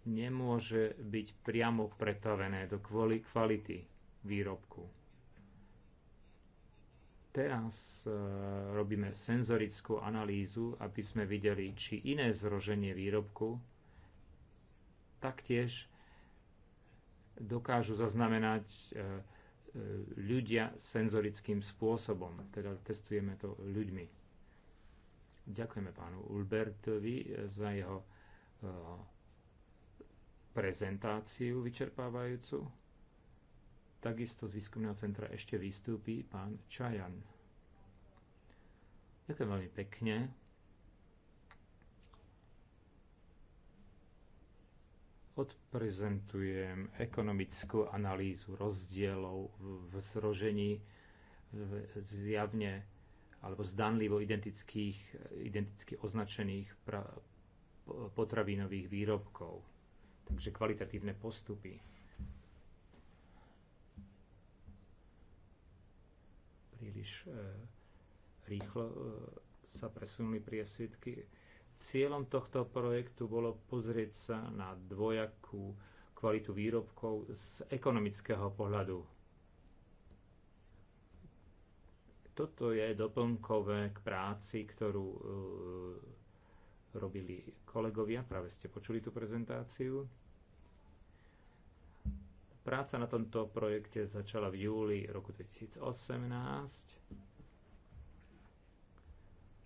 nemôže byť priamo pretavené do kvôli kvality výrobku. Teraz e, robíme senzorickú analýzu, aby sme videli, či iné zloženie výrobku taktiež dokážu zaznamenať e, e, ľudia senzorickým spôsobom. Teda testujeme to ľuďmi. Ďakujeme pánu Ulbertovi e, za jeho prezentáciu vyčerpávajúcu. Takisto z výskumného centra ešte vystúpi pán Čajan. Ďakujem veľmi pekne. odprezentujem ekonomickú analýzu rozdielov v zrožení zjavne alebo zdanlivo identických, identicky označených pra, potravinových výrobkov. Takže kvalitatívne postupy. Príliš e, rýchlo e, sa presunuli priesvitky Cieľom tohto projektu bolo pozrieť sa na dvojakú kvalitu výrobkov z ekonomického pohľadu. Toto je doplnkové k práci, ktorú e, robili kolegovia. Práve ste počuli tú prezentáciu. Práca na tomto projekte začala v júli roku 2018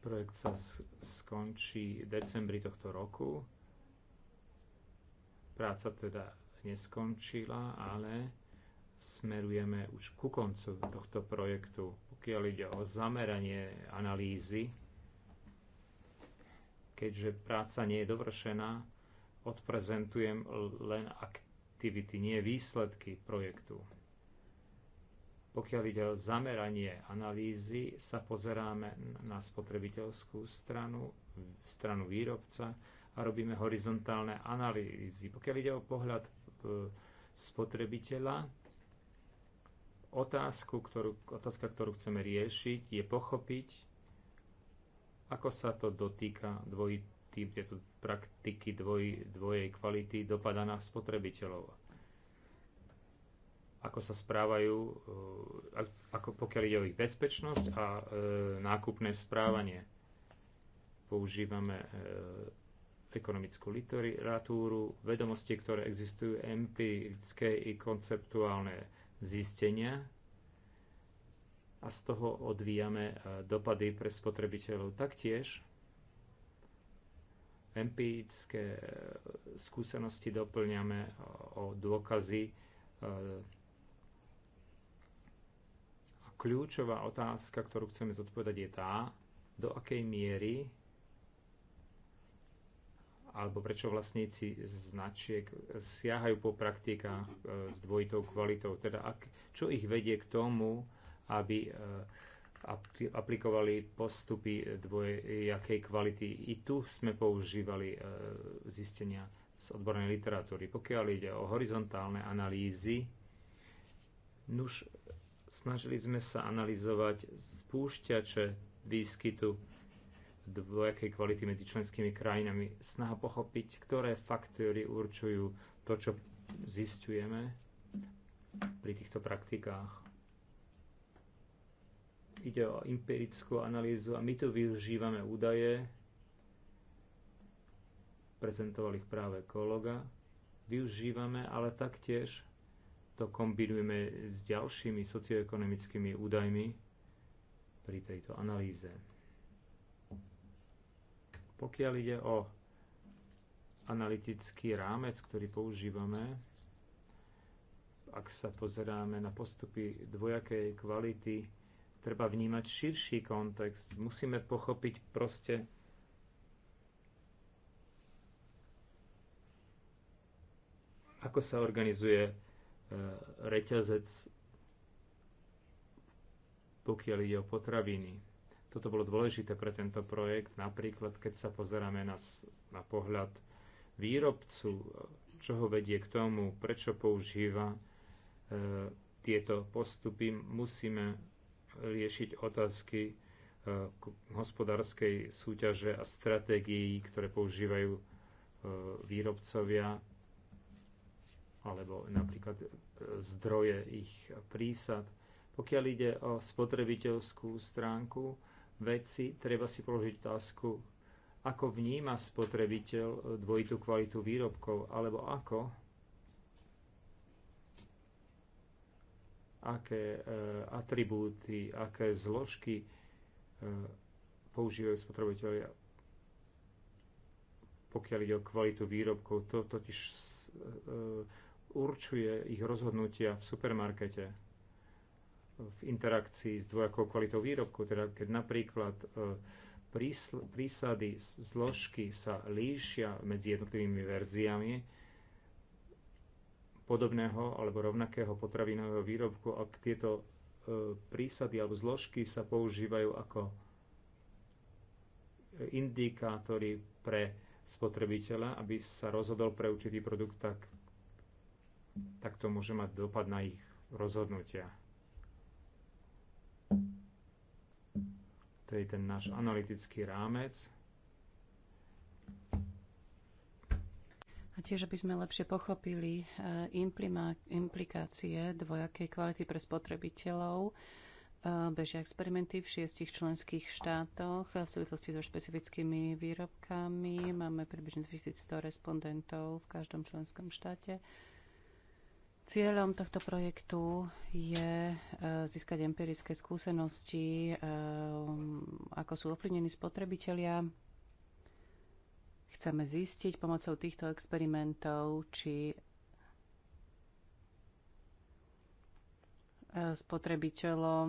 Projekt sa skončí v decembri tohto roku. Práca teda neskončila, ale smerujeme už ku koncu tohto projektu, pokiaľ ide o zameranie analýzy. Keďže práca nie je dovršená, odprezentujem len aktivity, nie výsledky projektu. Pokiaľ ide o zameranie analýzy, sa pozeráme na spotrebiteľskú stranu, stranu výrobca a robíme horizontálne analýzy. Pokiaľ ide o pohľad e, spotrebiteľa, otázku, ktorú, otázka, ktorú chceme riešiť, je pochopiť, ako sa to dotýka dvojitým, tieto praktiky dvoj, dvojej kvality dopada na spotrebiteľov ako sa správajú, e, ako pokiaľ ide o ich bezpečnosť a e, nákupné správanie. Používame e, ekonomickú literatúru, vedomosti, ktoré existujú, empirické i konceptuálne zistenia a z toho odvíjame dopady pre spotrebiteľov. Taktiež empirické skúsenosti doplňame o dôkazy Kľúčová otázka, ktorú chceme zodpovedať, je tá, do akej miery alebo prečo vlastníci značiek siahajú po praktikách e, s dvojitou kvalitou. Teda ak, čo ich vedie k tomu, aby e, aplikovali postupy dvojakej kvality. I tu sme používali e, zistenia z odbornej literatúry. Pokiaľ ide o horizontálne analýzy, nuž Snažili sme sa analyzovať spúšťače výskytu dvojakej kvality medzi členskými krajinami. Snaha pochopiť, ktoré faktory určujú to, čo zistujeme pri týchto praktikách ide o empirickú analýzu a my tu využívame údaje, prezentoval ich práve kologa, využívame ale taktiež to kombinujeme s ďalšími socioekonomickými údajmi pri tejto analýze. Pokiaľ ide o analytický rámec, ktorý používame, ak sa pozeráme na postupy dvojakej kvality, treba vnímať širší kontext. Musíme pochopiť proste ako sa organizuje E, reťazec, pokiaľ ide o potraviny. Toto bolo dôležité pre tento projekt, napríklad keď sa pozeráme na, na pohľad výrobcu, čo ho vedie k tomu, prečo používa e, tieto postupy, musíme riešiť otázky e, hospodárskej súťaže a stratégií, ktoré používajú e, výrobcovia alebo napríklad e, zdroje ich prísad. Pokiaľ ide o spotrebiteľskú stránku veci, treba si položiť otázku, ako vníma spotrebiteľ e, dvojitú kvalitu výrobkov, alebo ako aké e, atribúty, aké zložky e, používajú spotrebiteľia. pokiaľ ide o kvalitu výrobkov. To totiž e, určuje ich rozhodnutia v supermarkete v interakcii s dvojakou kvalitou výrobku. Teda keď napríklad e, prísady, zložky sa líšia medzi jednotlivými verziami podobného alebo rovnakého potravinového výrobku, ak tieto e, prísady alebo zložky sa používajú ako indikátory pre spotrebiteľa, aby sa rozhodol pre určitý produkt, tak tak to môže mať dopad na ich rozhodnutia. To je ten náš analytický rámec. A tiež, aby sme lepšie pochopili eh, implikácie dvojakej kvality pre spotrebiteľov, eh, bežia experimenty v šiestich členských štátoch eh, v súvislosti so špecifickými výrobkami. Máme približne 2100 respondentov v každom členskom štáte. Cieľom tohto projektu je eh, získať empirické skúsenosti, eh, ako sú ovplyvnení spotrebitelia. Chceme zistiť pomocou týchto experimentov, či eh, spotrebiteľom,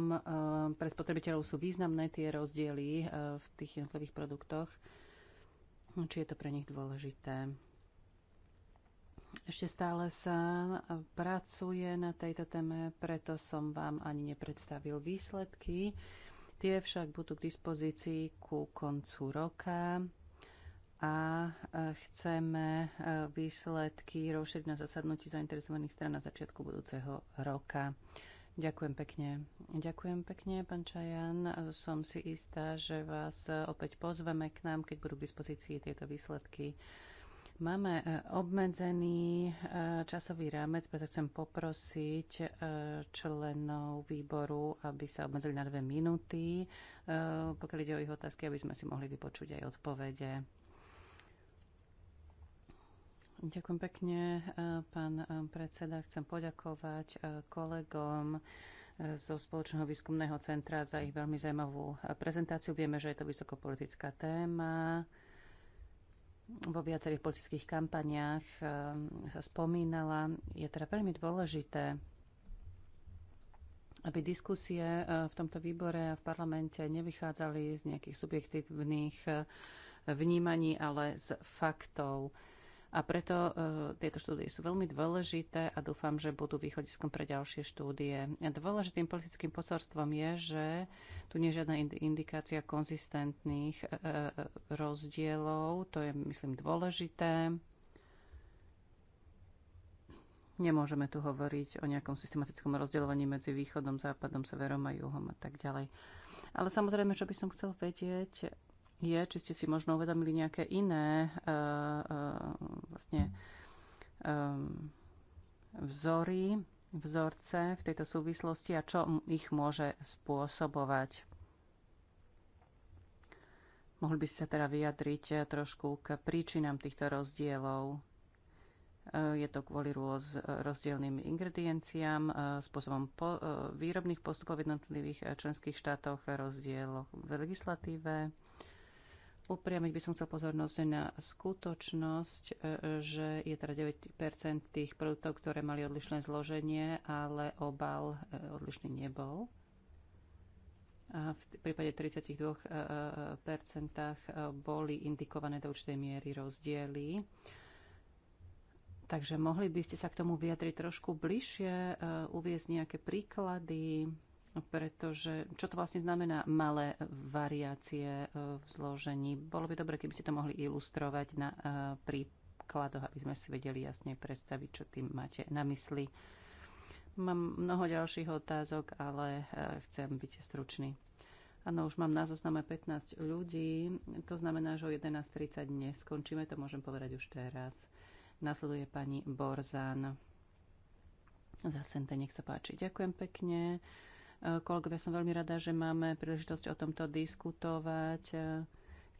pre spotrebiteľov sú významné tie rozdiely v tých jednotlivých produktoch, či je to pre nich dôležité. Ešte stále sa pracuje na tejto téme, preto som vám ani nepredstavil výsledky. Tie však budú k dispozícii ku koncu roka a e, chceme e, výsledky rozšíriť na zasadnutí zainteresovaných stran na začiatku budúceho roka. Ďakujem pekne. Ďakujem pekne, pán Čajan. Som si istá, že vás opäť pozveme k nám, keď budú k dispozícii tieto výsledky. Máme e, obmedzený e, časový rámec, preto chcem poprosiť e, členov výboru, aby sa obmedzili na dve minúty, pokiaľ ide o ich otázky, aby sme si mohli vypočuť aj odpovede. Ďakujem pekne, pán predseda. Chcem poďakovať kolegom zo Spoločného výskumného centra za ich veľmi zaujímavú prezentáciu. Vieme, že je to vysokopolitická téma vo viacerých politických kampaniách eh, sa spomínala, je teda veľmi dôležité, aby diskusie eh, v tomto výbore a v parlamente nevychádzali z nejakých subjektívnych eh, vnímaní, ale z faktov. A preto uh, tieto štúdie sú veľmi dôležité a dúfam, že budú východiskom pre ďalšie štúdie. A dôležitým politickým posolstvom je, že tu nie je žiadna indikácia konzistentných uh, rozdielov. To je, myslím, dôležité. Nemôžeme tu hovoriť o nejakom systematickom rozdeľovaní medzi východom, západom, severom a juhom a tak ďalej. Ale samozrejme, čo by som chcel vedieť, je, či ste si možno uvedomili nejaké iné eh, eh, vlastne eh, vzory, vzorce v tejto súvislosti a čo ich môže spôsobovať. Mohli by ste sa teda vyjadriť trošku k príčinám týchto rozdielov. Je to kvôli rôz, rozdielným ingredienciám, spôsobom po, výrobných postupov v jednotlivých členských štátoch, rozdieloch v legislatíve, Upriamiť by som chcel pozornosť na skutočnosť, e, že je teda 9 tých produktov, ktoré mali odlišné zloženie, ale obal e, odlišný nebol. A v prípade 32 e, boli indikované do určitej miery rozdiely. Takže mohli by ste sa k tomu vyjadriť trošku bližšie, uviezť nejaké príklady, pretože čo to vlastne znamená malé variácie e, v zložení. Bolo by dobre, keby ste to mohli ilustrovať na e, príkladoch, aby sme si vedeli jasne predstaviť, čo tým máte na mysli. Mám mnoho ďalších otázok, ale e, chcem byť stručný. Áno, už mám na zozname 15 ľudí, to znamená, že o 11.30 neskončíme, to môžem povedať už teraz. Nasleduje pani Borzan. Zase nech sa páči. Ďakujem pekne. Eh, kolegovia, som veľmi rada, že máme príležitosť o tomto diskutovať. Eh,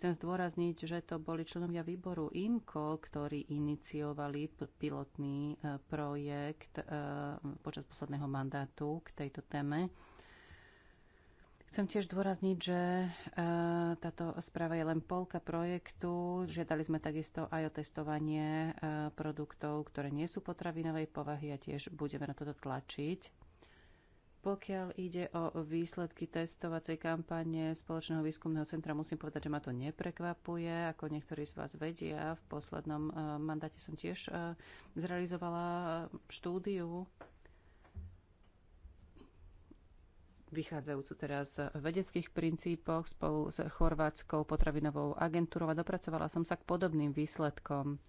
chcem zdôrazniť, že to boli členovia výboru IMCO, ktorí iniciovali pilotný eh, projekt počas posledného mandátu k tejto téme. Chcem tiež dôrazniť, že táto správa je len polka projektu. Žiadali sme takisto aj o testovanie produktov, ktoré nie sú potravinovej povahy a tiež budeme na toto tlačiť. Pokiaľ ide o výsledky testovacej kampane Spoločného výskumného centra, musím povedať, že ma to neprekvapuje. Ako niektorí z vás vedia, v poslednom eh, mandáte som tiež eh, zrealizovala eh, štúdiu vychádzajúcu teraz z vedeckých princípoch spolu s Chorvátskou potravinovou agentúrou a dopracovala som sa k podobným výsledkom.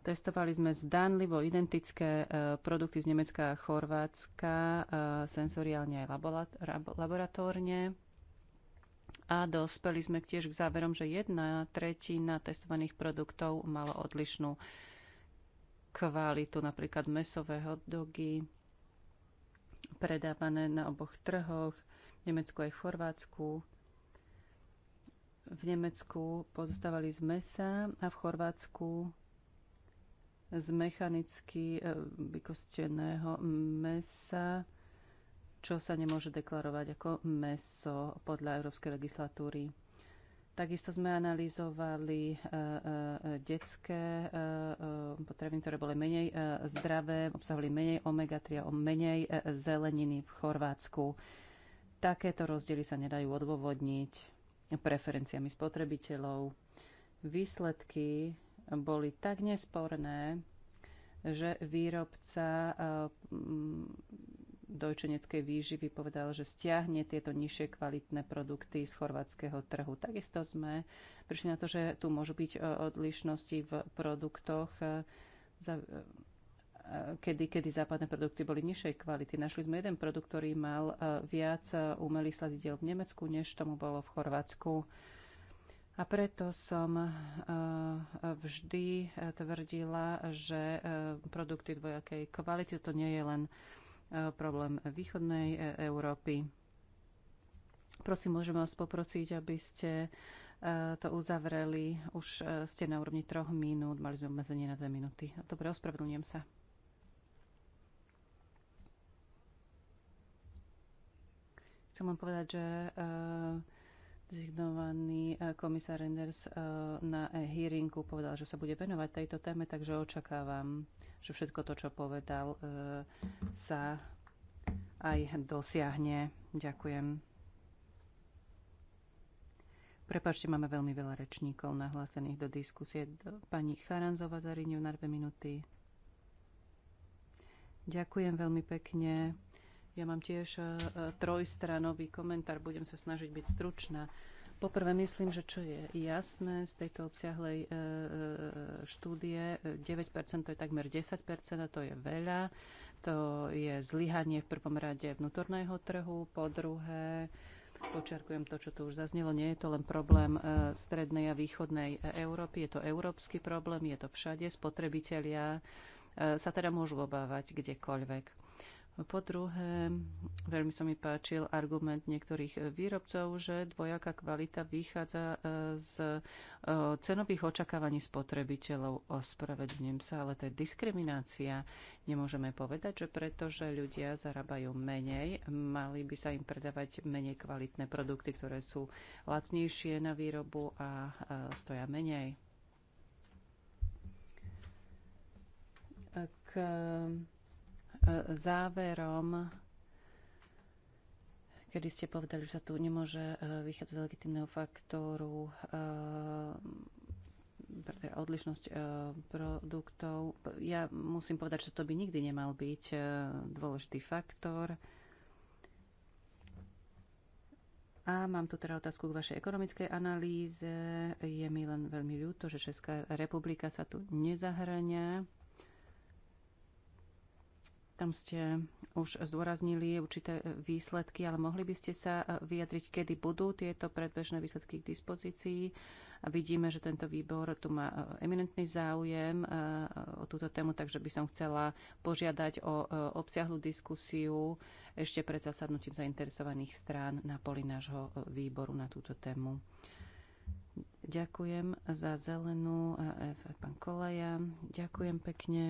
Testovali sme zdánlivo identické e, produkty z Nemecka a Chorvátska, e, senzoriálne aj laboratórne. A dospeli sme tiež k záverom, že jedna tretina testovaných produktov malo odlišnú kvalitu, napríklad mesové hotdogy, predávané na oboch trhoch, v Nemecku aj v Chorvátsku. V Nemecku pozostávali z mesa a v Chorvátsku z mechanicky e, vykosteného mesa, čo sa nemôže deklarovať ako meso podľa európskej legislatúry. Takisto sme analyzovali e, e, detské potraviny, ktoré boli menej zdravé, obsahovali menej omega-3 a menej zeleniny v Chorvátsku. Takéto rozdiely sa nedajú odôvodniť preferenciami spotrebiteľov. Výsledky boli tak nesporné, že výrobca eh, mm, dojčeneckej výživy povedal, že stiahne tieto nižšie kvalitné produkty z chorvátskeho trhu. Takisto sme prišli na to, že tu môžu byť eh, odlišnosti v produktoch, eh, kedy, kedy západné produkty boli nižšej kvality. Našli sme jeden produkt, ktorý mal viac umelých sladidiel v Nemecku, než tomu bolo v Chorvátsku a preto som e, e, vždy e, tvrdila, že produkty dvojakej kvality to nie je len problém východnej Európy. Prosím, môžem vás poprosiť, aby ste to uzavreli. Už ste na úrovni troch minút, mali sme obmedzenie na dve minúty. Dobre, ospravedlňujem sa. Chcem len povedať, že Zignovaný eh, komisár Renders eh, na hearingu povedal, že sa bude venovať tejto téme, takže očakávam, že všetko to, čo povedal, eh, sa aj dosiahne. Ďakujem. Prepačte, máme veľmi veľa rečníkov nahlásených do diskusie. Pani Charanzova za na dve minúty. Ďakujem veľmi pekne. Ja mám tiež e, e, trojstranový komentár, budem sa snažiť byť stručná. Poprvé myslím, že čo je jasné z tejto obsiahlej e, štúdie, 9% to je takmer 10% a to je veľa. To je zlyhanie v prvom rade vnútorného trhu, po druhé, počiarkujem to, čo tu už zaznelo, nie je to len problém strednej a východnej Európy, je to európsky problém, je to všade, spotrebitelia sa teda môžu obávať kdekoľvek. Po druhé, veľmi sa mi páčil argument niektorých výrobcov, že dvojaká kvalita vychádza e, z e, cenových očakávaní spotrebiteľov. Ospravedlňujem sa, ale to je diskriminácia. Nemôžeme povedať, že pretože ľudia zarábajú menej, mali by sa im predávať menej kvalitné produkty, ktoré sú lacnejšie na výrobu a e, stoja menej. K E, záverom, kedy ste povedali, že sa tu nemôže e, vychádzať z legitimného faktoru e, teda odlišnosť produktov. Ja musím povedať, že to by nikdy nemal byť dôležitý faktor. A mám tu teda otázku k vašej ekonomickej analýze. Je mi len veľmi ľúto, že Česká republika sa tu nezahrania. Tam ste už zdôraznili určité výsledky, ale mohli by ste sa vyjadriť, kedy budú tieto predbežné výsledky k dispozícii. Vidíme, že tento výbor tu má e, eminentný záujem e, o túto tému, takže by som chcela požiadať o e, obsiahlu diskusiu ešte pred zasadnutím zainteresovaných strán na poli nášho výboru na túto tému. Ďakujem za zelenú, pán Kolaja. Ďakujem pekne.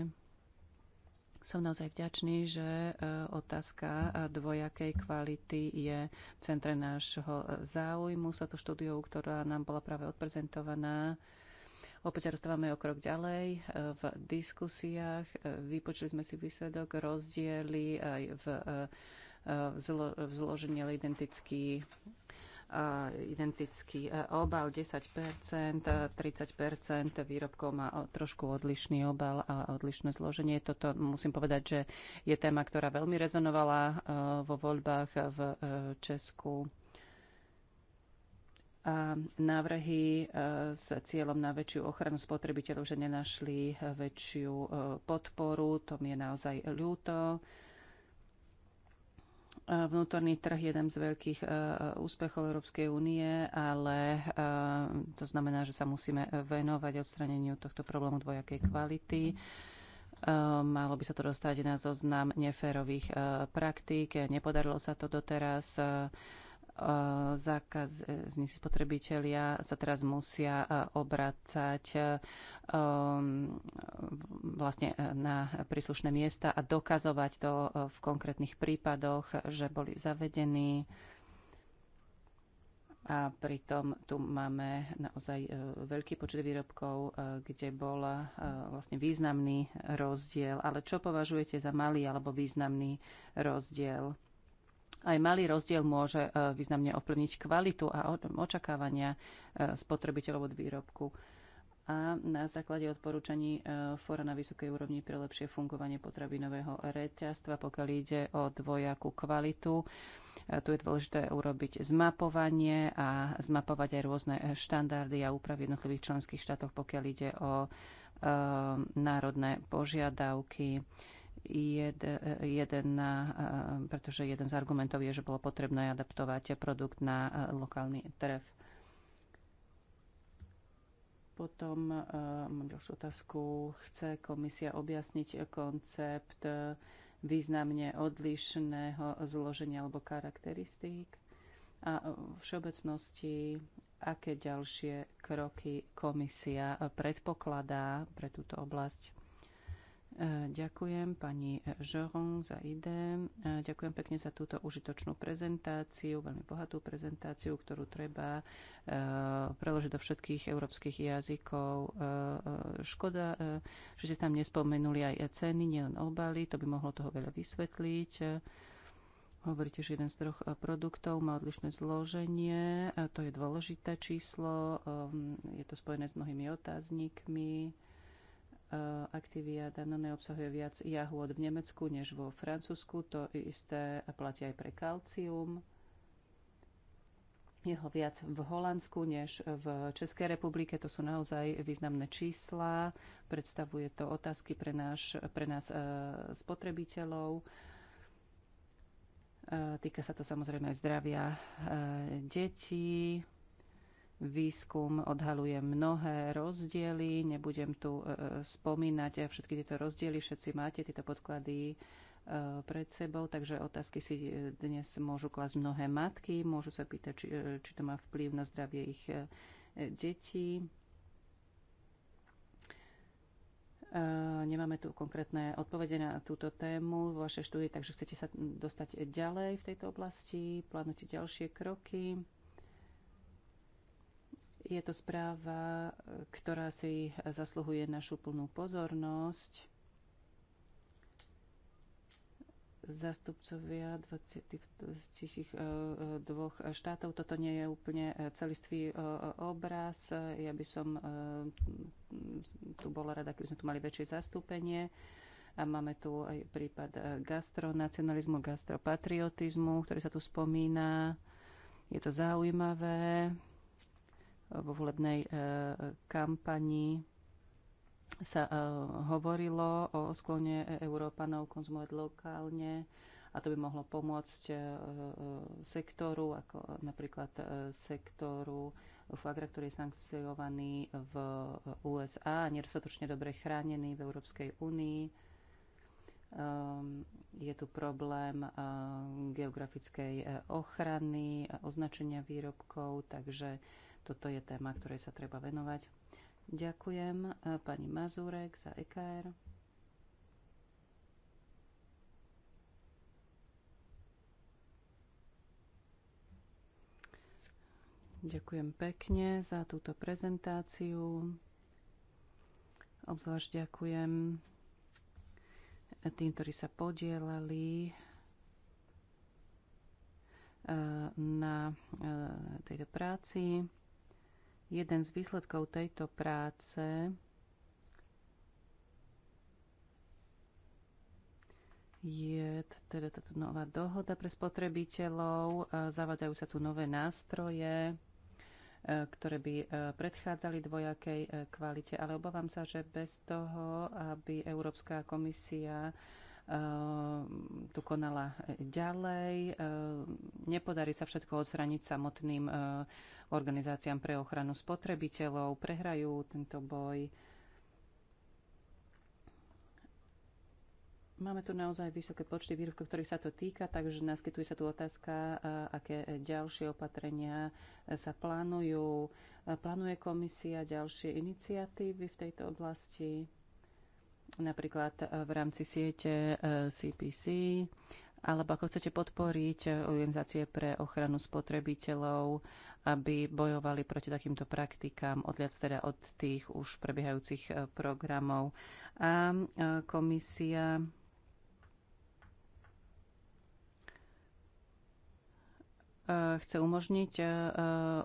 Som naozaj vďačný, že e, otázka e, dvojakej kvality je v centre nášho e, záujmu. Sa to štúdiou, ktorá nám bola práve odprezentovaná, Opäť sa dostávame o krok ďalej v diskusiách. Vypočuli sme si výsledok, rozdiely aj v, v, zlo, v zložení, identický Eh, identický eh, obal 10%, 30% eh, výrobkov má trošku odlišný obal a odlišné zloženie. Toto musím povedať, že je téma, ktorá veľmi rezonovala vo voľbách v Česku. A návrhy s cieľom na väčšiu ochranu spotrebiteľov, že nenašli väčšiu podporu, to mi je naozaj ľúto E, vnútorný trh je jeden z veľkých e, úspechov Európskej únie, ale e, to znamená, že sa musíme venovať odstraneniu tohto problému dvojakej kvality. Malo by sa to dostať na zoznam neférových praktík. Nepodarilo sa to doteraz Eh, zákazní eh, spotrebitelia sa teraz musia eh, obracať vlastne na príslušné miesta a dokazovať to v konkrétnych prípadoch, že boli zavedení. A pritom tu máme naozaj veľký počet výrobkov, kde bol vlastne významný rozdiel. Ale čo považujete za malý alebo významný rozdiel? aj malý rozdiel môže e, významne ovplyvniť kvalitu a očakávania e, spotrebiteľov od výrobku a na základe odporúčaní e, Fóra na vysokej úrovni pre lepšie fungovanie potravinového reťazstva, pokiaľ ide o dvojakú kvalitu. Tu je dôležité urobiť zmapovanie a zmapovať aj rôzne štandardy a úpravy v jednotlivých členských štátoch, pokiaľ ide o národné požiadavky jed, jeden, eh, pretože jeden z argumentov je, že bolo potrebné adaptovať produkt na eh, lokálny trh. Potom eh, mám ďalšiu otázku. Chce komisia objasniť koncept významne odlišného zloženia alebo charakteristík? A v všeobecnosti, aké ďalšie kroky komisia predpokladá pre túto oblasť? E, ďakujem pani Žoron za ide. Ďakujem pekne za túto užitočnú prezentáciu, veľmi bohatú prezentáciu, ktorú treba e, preložiť do všetkých európskych jazykov. E, škoda, že ste tam nespomenuli aj ceny, nielen obaly, to by mohlo toho veľa vysvetliť. Hovoríte, že jeden z troch produktov má odlišné zloženie, to je dôležité číslo, je to spojené s mnohými otáznikmi. Eh, Activia Danone obsahuje viac jahôd v Nemecku než vo Francúzsku. To isté platí aj pre kalcium. Je ho viac v Holandsku než v Českej republike. To sú naozaj významné čísla. Predstavuje to otázky pre, náš, pre nás eh, spotrebiteľov. Eh, týka sa to samozrejme aj zdravia detí. Výskum odhaluje mnohé rozdiely, nebudem tu e, e, spomínať všetky tieto rozdiely, všetci máte tieto podklady e, pred sebou, takže otázky si dnes môžu klasť mnohé matky, môžu sa pýtať, či, či to má vplyv na zdravie ich detí. Nemáme tu konkrétne odpovede na túto tému v vašej štúdii, takže chcete sa dostať ďalej v tejto oblasti, plánujete ďalšie kroky. Je to správa, ktorá si zasluhuje našu plnú pozornosť. Zastupcovia 22 eh, štátov, toto nie je úplne eh, celistvý eh, obraz. Ja by som tu bola rada, keby sme tu mali väčšie zastúpenie. A máme tu aj prípad gastronacionalizmu, gastropatriotizmu, ktorý sa tu spomína. Je to zaujímavé vo volebnej e, kampani sa e, hovorilo o sklone Európanov konzumovať lokálne a to by mohlo pomôcť e, sektoru, ako napríklad sektoru Fagra, ktorý je sankciovaný v USA a nedostatočne dobre chránený v Európskej únii. Ehm, je tu problém geografickej ochrany, označenia výrobkov, takže toto je téma, ktorej sa treba venovať. Ďakujem e, pani Mazurek za EKR. Ďakujem pekne za túto prezentáciu. Obzvlášť ďakujem tým, ktorí sa podielali e, na e, tejto práci. Jeden z výsledkov tejto práce je teda táto nová dohoda pre spotrebiteľov. E, zavádzajú sa tu nové nástroje, e, ktoré by e, predchádzali dvojakej kvalite, ale obávam sa, že bez toho, aby Európska komisia Ehm, tu konala ďalej. Ehm, nepodarí sa všetko odstraniť samotným ehm, organizáciám pre ochranu spotrebiteľov, prehrajú tento boj. Máme tu naozaj vysoké počty výrobkov, ktorých sa to týka, takže naskytuje sa tu otázka, aké ďalšie opatrenia sa plánujú. Plánuje komisia ďalšie iniciatívy v tejto oblasti? napríklad eh, v rámci siete CPC, eh, alebo ako chcete podporiť eh, organizácie pre ochranu spotrebiteľov, aby bojovali proti takýmto praktikám, odliac teda od tých už prebiehajúcich programov. A komisia E, chce umožniť e, e,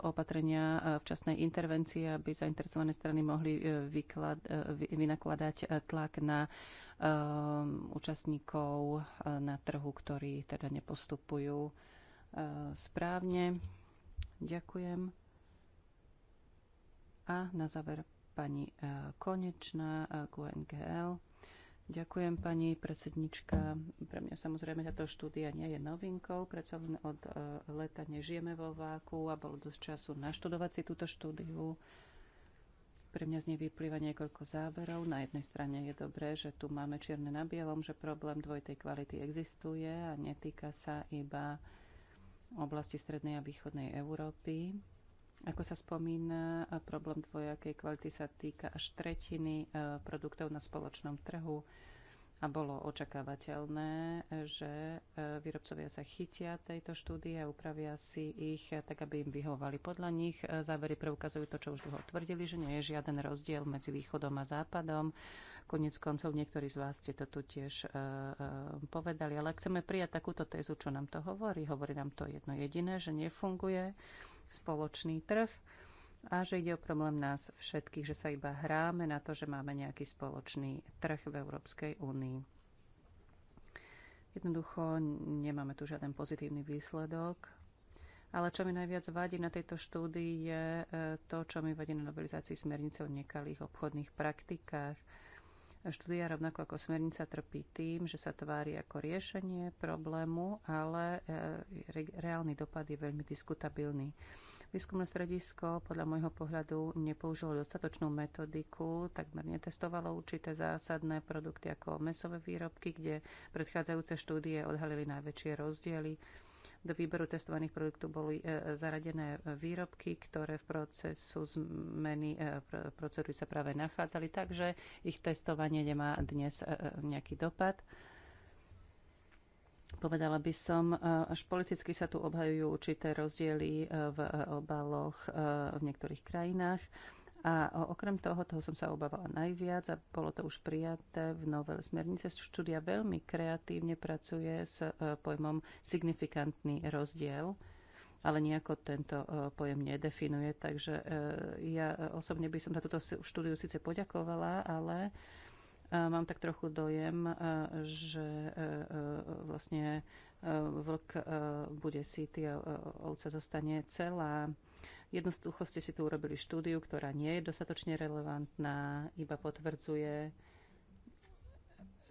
opatrenia včasnej intervencie, aby zainteresované strany mohli vyklad, vynakladať tlak na účastníkov na trhu, ktorí teda nepostupujú správne. Ďakujem. A na záver pani Konečná, QNGL. Ďakujem, pani predsednička. Pre mňa samozrejme táto štúdia nie je novinkou, predsa len od e, leta nežijeme vo váku a bolo dosť času naštudovať si túto štúdiu. Pre mňa z nej vyplýva niekoľko záverov. Na jednej strane je dobré, že tu máme čierne na bielom, že problém dvojtej kvality existuje a netýka sa iba oblasti strednej a východnej Európy. Ako sa spomína, problém dvojakej kvality sa týka až tretiny e, produktov na spoločnom trhu a bolo očakávateľné, že e, výrobcovia sa chytia tejto štúdie a upravia si ich e, tak, aby im vyhovovali. Podľa nich závery preukazujú to, čo už dlho tvrdili, že nie je žiaden rozdiel medzi východom a západom. Konec koncov niektorí z vás ste to tu tiež povedali, ale ak chceme prijať takúto tézu, čo nám to hovorí, hovorí nám to jedno jediné, že nefunguje spoločný trh a že ide o problém nás všetkých, že sa iba hráme na to, že máme nejaký spoločný trh v Európskej únii. Jednoducho nemáme tu žiaden pozitívny výsledok, ale čo mi najviac vadí na tejto štúdii je e, to, čo mi vadí na novelizácii smernice o nekalých obchodných praktikách. Štúdia rovnako ako smernica trpí tým, že sa tvári ako riešenie problému, ale e, re, reálny dopad je veľmi diskutabilný. Výskumné stredisko podľa môjho pohľadu nepoužilo dostatočnú metodiku, takmer netestovalo určité zásadné produkty ako mesové výrobky, kde predchádzajúce štúdie odhalili najväčšie rozdiely do výberu testovaných produktov boli e, zaradené výrobky, ktoré v procesu zmeny e, procedury sa práve nachádzali, takže ich testovanie nemá dnes e, nejaký dopad. Povedala by som, až politicky sa tu obhajujú určité rozdiely v obaloch v niektorých krajinách. A okrem toho, toho som sa obávala najviac a bolo to už prijaté v novele smernice. Štúdia veľmi kreatívne pracuje s e, pojmom signifikantný rozdiel ale nejako tento e, pojem nedefinuje. Takže e, ja osobne by som za túto štúdiu síce poďakovala, ale mám tak trochu dojem, že vlastne vlk bude sýty a ovca zostane celá. Jednoducho ste si tu urobili štúdiu, ktorá nie je dostatočne relevantná, iba potvrdzuje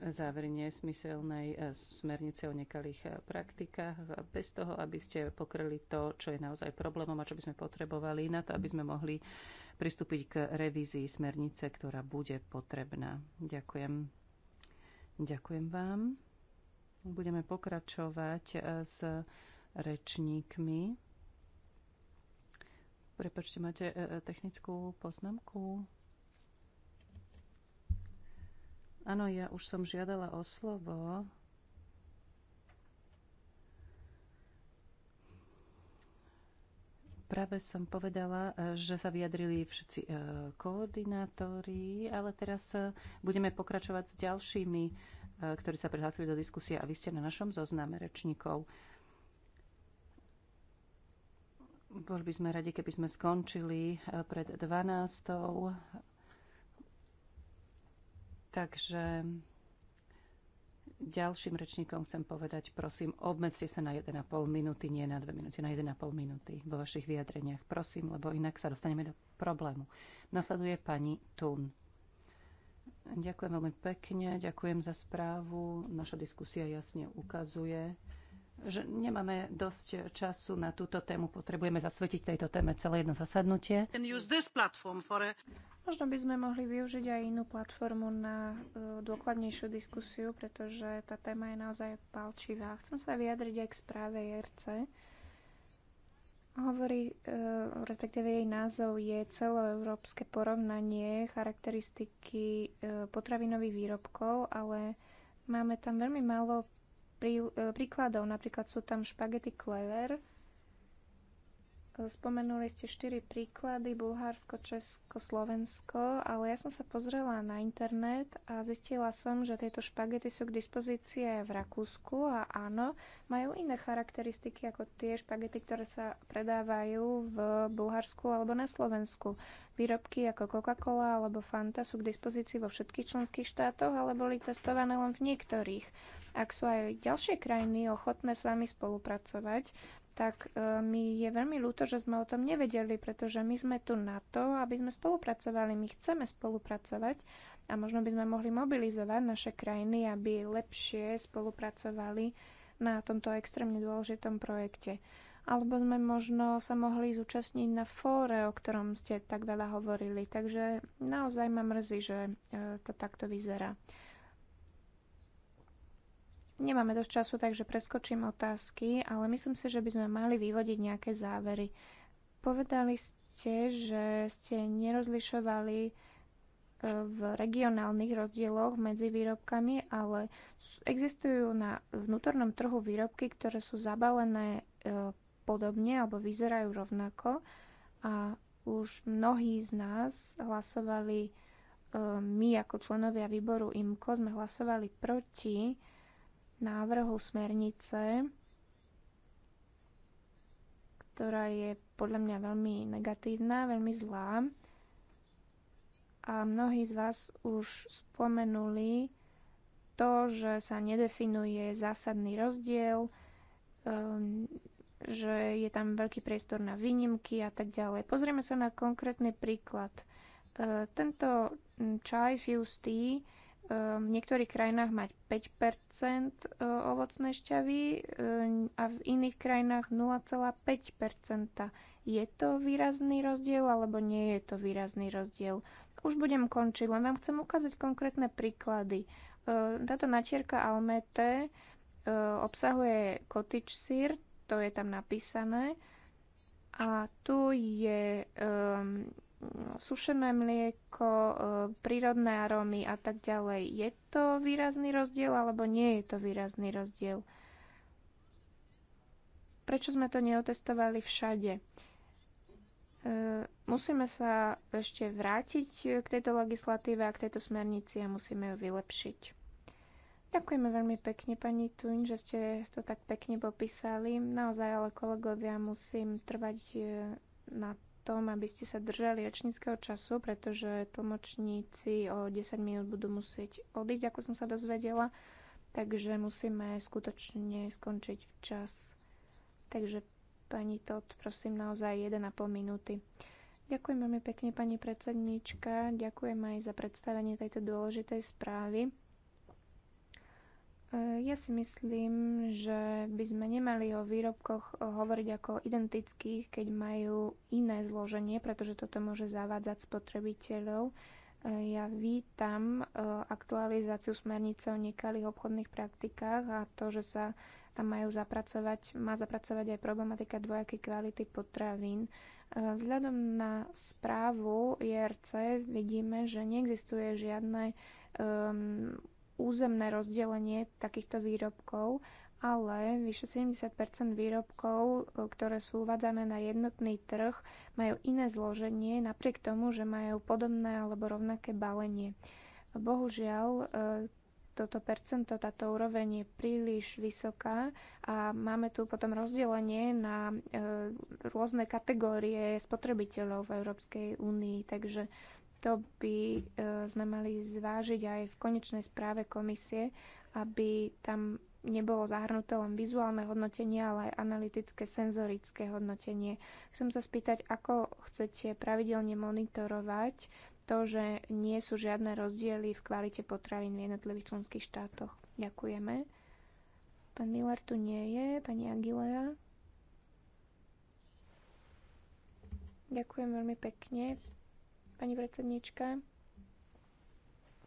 závery nesmyselnej eh, smernice o nekalých eh, praktikách, bez toho, aby ste pokryli to, čo je naozaj problémom a čo by sme potrebovali na to, aby sme mohli pristúpiť k revízii smernice, ktorá bude potrebná. Ďakujem. Ďakujem vám. Budeme pokračovať eh, s rečníkmi. Prepačte, máte e, e, technickú poznámku? Áno, ja už som žiadala o slovo. Práve som povedala, e, že sa vyjadrili všetci koordinátori, ale teraz budeme pokračovať s ďalšími, ktorí sa prihlásili do diskusie a vy ste na našom zozname rečníkov. Boli by sme radi, keby sme skončili eh, pred 12. Takže ďalším rečníkom chcem povedať, prosím, obmedzte sa na 1,5 minúty, nie na 2 minúty, na 1,5 minúty vo vašich vyjadreniach. Prosím, lebo inak sa dostaneme do problému. Nasleduje pani Tun. Ďakujem veľmi pekne, ďakujem za správu. Naša diskusia jasne ukazuje, že nemáme dosť času na túto tému. Potrebujeme zasvetiť tejto téme celé jedno zasadnutie. Možno by sme mohli využiť aj inú platformu na e, dôkladnejšiu diskusiu, pretože tá téma je naozaj palčivá. Chcem sa vyjadriť aj k správe JRC. Hovorí, e, respektíve jej názov je celoeurópske porovnanie charakteristiky e, potravinových výrobkov, ale máme tam veľmi málo prí, e, príkladov. Napríklad sú tam špagety klever, Spomenuli ste štyri príklady, Bulharsko, Česko, Slovensko, ale ja som sa pozrela na internet a zistila som, že tieto špagety sú k dispozícii aj v Rakúsku a áno, majú iné charakteristiky ako tie špagety, ktoré sa predávajú v Bulharsku alebo na Slovensku. Výrobky ako Coca-Cola alebo Fanta sú k dispozícii vo všetkých členských štátoch, ale boli testované len v niektorých. Ak sú aj ďalšie krajiny ochotné s vami spolupracovať, tak e, mi je veľmi ľúto, že sme o tom nevedeli, pretože my sme tu na to, aby sme spolupracovali. My chceme spolupracovať a možno by sme mohli mobilizovať naše krajiny, aby lepšie spolupracovali na tomto extrémne dôležitom projekte. Alebo sme možno sa mohli zúčastniť na fóre, o ktorom ste tak veľa hovorili. Takže naozaj ma mrzí, že e, to takto vyzerá. Nemáme dosť času, takže preskočím otázky, ale myslím si, že by sme mali vyvodiť nejaké závery. Povedali ste, že ste nerozlišovali e, v regionálnych rozdieloch medzi výrobkami, ale existujú na vnútornom trhu výrobky, ktoré sú zabalené e, podobne alebo vyzerajú rovnako a už mnohí z nás hlasovali, e, my ako členovia výboru IMCO, sme hlasovali proti návrhu smernice, ktorá je podľa mňa veľmi negatívna, veľmi zlá. A mnohí z vás už spomenuli to, že sa nedefinuje zásadný rozdiel, ehm, že je tam veľký priestor na výnimky a tak ďalej. Pozrieme sa na konkrétny príklad. Ehm, tento čaj Fuse Tea v niektorých krajinách mať 5 e, ovocnej šťavy e, a v iných krajinách 0,5 Je to výrazný rozdiel alebo nie je to výrazný rozdiel? Už budem končiť, len vám chcem ukázať konkrétne príklady. E, táto natierka Almete obsahuje cottage sír, to je tam napísané, a tu je sušené mlieko, e, prírodné arómy a tak ďalej. Je to výrazný rozdiel alebo nie je to výrazný rozdiel? Prečo sme to neotestovali všade? E, musíme sa ešte vrátiť k tejto legislatíve a k tejto smernici a musíme ju vylepšiť. Ďakujeme veľmi pekne, pani Tuň, že ste to tak pekne popísali. Naozaj, ale kolegovia, musím trvať e, na tom, aby ste sa držali rečníckého času, pretože tlmočníci o 10 minút budú musieť odísť, ako som sa dozvedela. Takže musíme skutočne skončiť včas. Takže pani Tot, prosím naozaj 1,5 minúty. Ďakujem veľmi pekne, pani predsedníčka. Ďakujem aj za predstavenie tejto dôležitej správy. Ja si myslím, že by sme nemali o výrobkoch hovoriť ako identických, keď majú iné zloženie, pretože toto môže zavádzať spotrebiteľov. Ja vítam e, aktualizáciu smernice o nekalých obchodných praktikách a to, že sa tam majú zapracovať, má zapracovať aj problematika dvojakej kvality potravín. E, vzhľadom na správu IRC vidíme, že neexistuje žiadne um, územné rozdelenie takýchto výrobkov, ale vyše 70 výrobkov, e, ktoré sú uvádzané na jednotný trh, majú iné zloženie napriek tomu, že majú podobné alebo rovnaké balenie. Bohužiaľ, e, toto percento, táto úroveň je príliš vysoká a máme tu potom rozdelenie na e, rôzne kategórie spotrebiteľov v Európskej únii. Takže to by e, sme mali zvážiť aj v konečnej správe komisie, aby tam nebolo zahrnuté len vizuálne hodnotenie, ale aj analytické, senzorické hodnotenie. Chcem sa spýtať, ako chcete pravidelne monitorovať to, že nie sú žiadne rozdiely v kvalite potravín v jednotlivých členských štátoch. Ďakujeme. Pán Miller tu nie je, pani Aguilera. Ďakujem veľmi pekne, pani predsednička.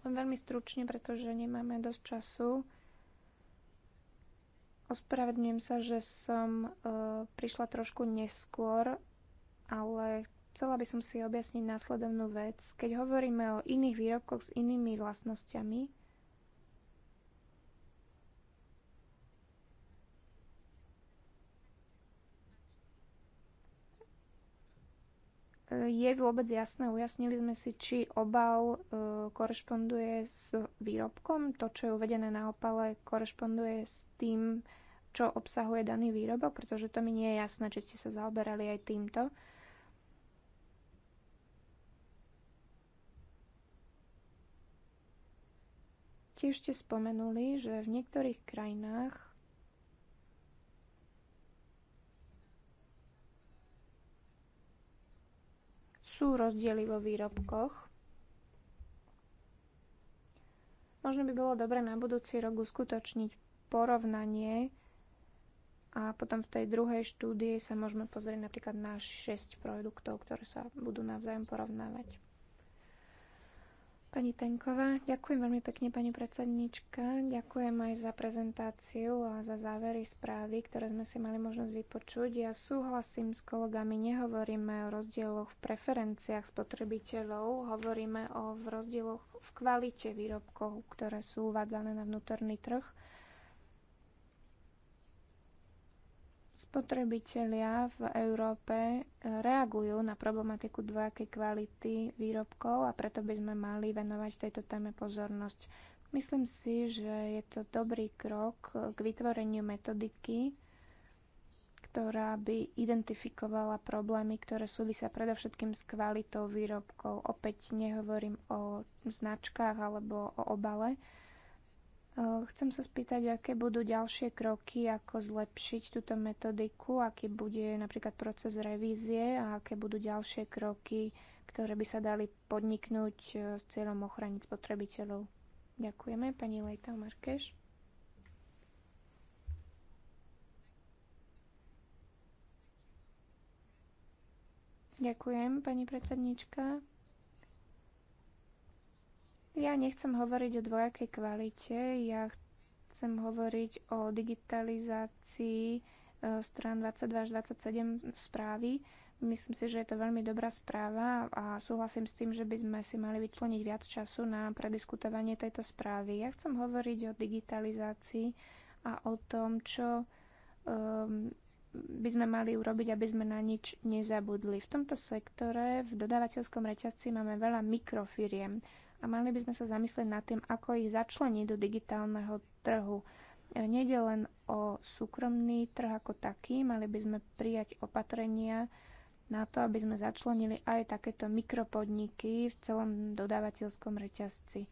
Len veľmi stručne, pretože nemáme dosť času. Ospravedňujem sa, že som e, prišla trošku neskôr, ale chcela by som si objasniť následovnú vec. Keď hovoríme o iných výrobkoch s inými vlastnosťami, je vôbec jasné, ujasnili sme si, či obal e, korešponduje s výrobkom, to, čo je uvedené na opale, korešponduje s tým, čo obsahuje daný výrobok, pretože to mi nie je jasné, či ste sa zaoberali aj týmto. Tiež ste spomenuli, že v niektorých krajinách sú rozdiely vo výrobkoch. Možno by bolo dobre na budúci rok uskutočniť porovnanie a potom v tej druhej štúdii sa môžeme pozrieť napríklad na 6 produktov, ktoré sa budú navzájom porovnávať. Pani Tenková, ďakujem veľmi pekne, pani predsednička. Ďakujem aj za prezentáciu a za závery správy, ktoré sme si mali možnosť vypočuť. Ja súhlasím s kolegami, nehovoríme o rozdieloch v preferenciách spotrebiteľov, hovoríme o rozdieloch v kvalite výrobkov, ktoré sú uvádzané na vnútorný trh. Spotrebitelia v Európe eh, reagujú na problematiku dvojakej kvality výrobkov a preto by sme mali venovať tejto téme pozornosť. Myslím si, že je to dobrý krok eh, k vytvoreniu metodiky, ktorá by identifikovala problémy, ktoré súvisia predovšetkým s kvalitou výrobkov. Opäť nehovorím o značkách alebo o obale, Chcem sa spýtať, aké budú ďalšie kroky, ako zlepšiť túto metodiku, aký bude napríklad proces revízie a aké budú ďalšie kroky, ktoré by sa dali podniknúť s cieľom ochraniť spotrebiteľov. Ďakujeme, pani Lejta Markeš. Ďakujem, pani predsednička. Ja nechcem hovoriť o dvojakej kvalite, ja chcem hovoriť o digitalizácii e, stran 22 až 27 správy. Myslím si, že je to veľmi dobrá správa a súhlasím s tým, že by sme si mali vyčleniť viac času na prediskutovanie tejto správy. Ja chcem hovoriť o digitalizácii a o tom, čo um, by sme mali urobiť, aby sme na nič nezabudli. V tomto sektore, v dodávateľskom reťazci máme veľa mikrofiriem a mali by sme sa zamyslieť nad tým, ako ich začleniť do digitálneho trhu. E, nejde len o súkromný trh ako taký, mali by sme prijať opatrenia na to, aby sme začlenili aj takéto mikropodniky v celom dodávateľskom reťazci. E,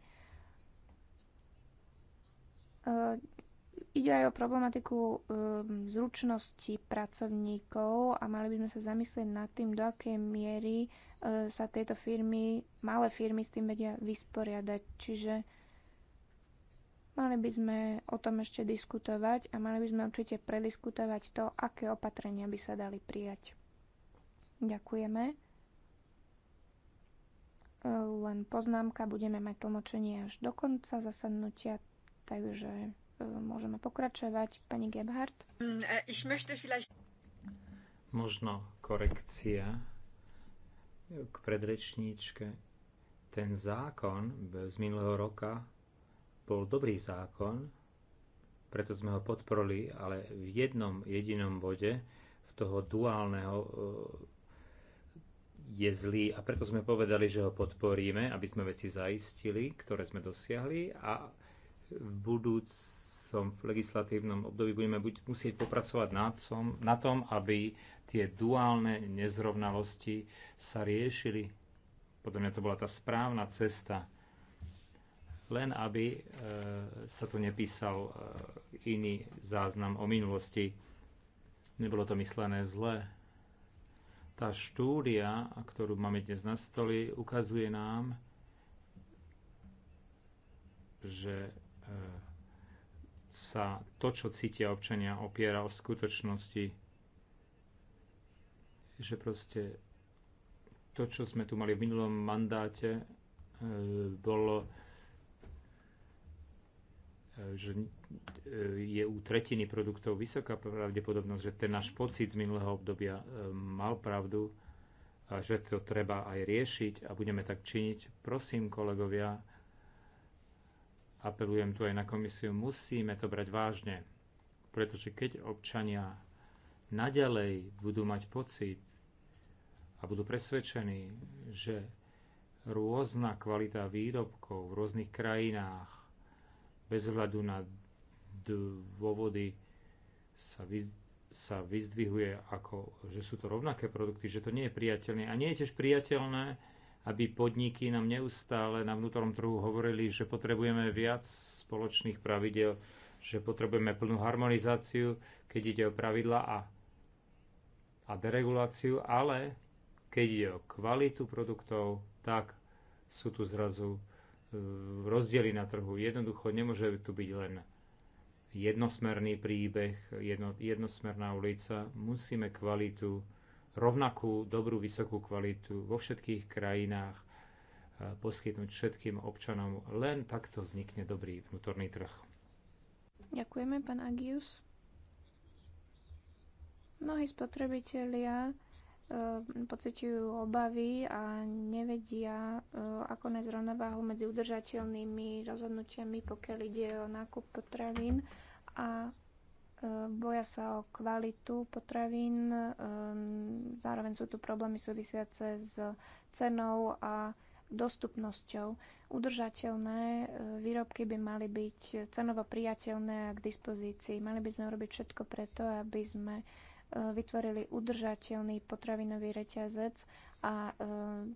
ide aj o problematiku um, zručnosti pracovníkov a mali by sme sa zamyslieť nad tým, do akej miery E, sa tieto firmy, malé firmy s tým vedia vysporiadať. Čiže mali by sme o tom ešte diskutovať a mali by sme určite prediskutovať to, aké opatrenia by sa dali prijať. Ďakujeme. E, len poznámka, budeme mať tlmočenie až do konca zasadnutia, takže e, môžeme pokračovať. Pani Gebhardt. Mm, Možno korekcia k predrečníčke. Ten zákon z minulého roka bol dobrý zákon, preto sme ho podporili, ale v jednom jedinom bode v toho duálneho e, je zlý a preto sme povedali, že ho podporíme, aby sme veci zaistili, ktoré sme dosiahli a v budúc v legislatívnom období budeme buď, musieť popracovať na, som, na tom, aby tie duálne nezrovnalosti sa riešili. Podľa mňa to bola tá správna cesta. Len aby e, sa tu nepísal e, iný záznam o minulosti. Nebolo to myslené zle. Tá štúdia, ktorú máme dnes na stoli, ukazuje nám, že e, sa to, čo cítia občania, opiera o skutočnosti, že proste to, čo sme tu mali v minulom mandáte, e, bolo, e, že e, je u tretiny produktov vysoká pravdepodobnosť, že ten náš pocit z minulého obdobia mal pravdu a že to treba aj riešiť a budeme tak činiť. Prosím, kolegovia, apelujem tu aj na komisiu, musíme to brať vážne, pretože keď občania naďalej budú mať pocit a budú presvedčení, že rôzna kvalita výrobkov v rôznych krajinách bez hľadu na dôvody sa, vyz, sa vyzdvihuje ako, že sú to rovnaké produkty, že to nie je priateľné. A nie je tiež priateľné, aby podniky nám neustále na vnútornom trhu hovorili, že potrebujeme viac spoločných pravidel, že potrebujeme plnú harmonizáciu, keď ide o pravidla a, a dereguláciu, ale keď ide o kvalitu produktov, tak sú tu zrazu e, rozdiely na trhu. Jednoducho nemôže tu byť len jednosmerný príbeh, jedno, jednosmerná ulica. Musíme kvalitu rovnakú dobrú vysokú kvalitu vo všetkých krajinách, e, poskytnúť všetkým občanom. Len takto vznikne dobrý vnútorný trh. Ďakujeme, pán Agius. Mnohí spotrebitelia e, pociťujú obavy a nevedia, e, ako nájsť rovnováhu medzi udržateľnými rozhodnutiami, pokiaľ ide o nákup potravín a boja sa o kvalitu potravín, um, zároveň sú tu problémy súvisiace s cenou a dostupnosťou. Udržateľné uh, výrobky by mali byť cenovo priateľné a k dispozícii. Mali by sme urobiť všetko preto, aby sme uh, vytvorili udržateľný potravinový reťazec a uh,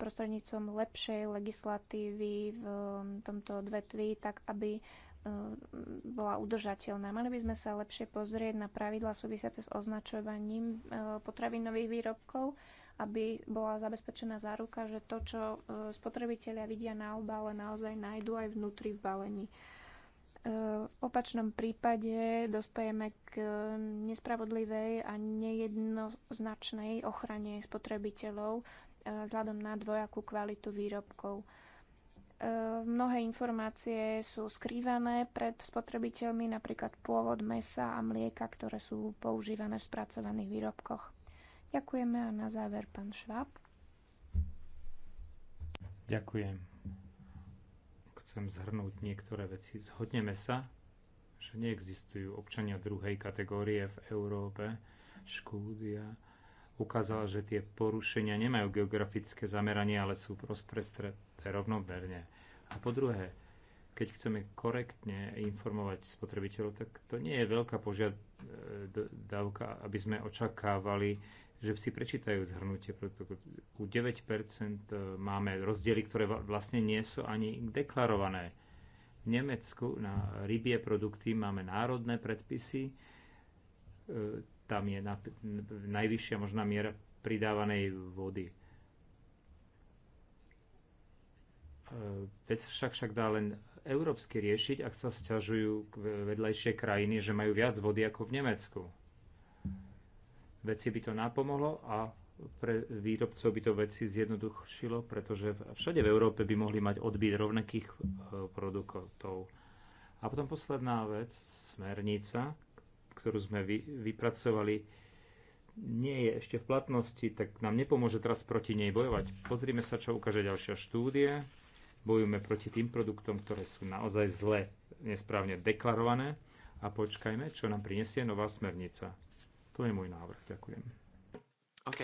prostredníctvom lepšej legislatívy v um, tomto odvetví, tak aby E, bola udržateľná. Mali by sme sa lepšie pozrieť na pravidla súvisiace s označovaním e, potravinových výrobkov, aby bola zabezpečená záruka, že to, čo e, spotrebitelia vidia na obale, naozaj nájdú aj vnútri v balení. V opačnom prípade dospejeme k nespravodlivej a nejednoznačnej ochrane spotrebiteľov vzhľadom na dvojakú kvalitu výrobkov. Eh, mnohé informácie sú skrývané pred spotrebiteľmi, napríklad pôvod mesa a mlieka, ktoré sú používané v spracovaných výrobkoch. Ďakujeme a na záver pán Šváb. Ďakujem. Chcem zhrnúť niektoré veci. Zhodneme sa, že neexistujú občania druhej kategórie v Európe. Škúdia ukázala, že tie porušenia nemajú geografické zameranie, ale sú rozprestreté rovnomerne. A po druhé, keď chceme korektne informovať spotrebiteľov, tak to nie je veľká požiadavka, e, aby sme očakávali, že si prečítajú zhrnutie. U 9% e, máme rozdiely, ktoré vlastne nie sú ani deklarované. V Nemecku na rybie produkty máme národné predpisy, e, tam je najvyššia možná miera pridávanej vody. E, vec však však dá len európsky riešiť, ak sa sťažujú vedľajšie krajiny, že majú viac vody ako v Nemecku. Veci by to napomohlo a pre výrobcov by to veci zjednodušilo, pretože všade v Európe by mohli mať odbyt rovnakých e, produktov. A potom posledná vec, smernica, ktorú sme vy, vypracovali, nie je ešte v platnosti, tak nám nepomôže teraz proti nej bojovať. Pozrime sa, čo ukáže ďalšia štúdie bojujme proti tým produktom, ktoré sú naozaj zle, nesprávne deklarované a počkajme, čo nám prinesie nová smernica. To je môj návrh. Ďakujem. OK.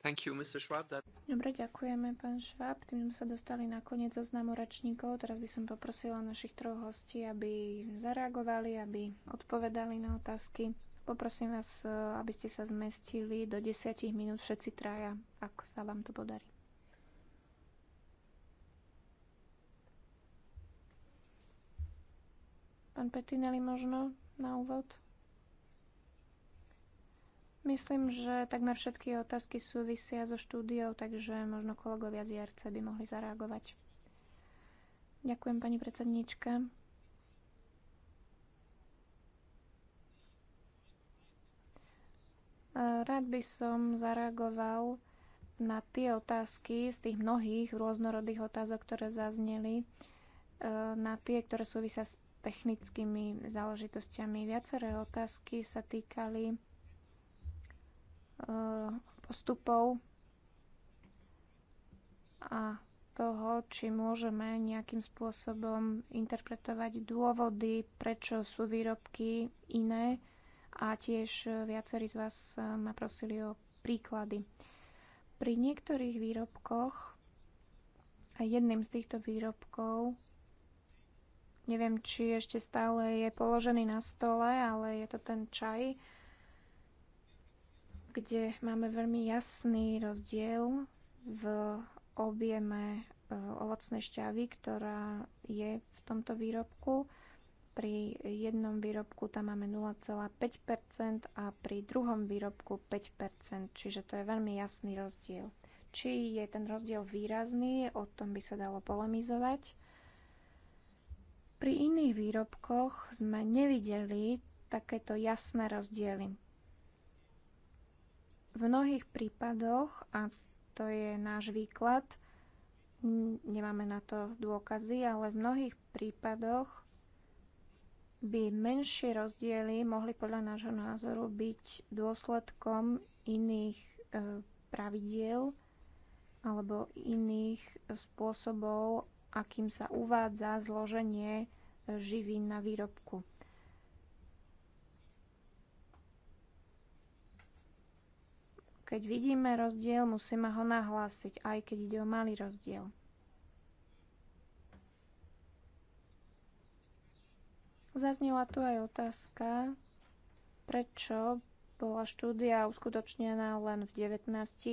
Thank you, Mr. Schwab. That... Dobre, ďakujeme, pán Schwab. Tým sme sa dostali na koniec zoznamu račníkov. Teraz by som poprosila našich troch hostí, aby zareagovali, aby odpovedali na otázky. Poprosím vás, eh, aby ste sa zmestili do 10 minút všetci traja, ak sa vám to podarí. Pán Petinelli možno na úvod. Myslím, že takmer všetky otázky súvisia so štúdiou, takže možno kolegovia z JRC by mohli zareagovať. Ďakujem pani predsedníčka. Rád by som zareagoval na tie otázky z tých mnohých rôznorodých otázok, ktoré zazneli, eh, na tie, ktoré súvisia s technickými záležitosťami. Viaceré otázky sa týkali e, postupov a toho, či môžeme nejakým spôsobom interpretovať dôvody, prečo sú výrobky iné a tiež viacerí z vás ma prosili o príklady. Pri niektorých výrobkoch a jedným z týchto výrobkov Neviem, či ešte stále je položený na stole, ale je to ten čaj, kde máme veľmi jasný rozdiel v objeme e, ovocnej šťavy, ktorá je v tomto výrobku. Pri jednom výrobku tam máme 0,5% a pri druhom výrobku 5%, čiže to je veľmi jasný rozdiel. Či je ten rozdiel výrazný, o tom by sa dalo polemizovať. Pri iných výrobkoch sme nevideli takéto jasné rozdiely. V mnohých prípadoch, a to je náš výklad, nemáme na to dôkazy, ale v mnohých prípadoch by menšie rozdiely mohli podľa nášho názoru byť dôsledkom iných e, pravidiel alebo iných spôsobov, akým sa uvádza zloženie živín na výrobku. Keď vidíme rozdiel, musíme ho nahlásiť, aj keď ide o malý rozdiel. Zaznela tu aj otázka, prečo bola štúdia uskutočnená len v 19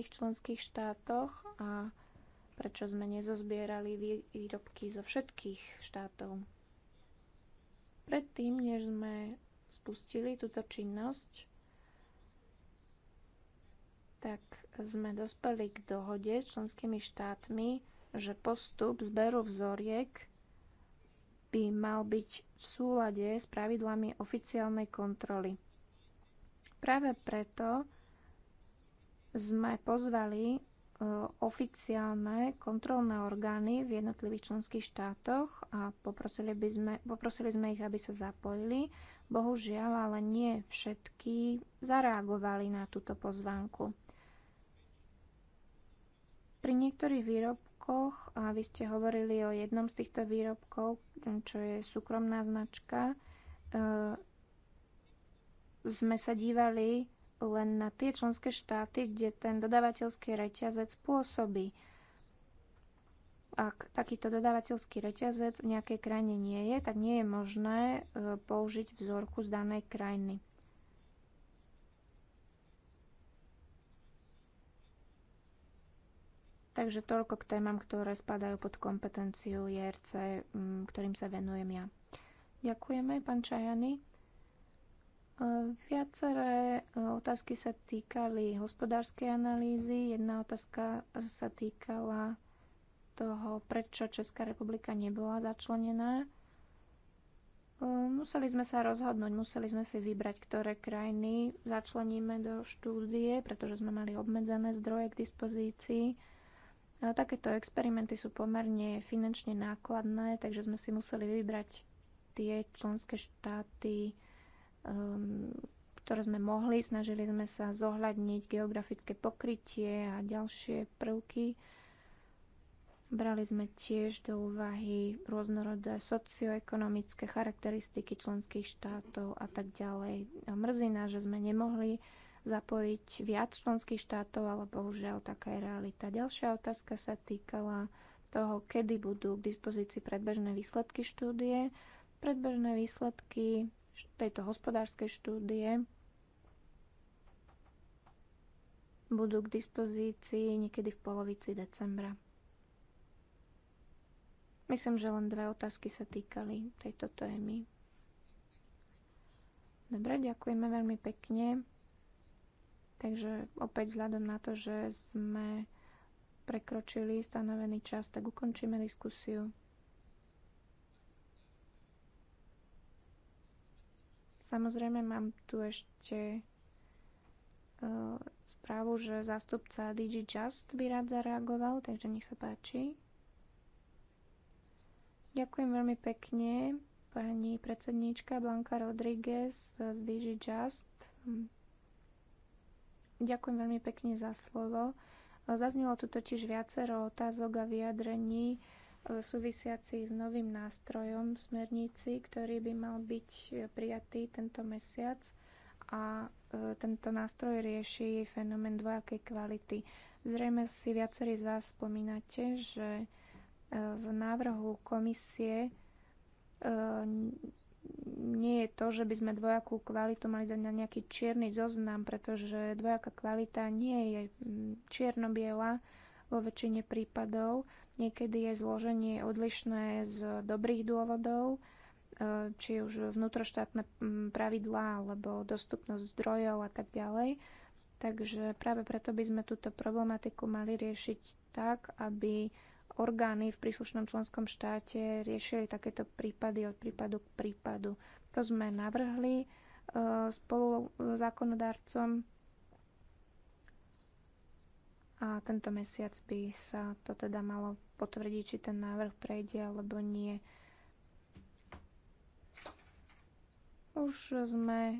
členských štátoch a Prečo sme nezozbierali výrobky zo všetkých štátov? Predtým, než sme spustili túto činnosť, tak sme dospeli k dohode s členskými štátmi, že postup zberu vzoriek by mal byť v súlade s pravidlami oficiálnej kontroly. Práve preto sme pozvali E, oficiálne kontrolné orgány v jednotlivých členských štátoch a poprosili, by sme, poprosili sme ich, aby sa zapojili. Bohužiaľ, ale nie všetky zareagovali na túto pozvánku. Pri niektorých výrobkoch, a vy ste hovorili o jednom z týchto výrobkov, čo je súkromná značka, e, sme sa dívali len na tie členské štáty, kde ten dodávateľský reťazec pôsobí. Ak takýto dodávateľský reťazec v nejakej krajine nie je, tak nie je možné e, použiť vzorku z danej krajiny. Takže toľko k témam, ktoré spadajú pod kompetenciu JRC, ktorým sa venujem ja. Ďakujeme, pán Čajany. Viaceré e, otázky sa týkali hospodárskej analýzy. Jedna otázka sa týkala toho, prečo Česká republika nebola začlenená. E, museli sme sa rozhodnúť, museli sme si vybrať, ktoré krajiny začleníme do štúdie, pretože sme mali obmedzené zdroje k dispozícii. Takéto experimenty sú pomerne finančne nákladné, takže sme si museli vybrať tie členské štáty, Um, ktoré sme mohli. Snažili sme sa zohľadniť geografické pokrytie a ďalšie prvky. Brali sme tiež do úvahy rôznorodé socioekonomické charakteristiky členských štátov a tak ďalej. A mrzí nás, že sme nemohli zapojiť viac členských štátov, ale bohužiaľ taká je realita. Ďalšia otázka sa týkala toho, kedy budú k dispozícii predbežné výsledky štúdie. Predbežné výsledky tejto hospodárskej štúdie budú k dispozícii niekedy v polovici decembra. Myslím, že len dve otázky sa týkali tejto témy. Dobre, ďakujeme veľmi pekne. Takže opäť vzhľadom na to, že sme prekročili stanovený čas, tak ukončíme diskusiu. Samozrejme mám tu ešte uh, správu, že zástupca Digi Just by rád zareagoval, takže nech sa páči. Ďakujem veľmi pekne pani predsedníčka Blanka Rodriguez z DG Just. Ďakujem veľmi pekne za slovo. Zaznelo tu totiž viacero otázok a vyjadrení E, súvisiaci s novým nástrojom v smernici, ktorý by mal byť prijatý tento mesiac a e, tento nástroj rieši fenomén dvojakej kvality. Zrejme si viacerí z vás spomínate, že e, v návrhu komisie nie je to, že by sme dvojakú kvalitu mali dať na nejaký čierny zoznam, pretože dvojaká kvalita nie je mm, čierno-biela vo väčšine prípadov Niekedy je zloženie odlišné z dobrých dôvodov, e, či už vnútroštátne mm, pravidlá alebo dostupnosť zdrojov a tak ďalej. Takže práve preto by sme túto problematiku mali riešiť tak, aby orgány v príslušnom členskom štáte riešili takéto prípady od prípadu k prípadu. To sme navrhli e, spolu zákonodárcom a tento mesiac by sa to teda malo potvrdiť, či ten návrh prejde alebo nie. Už sme e,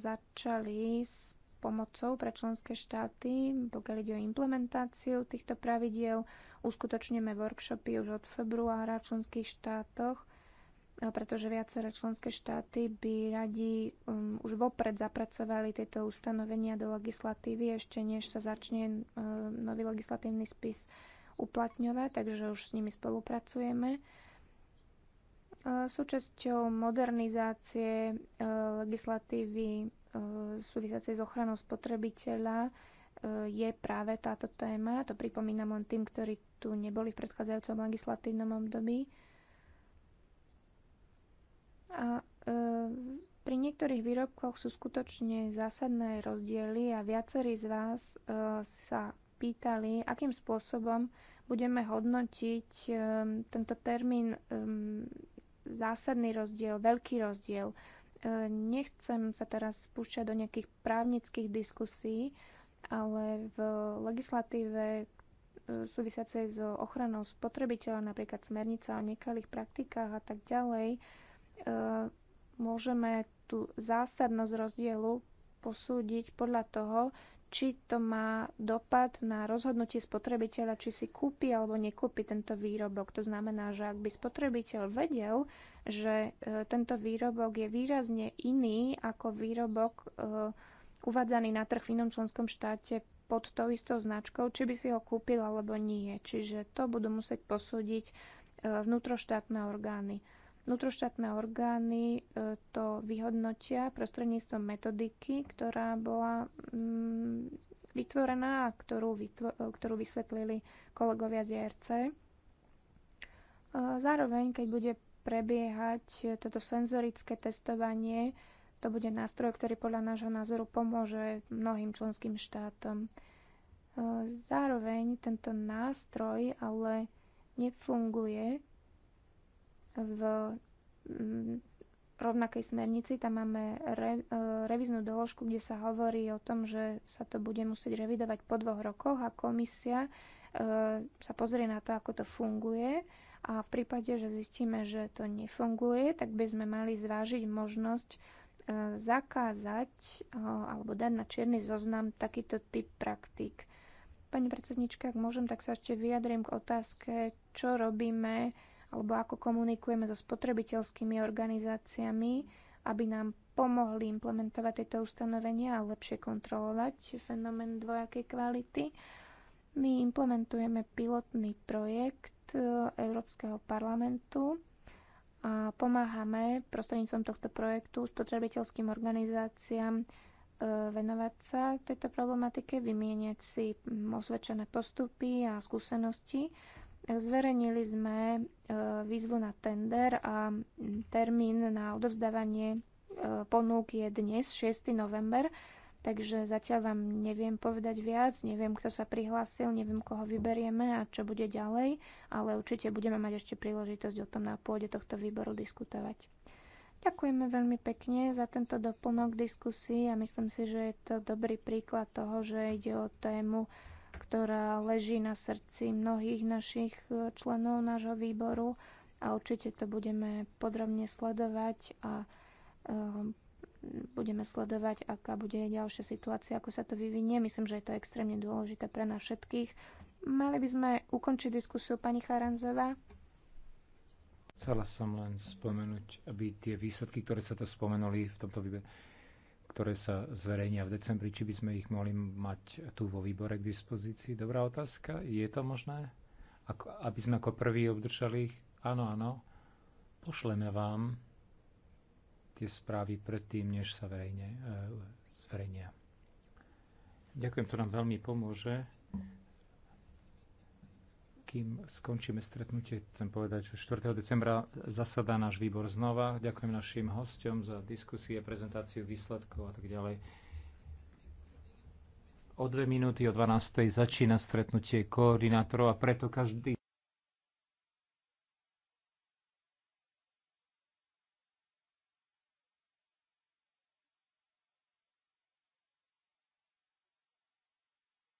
začali s pomocou pre členské štáty, pokiaľ ide o implementáciu týchto pravidiel. Uskutočneme workshopy už od februára v členských štátoch pretože viaceré členské štáty by radi um, už vopred zapracovali tieto ustanovenia do legislatívy, ešte než sa začne um, nový legislatívny spis uplatňovať, takže už s nimi spolupracujeme. Uh, súčasťou modernizácie uh, legislatívy uh, súvisiacej s ochranou spotrebiteľa je práve táto téma. To pripomínam len tým, ktorí tu neboli v predchádzajúcom legislatívnom období. A e, pri niektorých výrobkoch sú skutočne zásadné rozdiely a viacerí z vás e, sa pýtali, akým spôsobom budeme hodnotiť e, tento termín e, zásadný rozdiel, veľký rozdiel. E, nechcem sa teraz spúšťať do nejakých právnických diskusí, ale v legislatíve, e, súvisiacej so ochranou spotrebiteľa, napríklad smernica o nekalých praktikách a tak ďalej, E, môžeme tú zásadnosť rozdielu posúdiť podľa toho, či to má dopad na rozhodnutie spotrebiteľa, či si kúpi alebo nekúpi tento výrobok. To znamená, že ak by spotrebiteľ vedel, že e, tento výrobok je výrazne iný ako výrobok e, uvádzaný na trh v inom členskom štáte pod tou istou značkou, či by si ho kúpil alebo nie. Čiže to budú musieť posúdiť vnútroštátne orgány. Vnútroštátne orgány e, to vyhodnotia prostredníctvom metodiky, ktorá bola mm, vytvorená a ktorú, vytvo- e, ktorú vysvetlili kolegovia z JRC. E zároveň, keď bude prebiehať toto senzorické testovanie, to bude nástroj, ktorý podľa nášho názoru pomôže mnohým členským štátom. Zároveň tento nástroj ale nefunguje v mm, rovnakej smernici, tam máme re, e, reviznú doložku, kde sa hovorí o tom, že sa to bude musieť revidovať po dvoch rokoch a komisia e, sa pozrie na to, ako to funguje a v prípade, že zistíme, že to nefunguje, tak by sme mali zvážiť možnosť e, zakázať alebo dať na čierny zoznam takýto typ praktík. Pani predsednička, ak môžem, tak sa ešte vyjadrím k otázke, čo robíme alebo ako komunikujeme so spotrebiteľskými organizáciami, aby nám pomohli implementovať tieto ustanovenia a lepšie kontrolovať fenomén dvojakej kvality. My implementujeme pilotný projekt e, Európskeho parlamentu a pomáhame prostredníctvom tohto projektu spotrebiteľským organizáciám e, venovať sa tejto problematike, vymieniať si osvedčené postupy a skúsenosti. Zverejnili sme E, výzvu na tender a termín na odovzdávanie e, ponúk je dnes, 6. november, takže zatiaľ vám neviem povedať viac, neviem, kto sa prihlásil, neviem, koho vyberieme a čo bude ďalej, ale určite budeme mať ešte príležitosť o tom na pôde tohto výboru diskutovať. Ďakujeme veľmi pekne za tento doplnok diskusí a myslím si, že je to dobrý príklad toho, že ide o tému, ktorá leží na srdci mnohých našich e, členov nášho výboru a určite to budeme podrobne sledovať a e, budeme sledovať, aká bude ďalšia situácia, ako sa to vyvinie. Myslím, že je to extrémne dôležité pre nás všetkých. Mali by sme ukončiť diskusiu pani Charanzová. Chcela som len spomenúť, aby tie výsledky, ktoré sa to spomenuli v tomto výbere, ktoré sa zverejnia v decembri, či by sme ich mohli mať tu vo výbore k dispozícii? Dobrá otázka. Je to možné? Ako, aby sme ako prví obdržali ich? Áno, áno. Pošleme vám tie správy predtým, než sa verejne, e, zverejnia. Ďakujem, to nám veľmi pomôže kým skončíme stretnutie, chcem povedať, že 4. decembra zasadá náš výbor znova. Ďakujem našim hostom za diskusie, prezentáciu výsledkov a tak ďalej. O dve minúty o 12. začína stretnutie koordinátorov a preto každý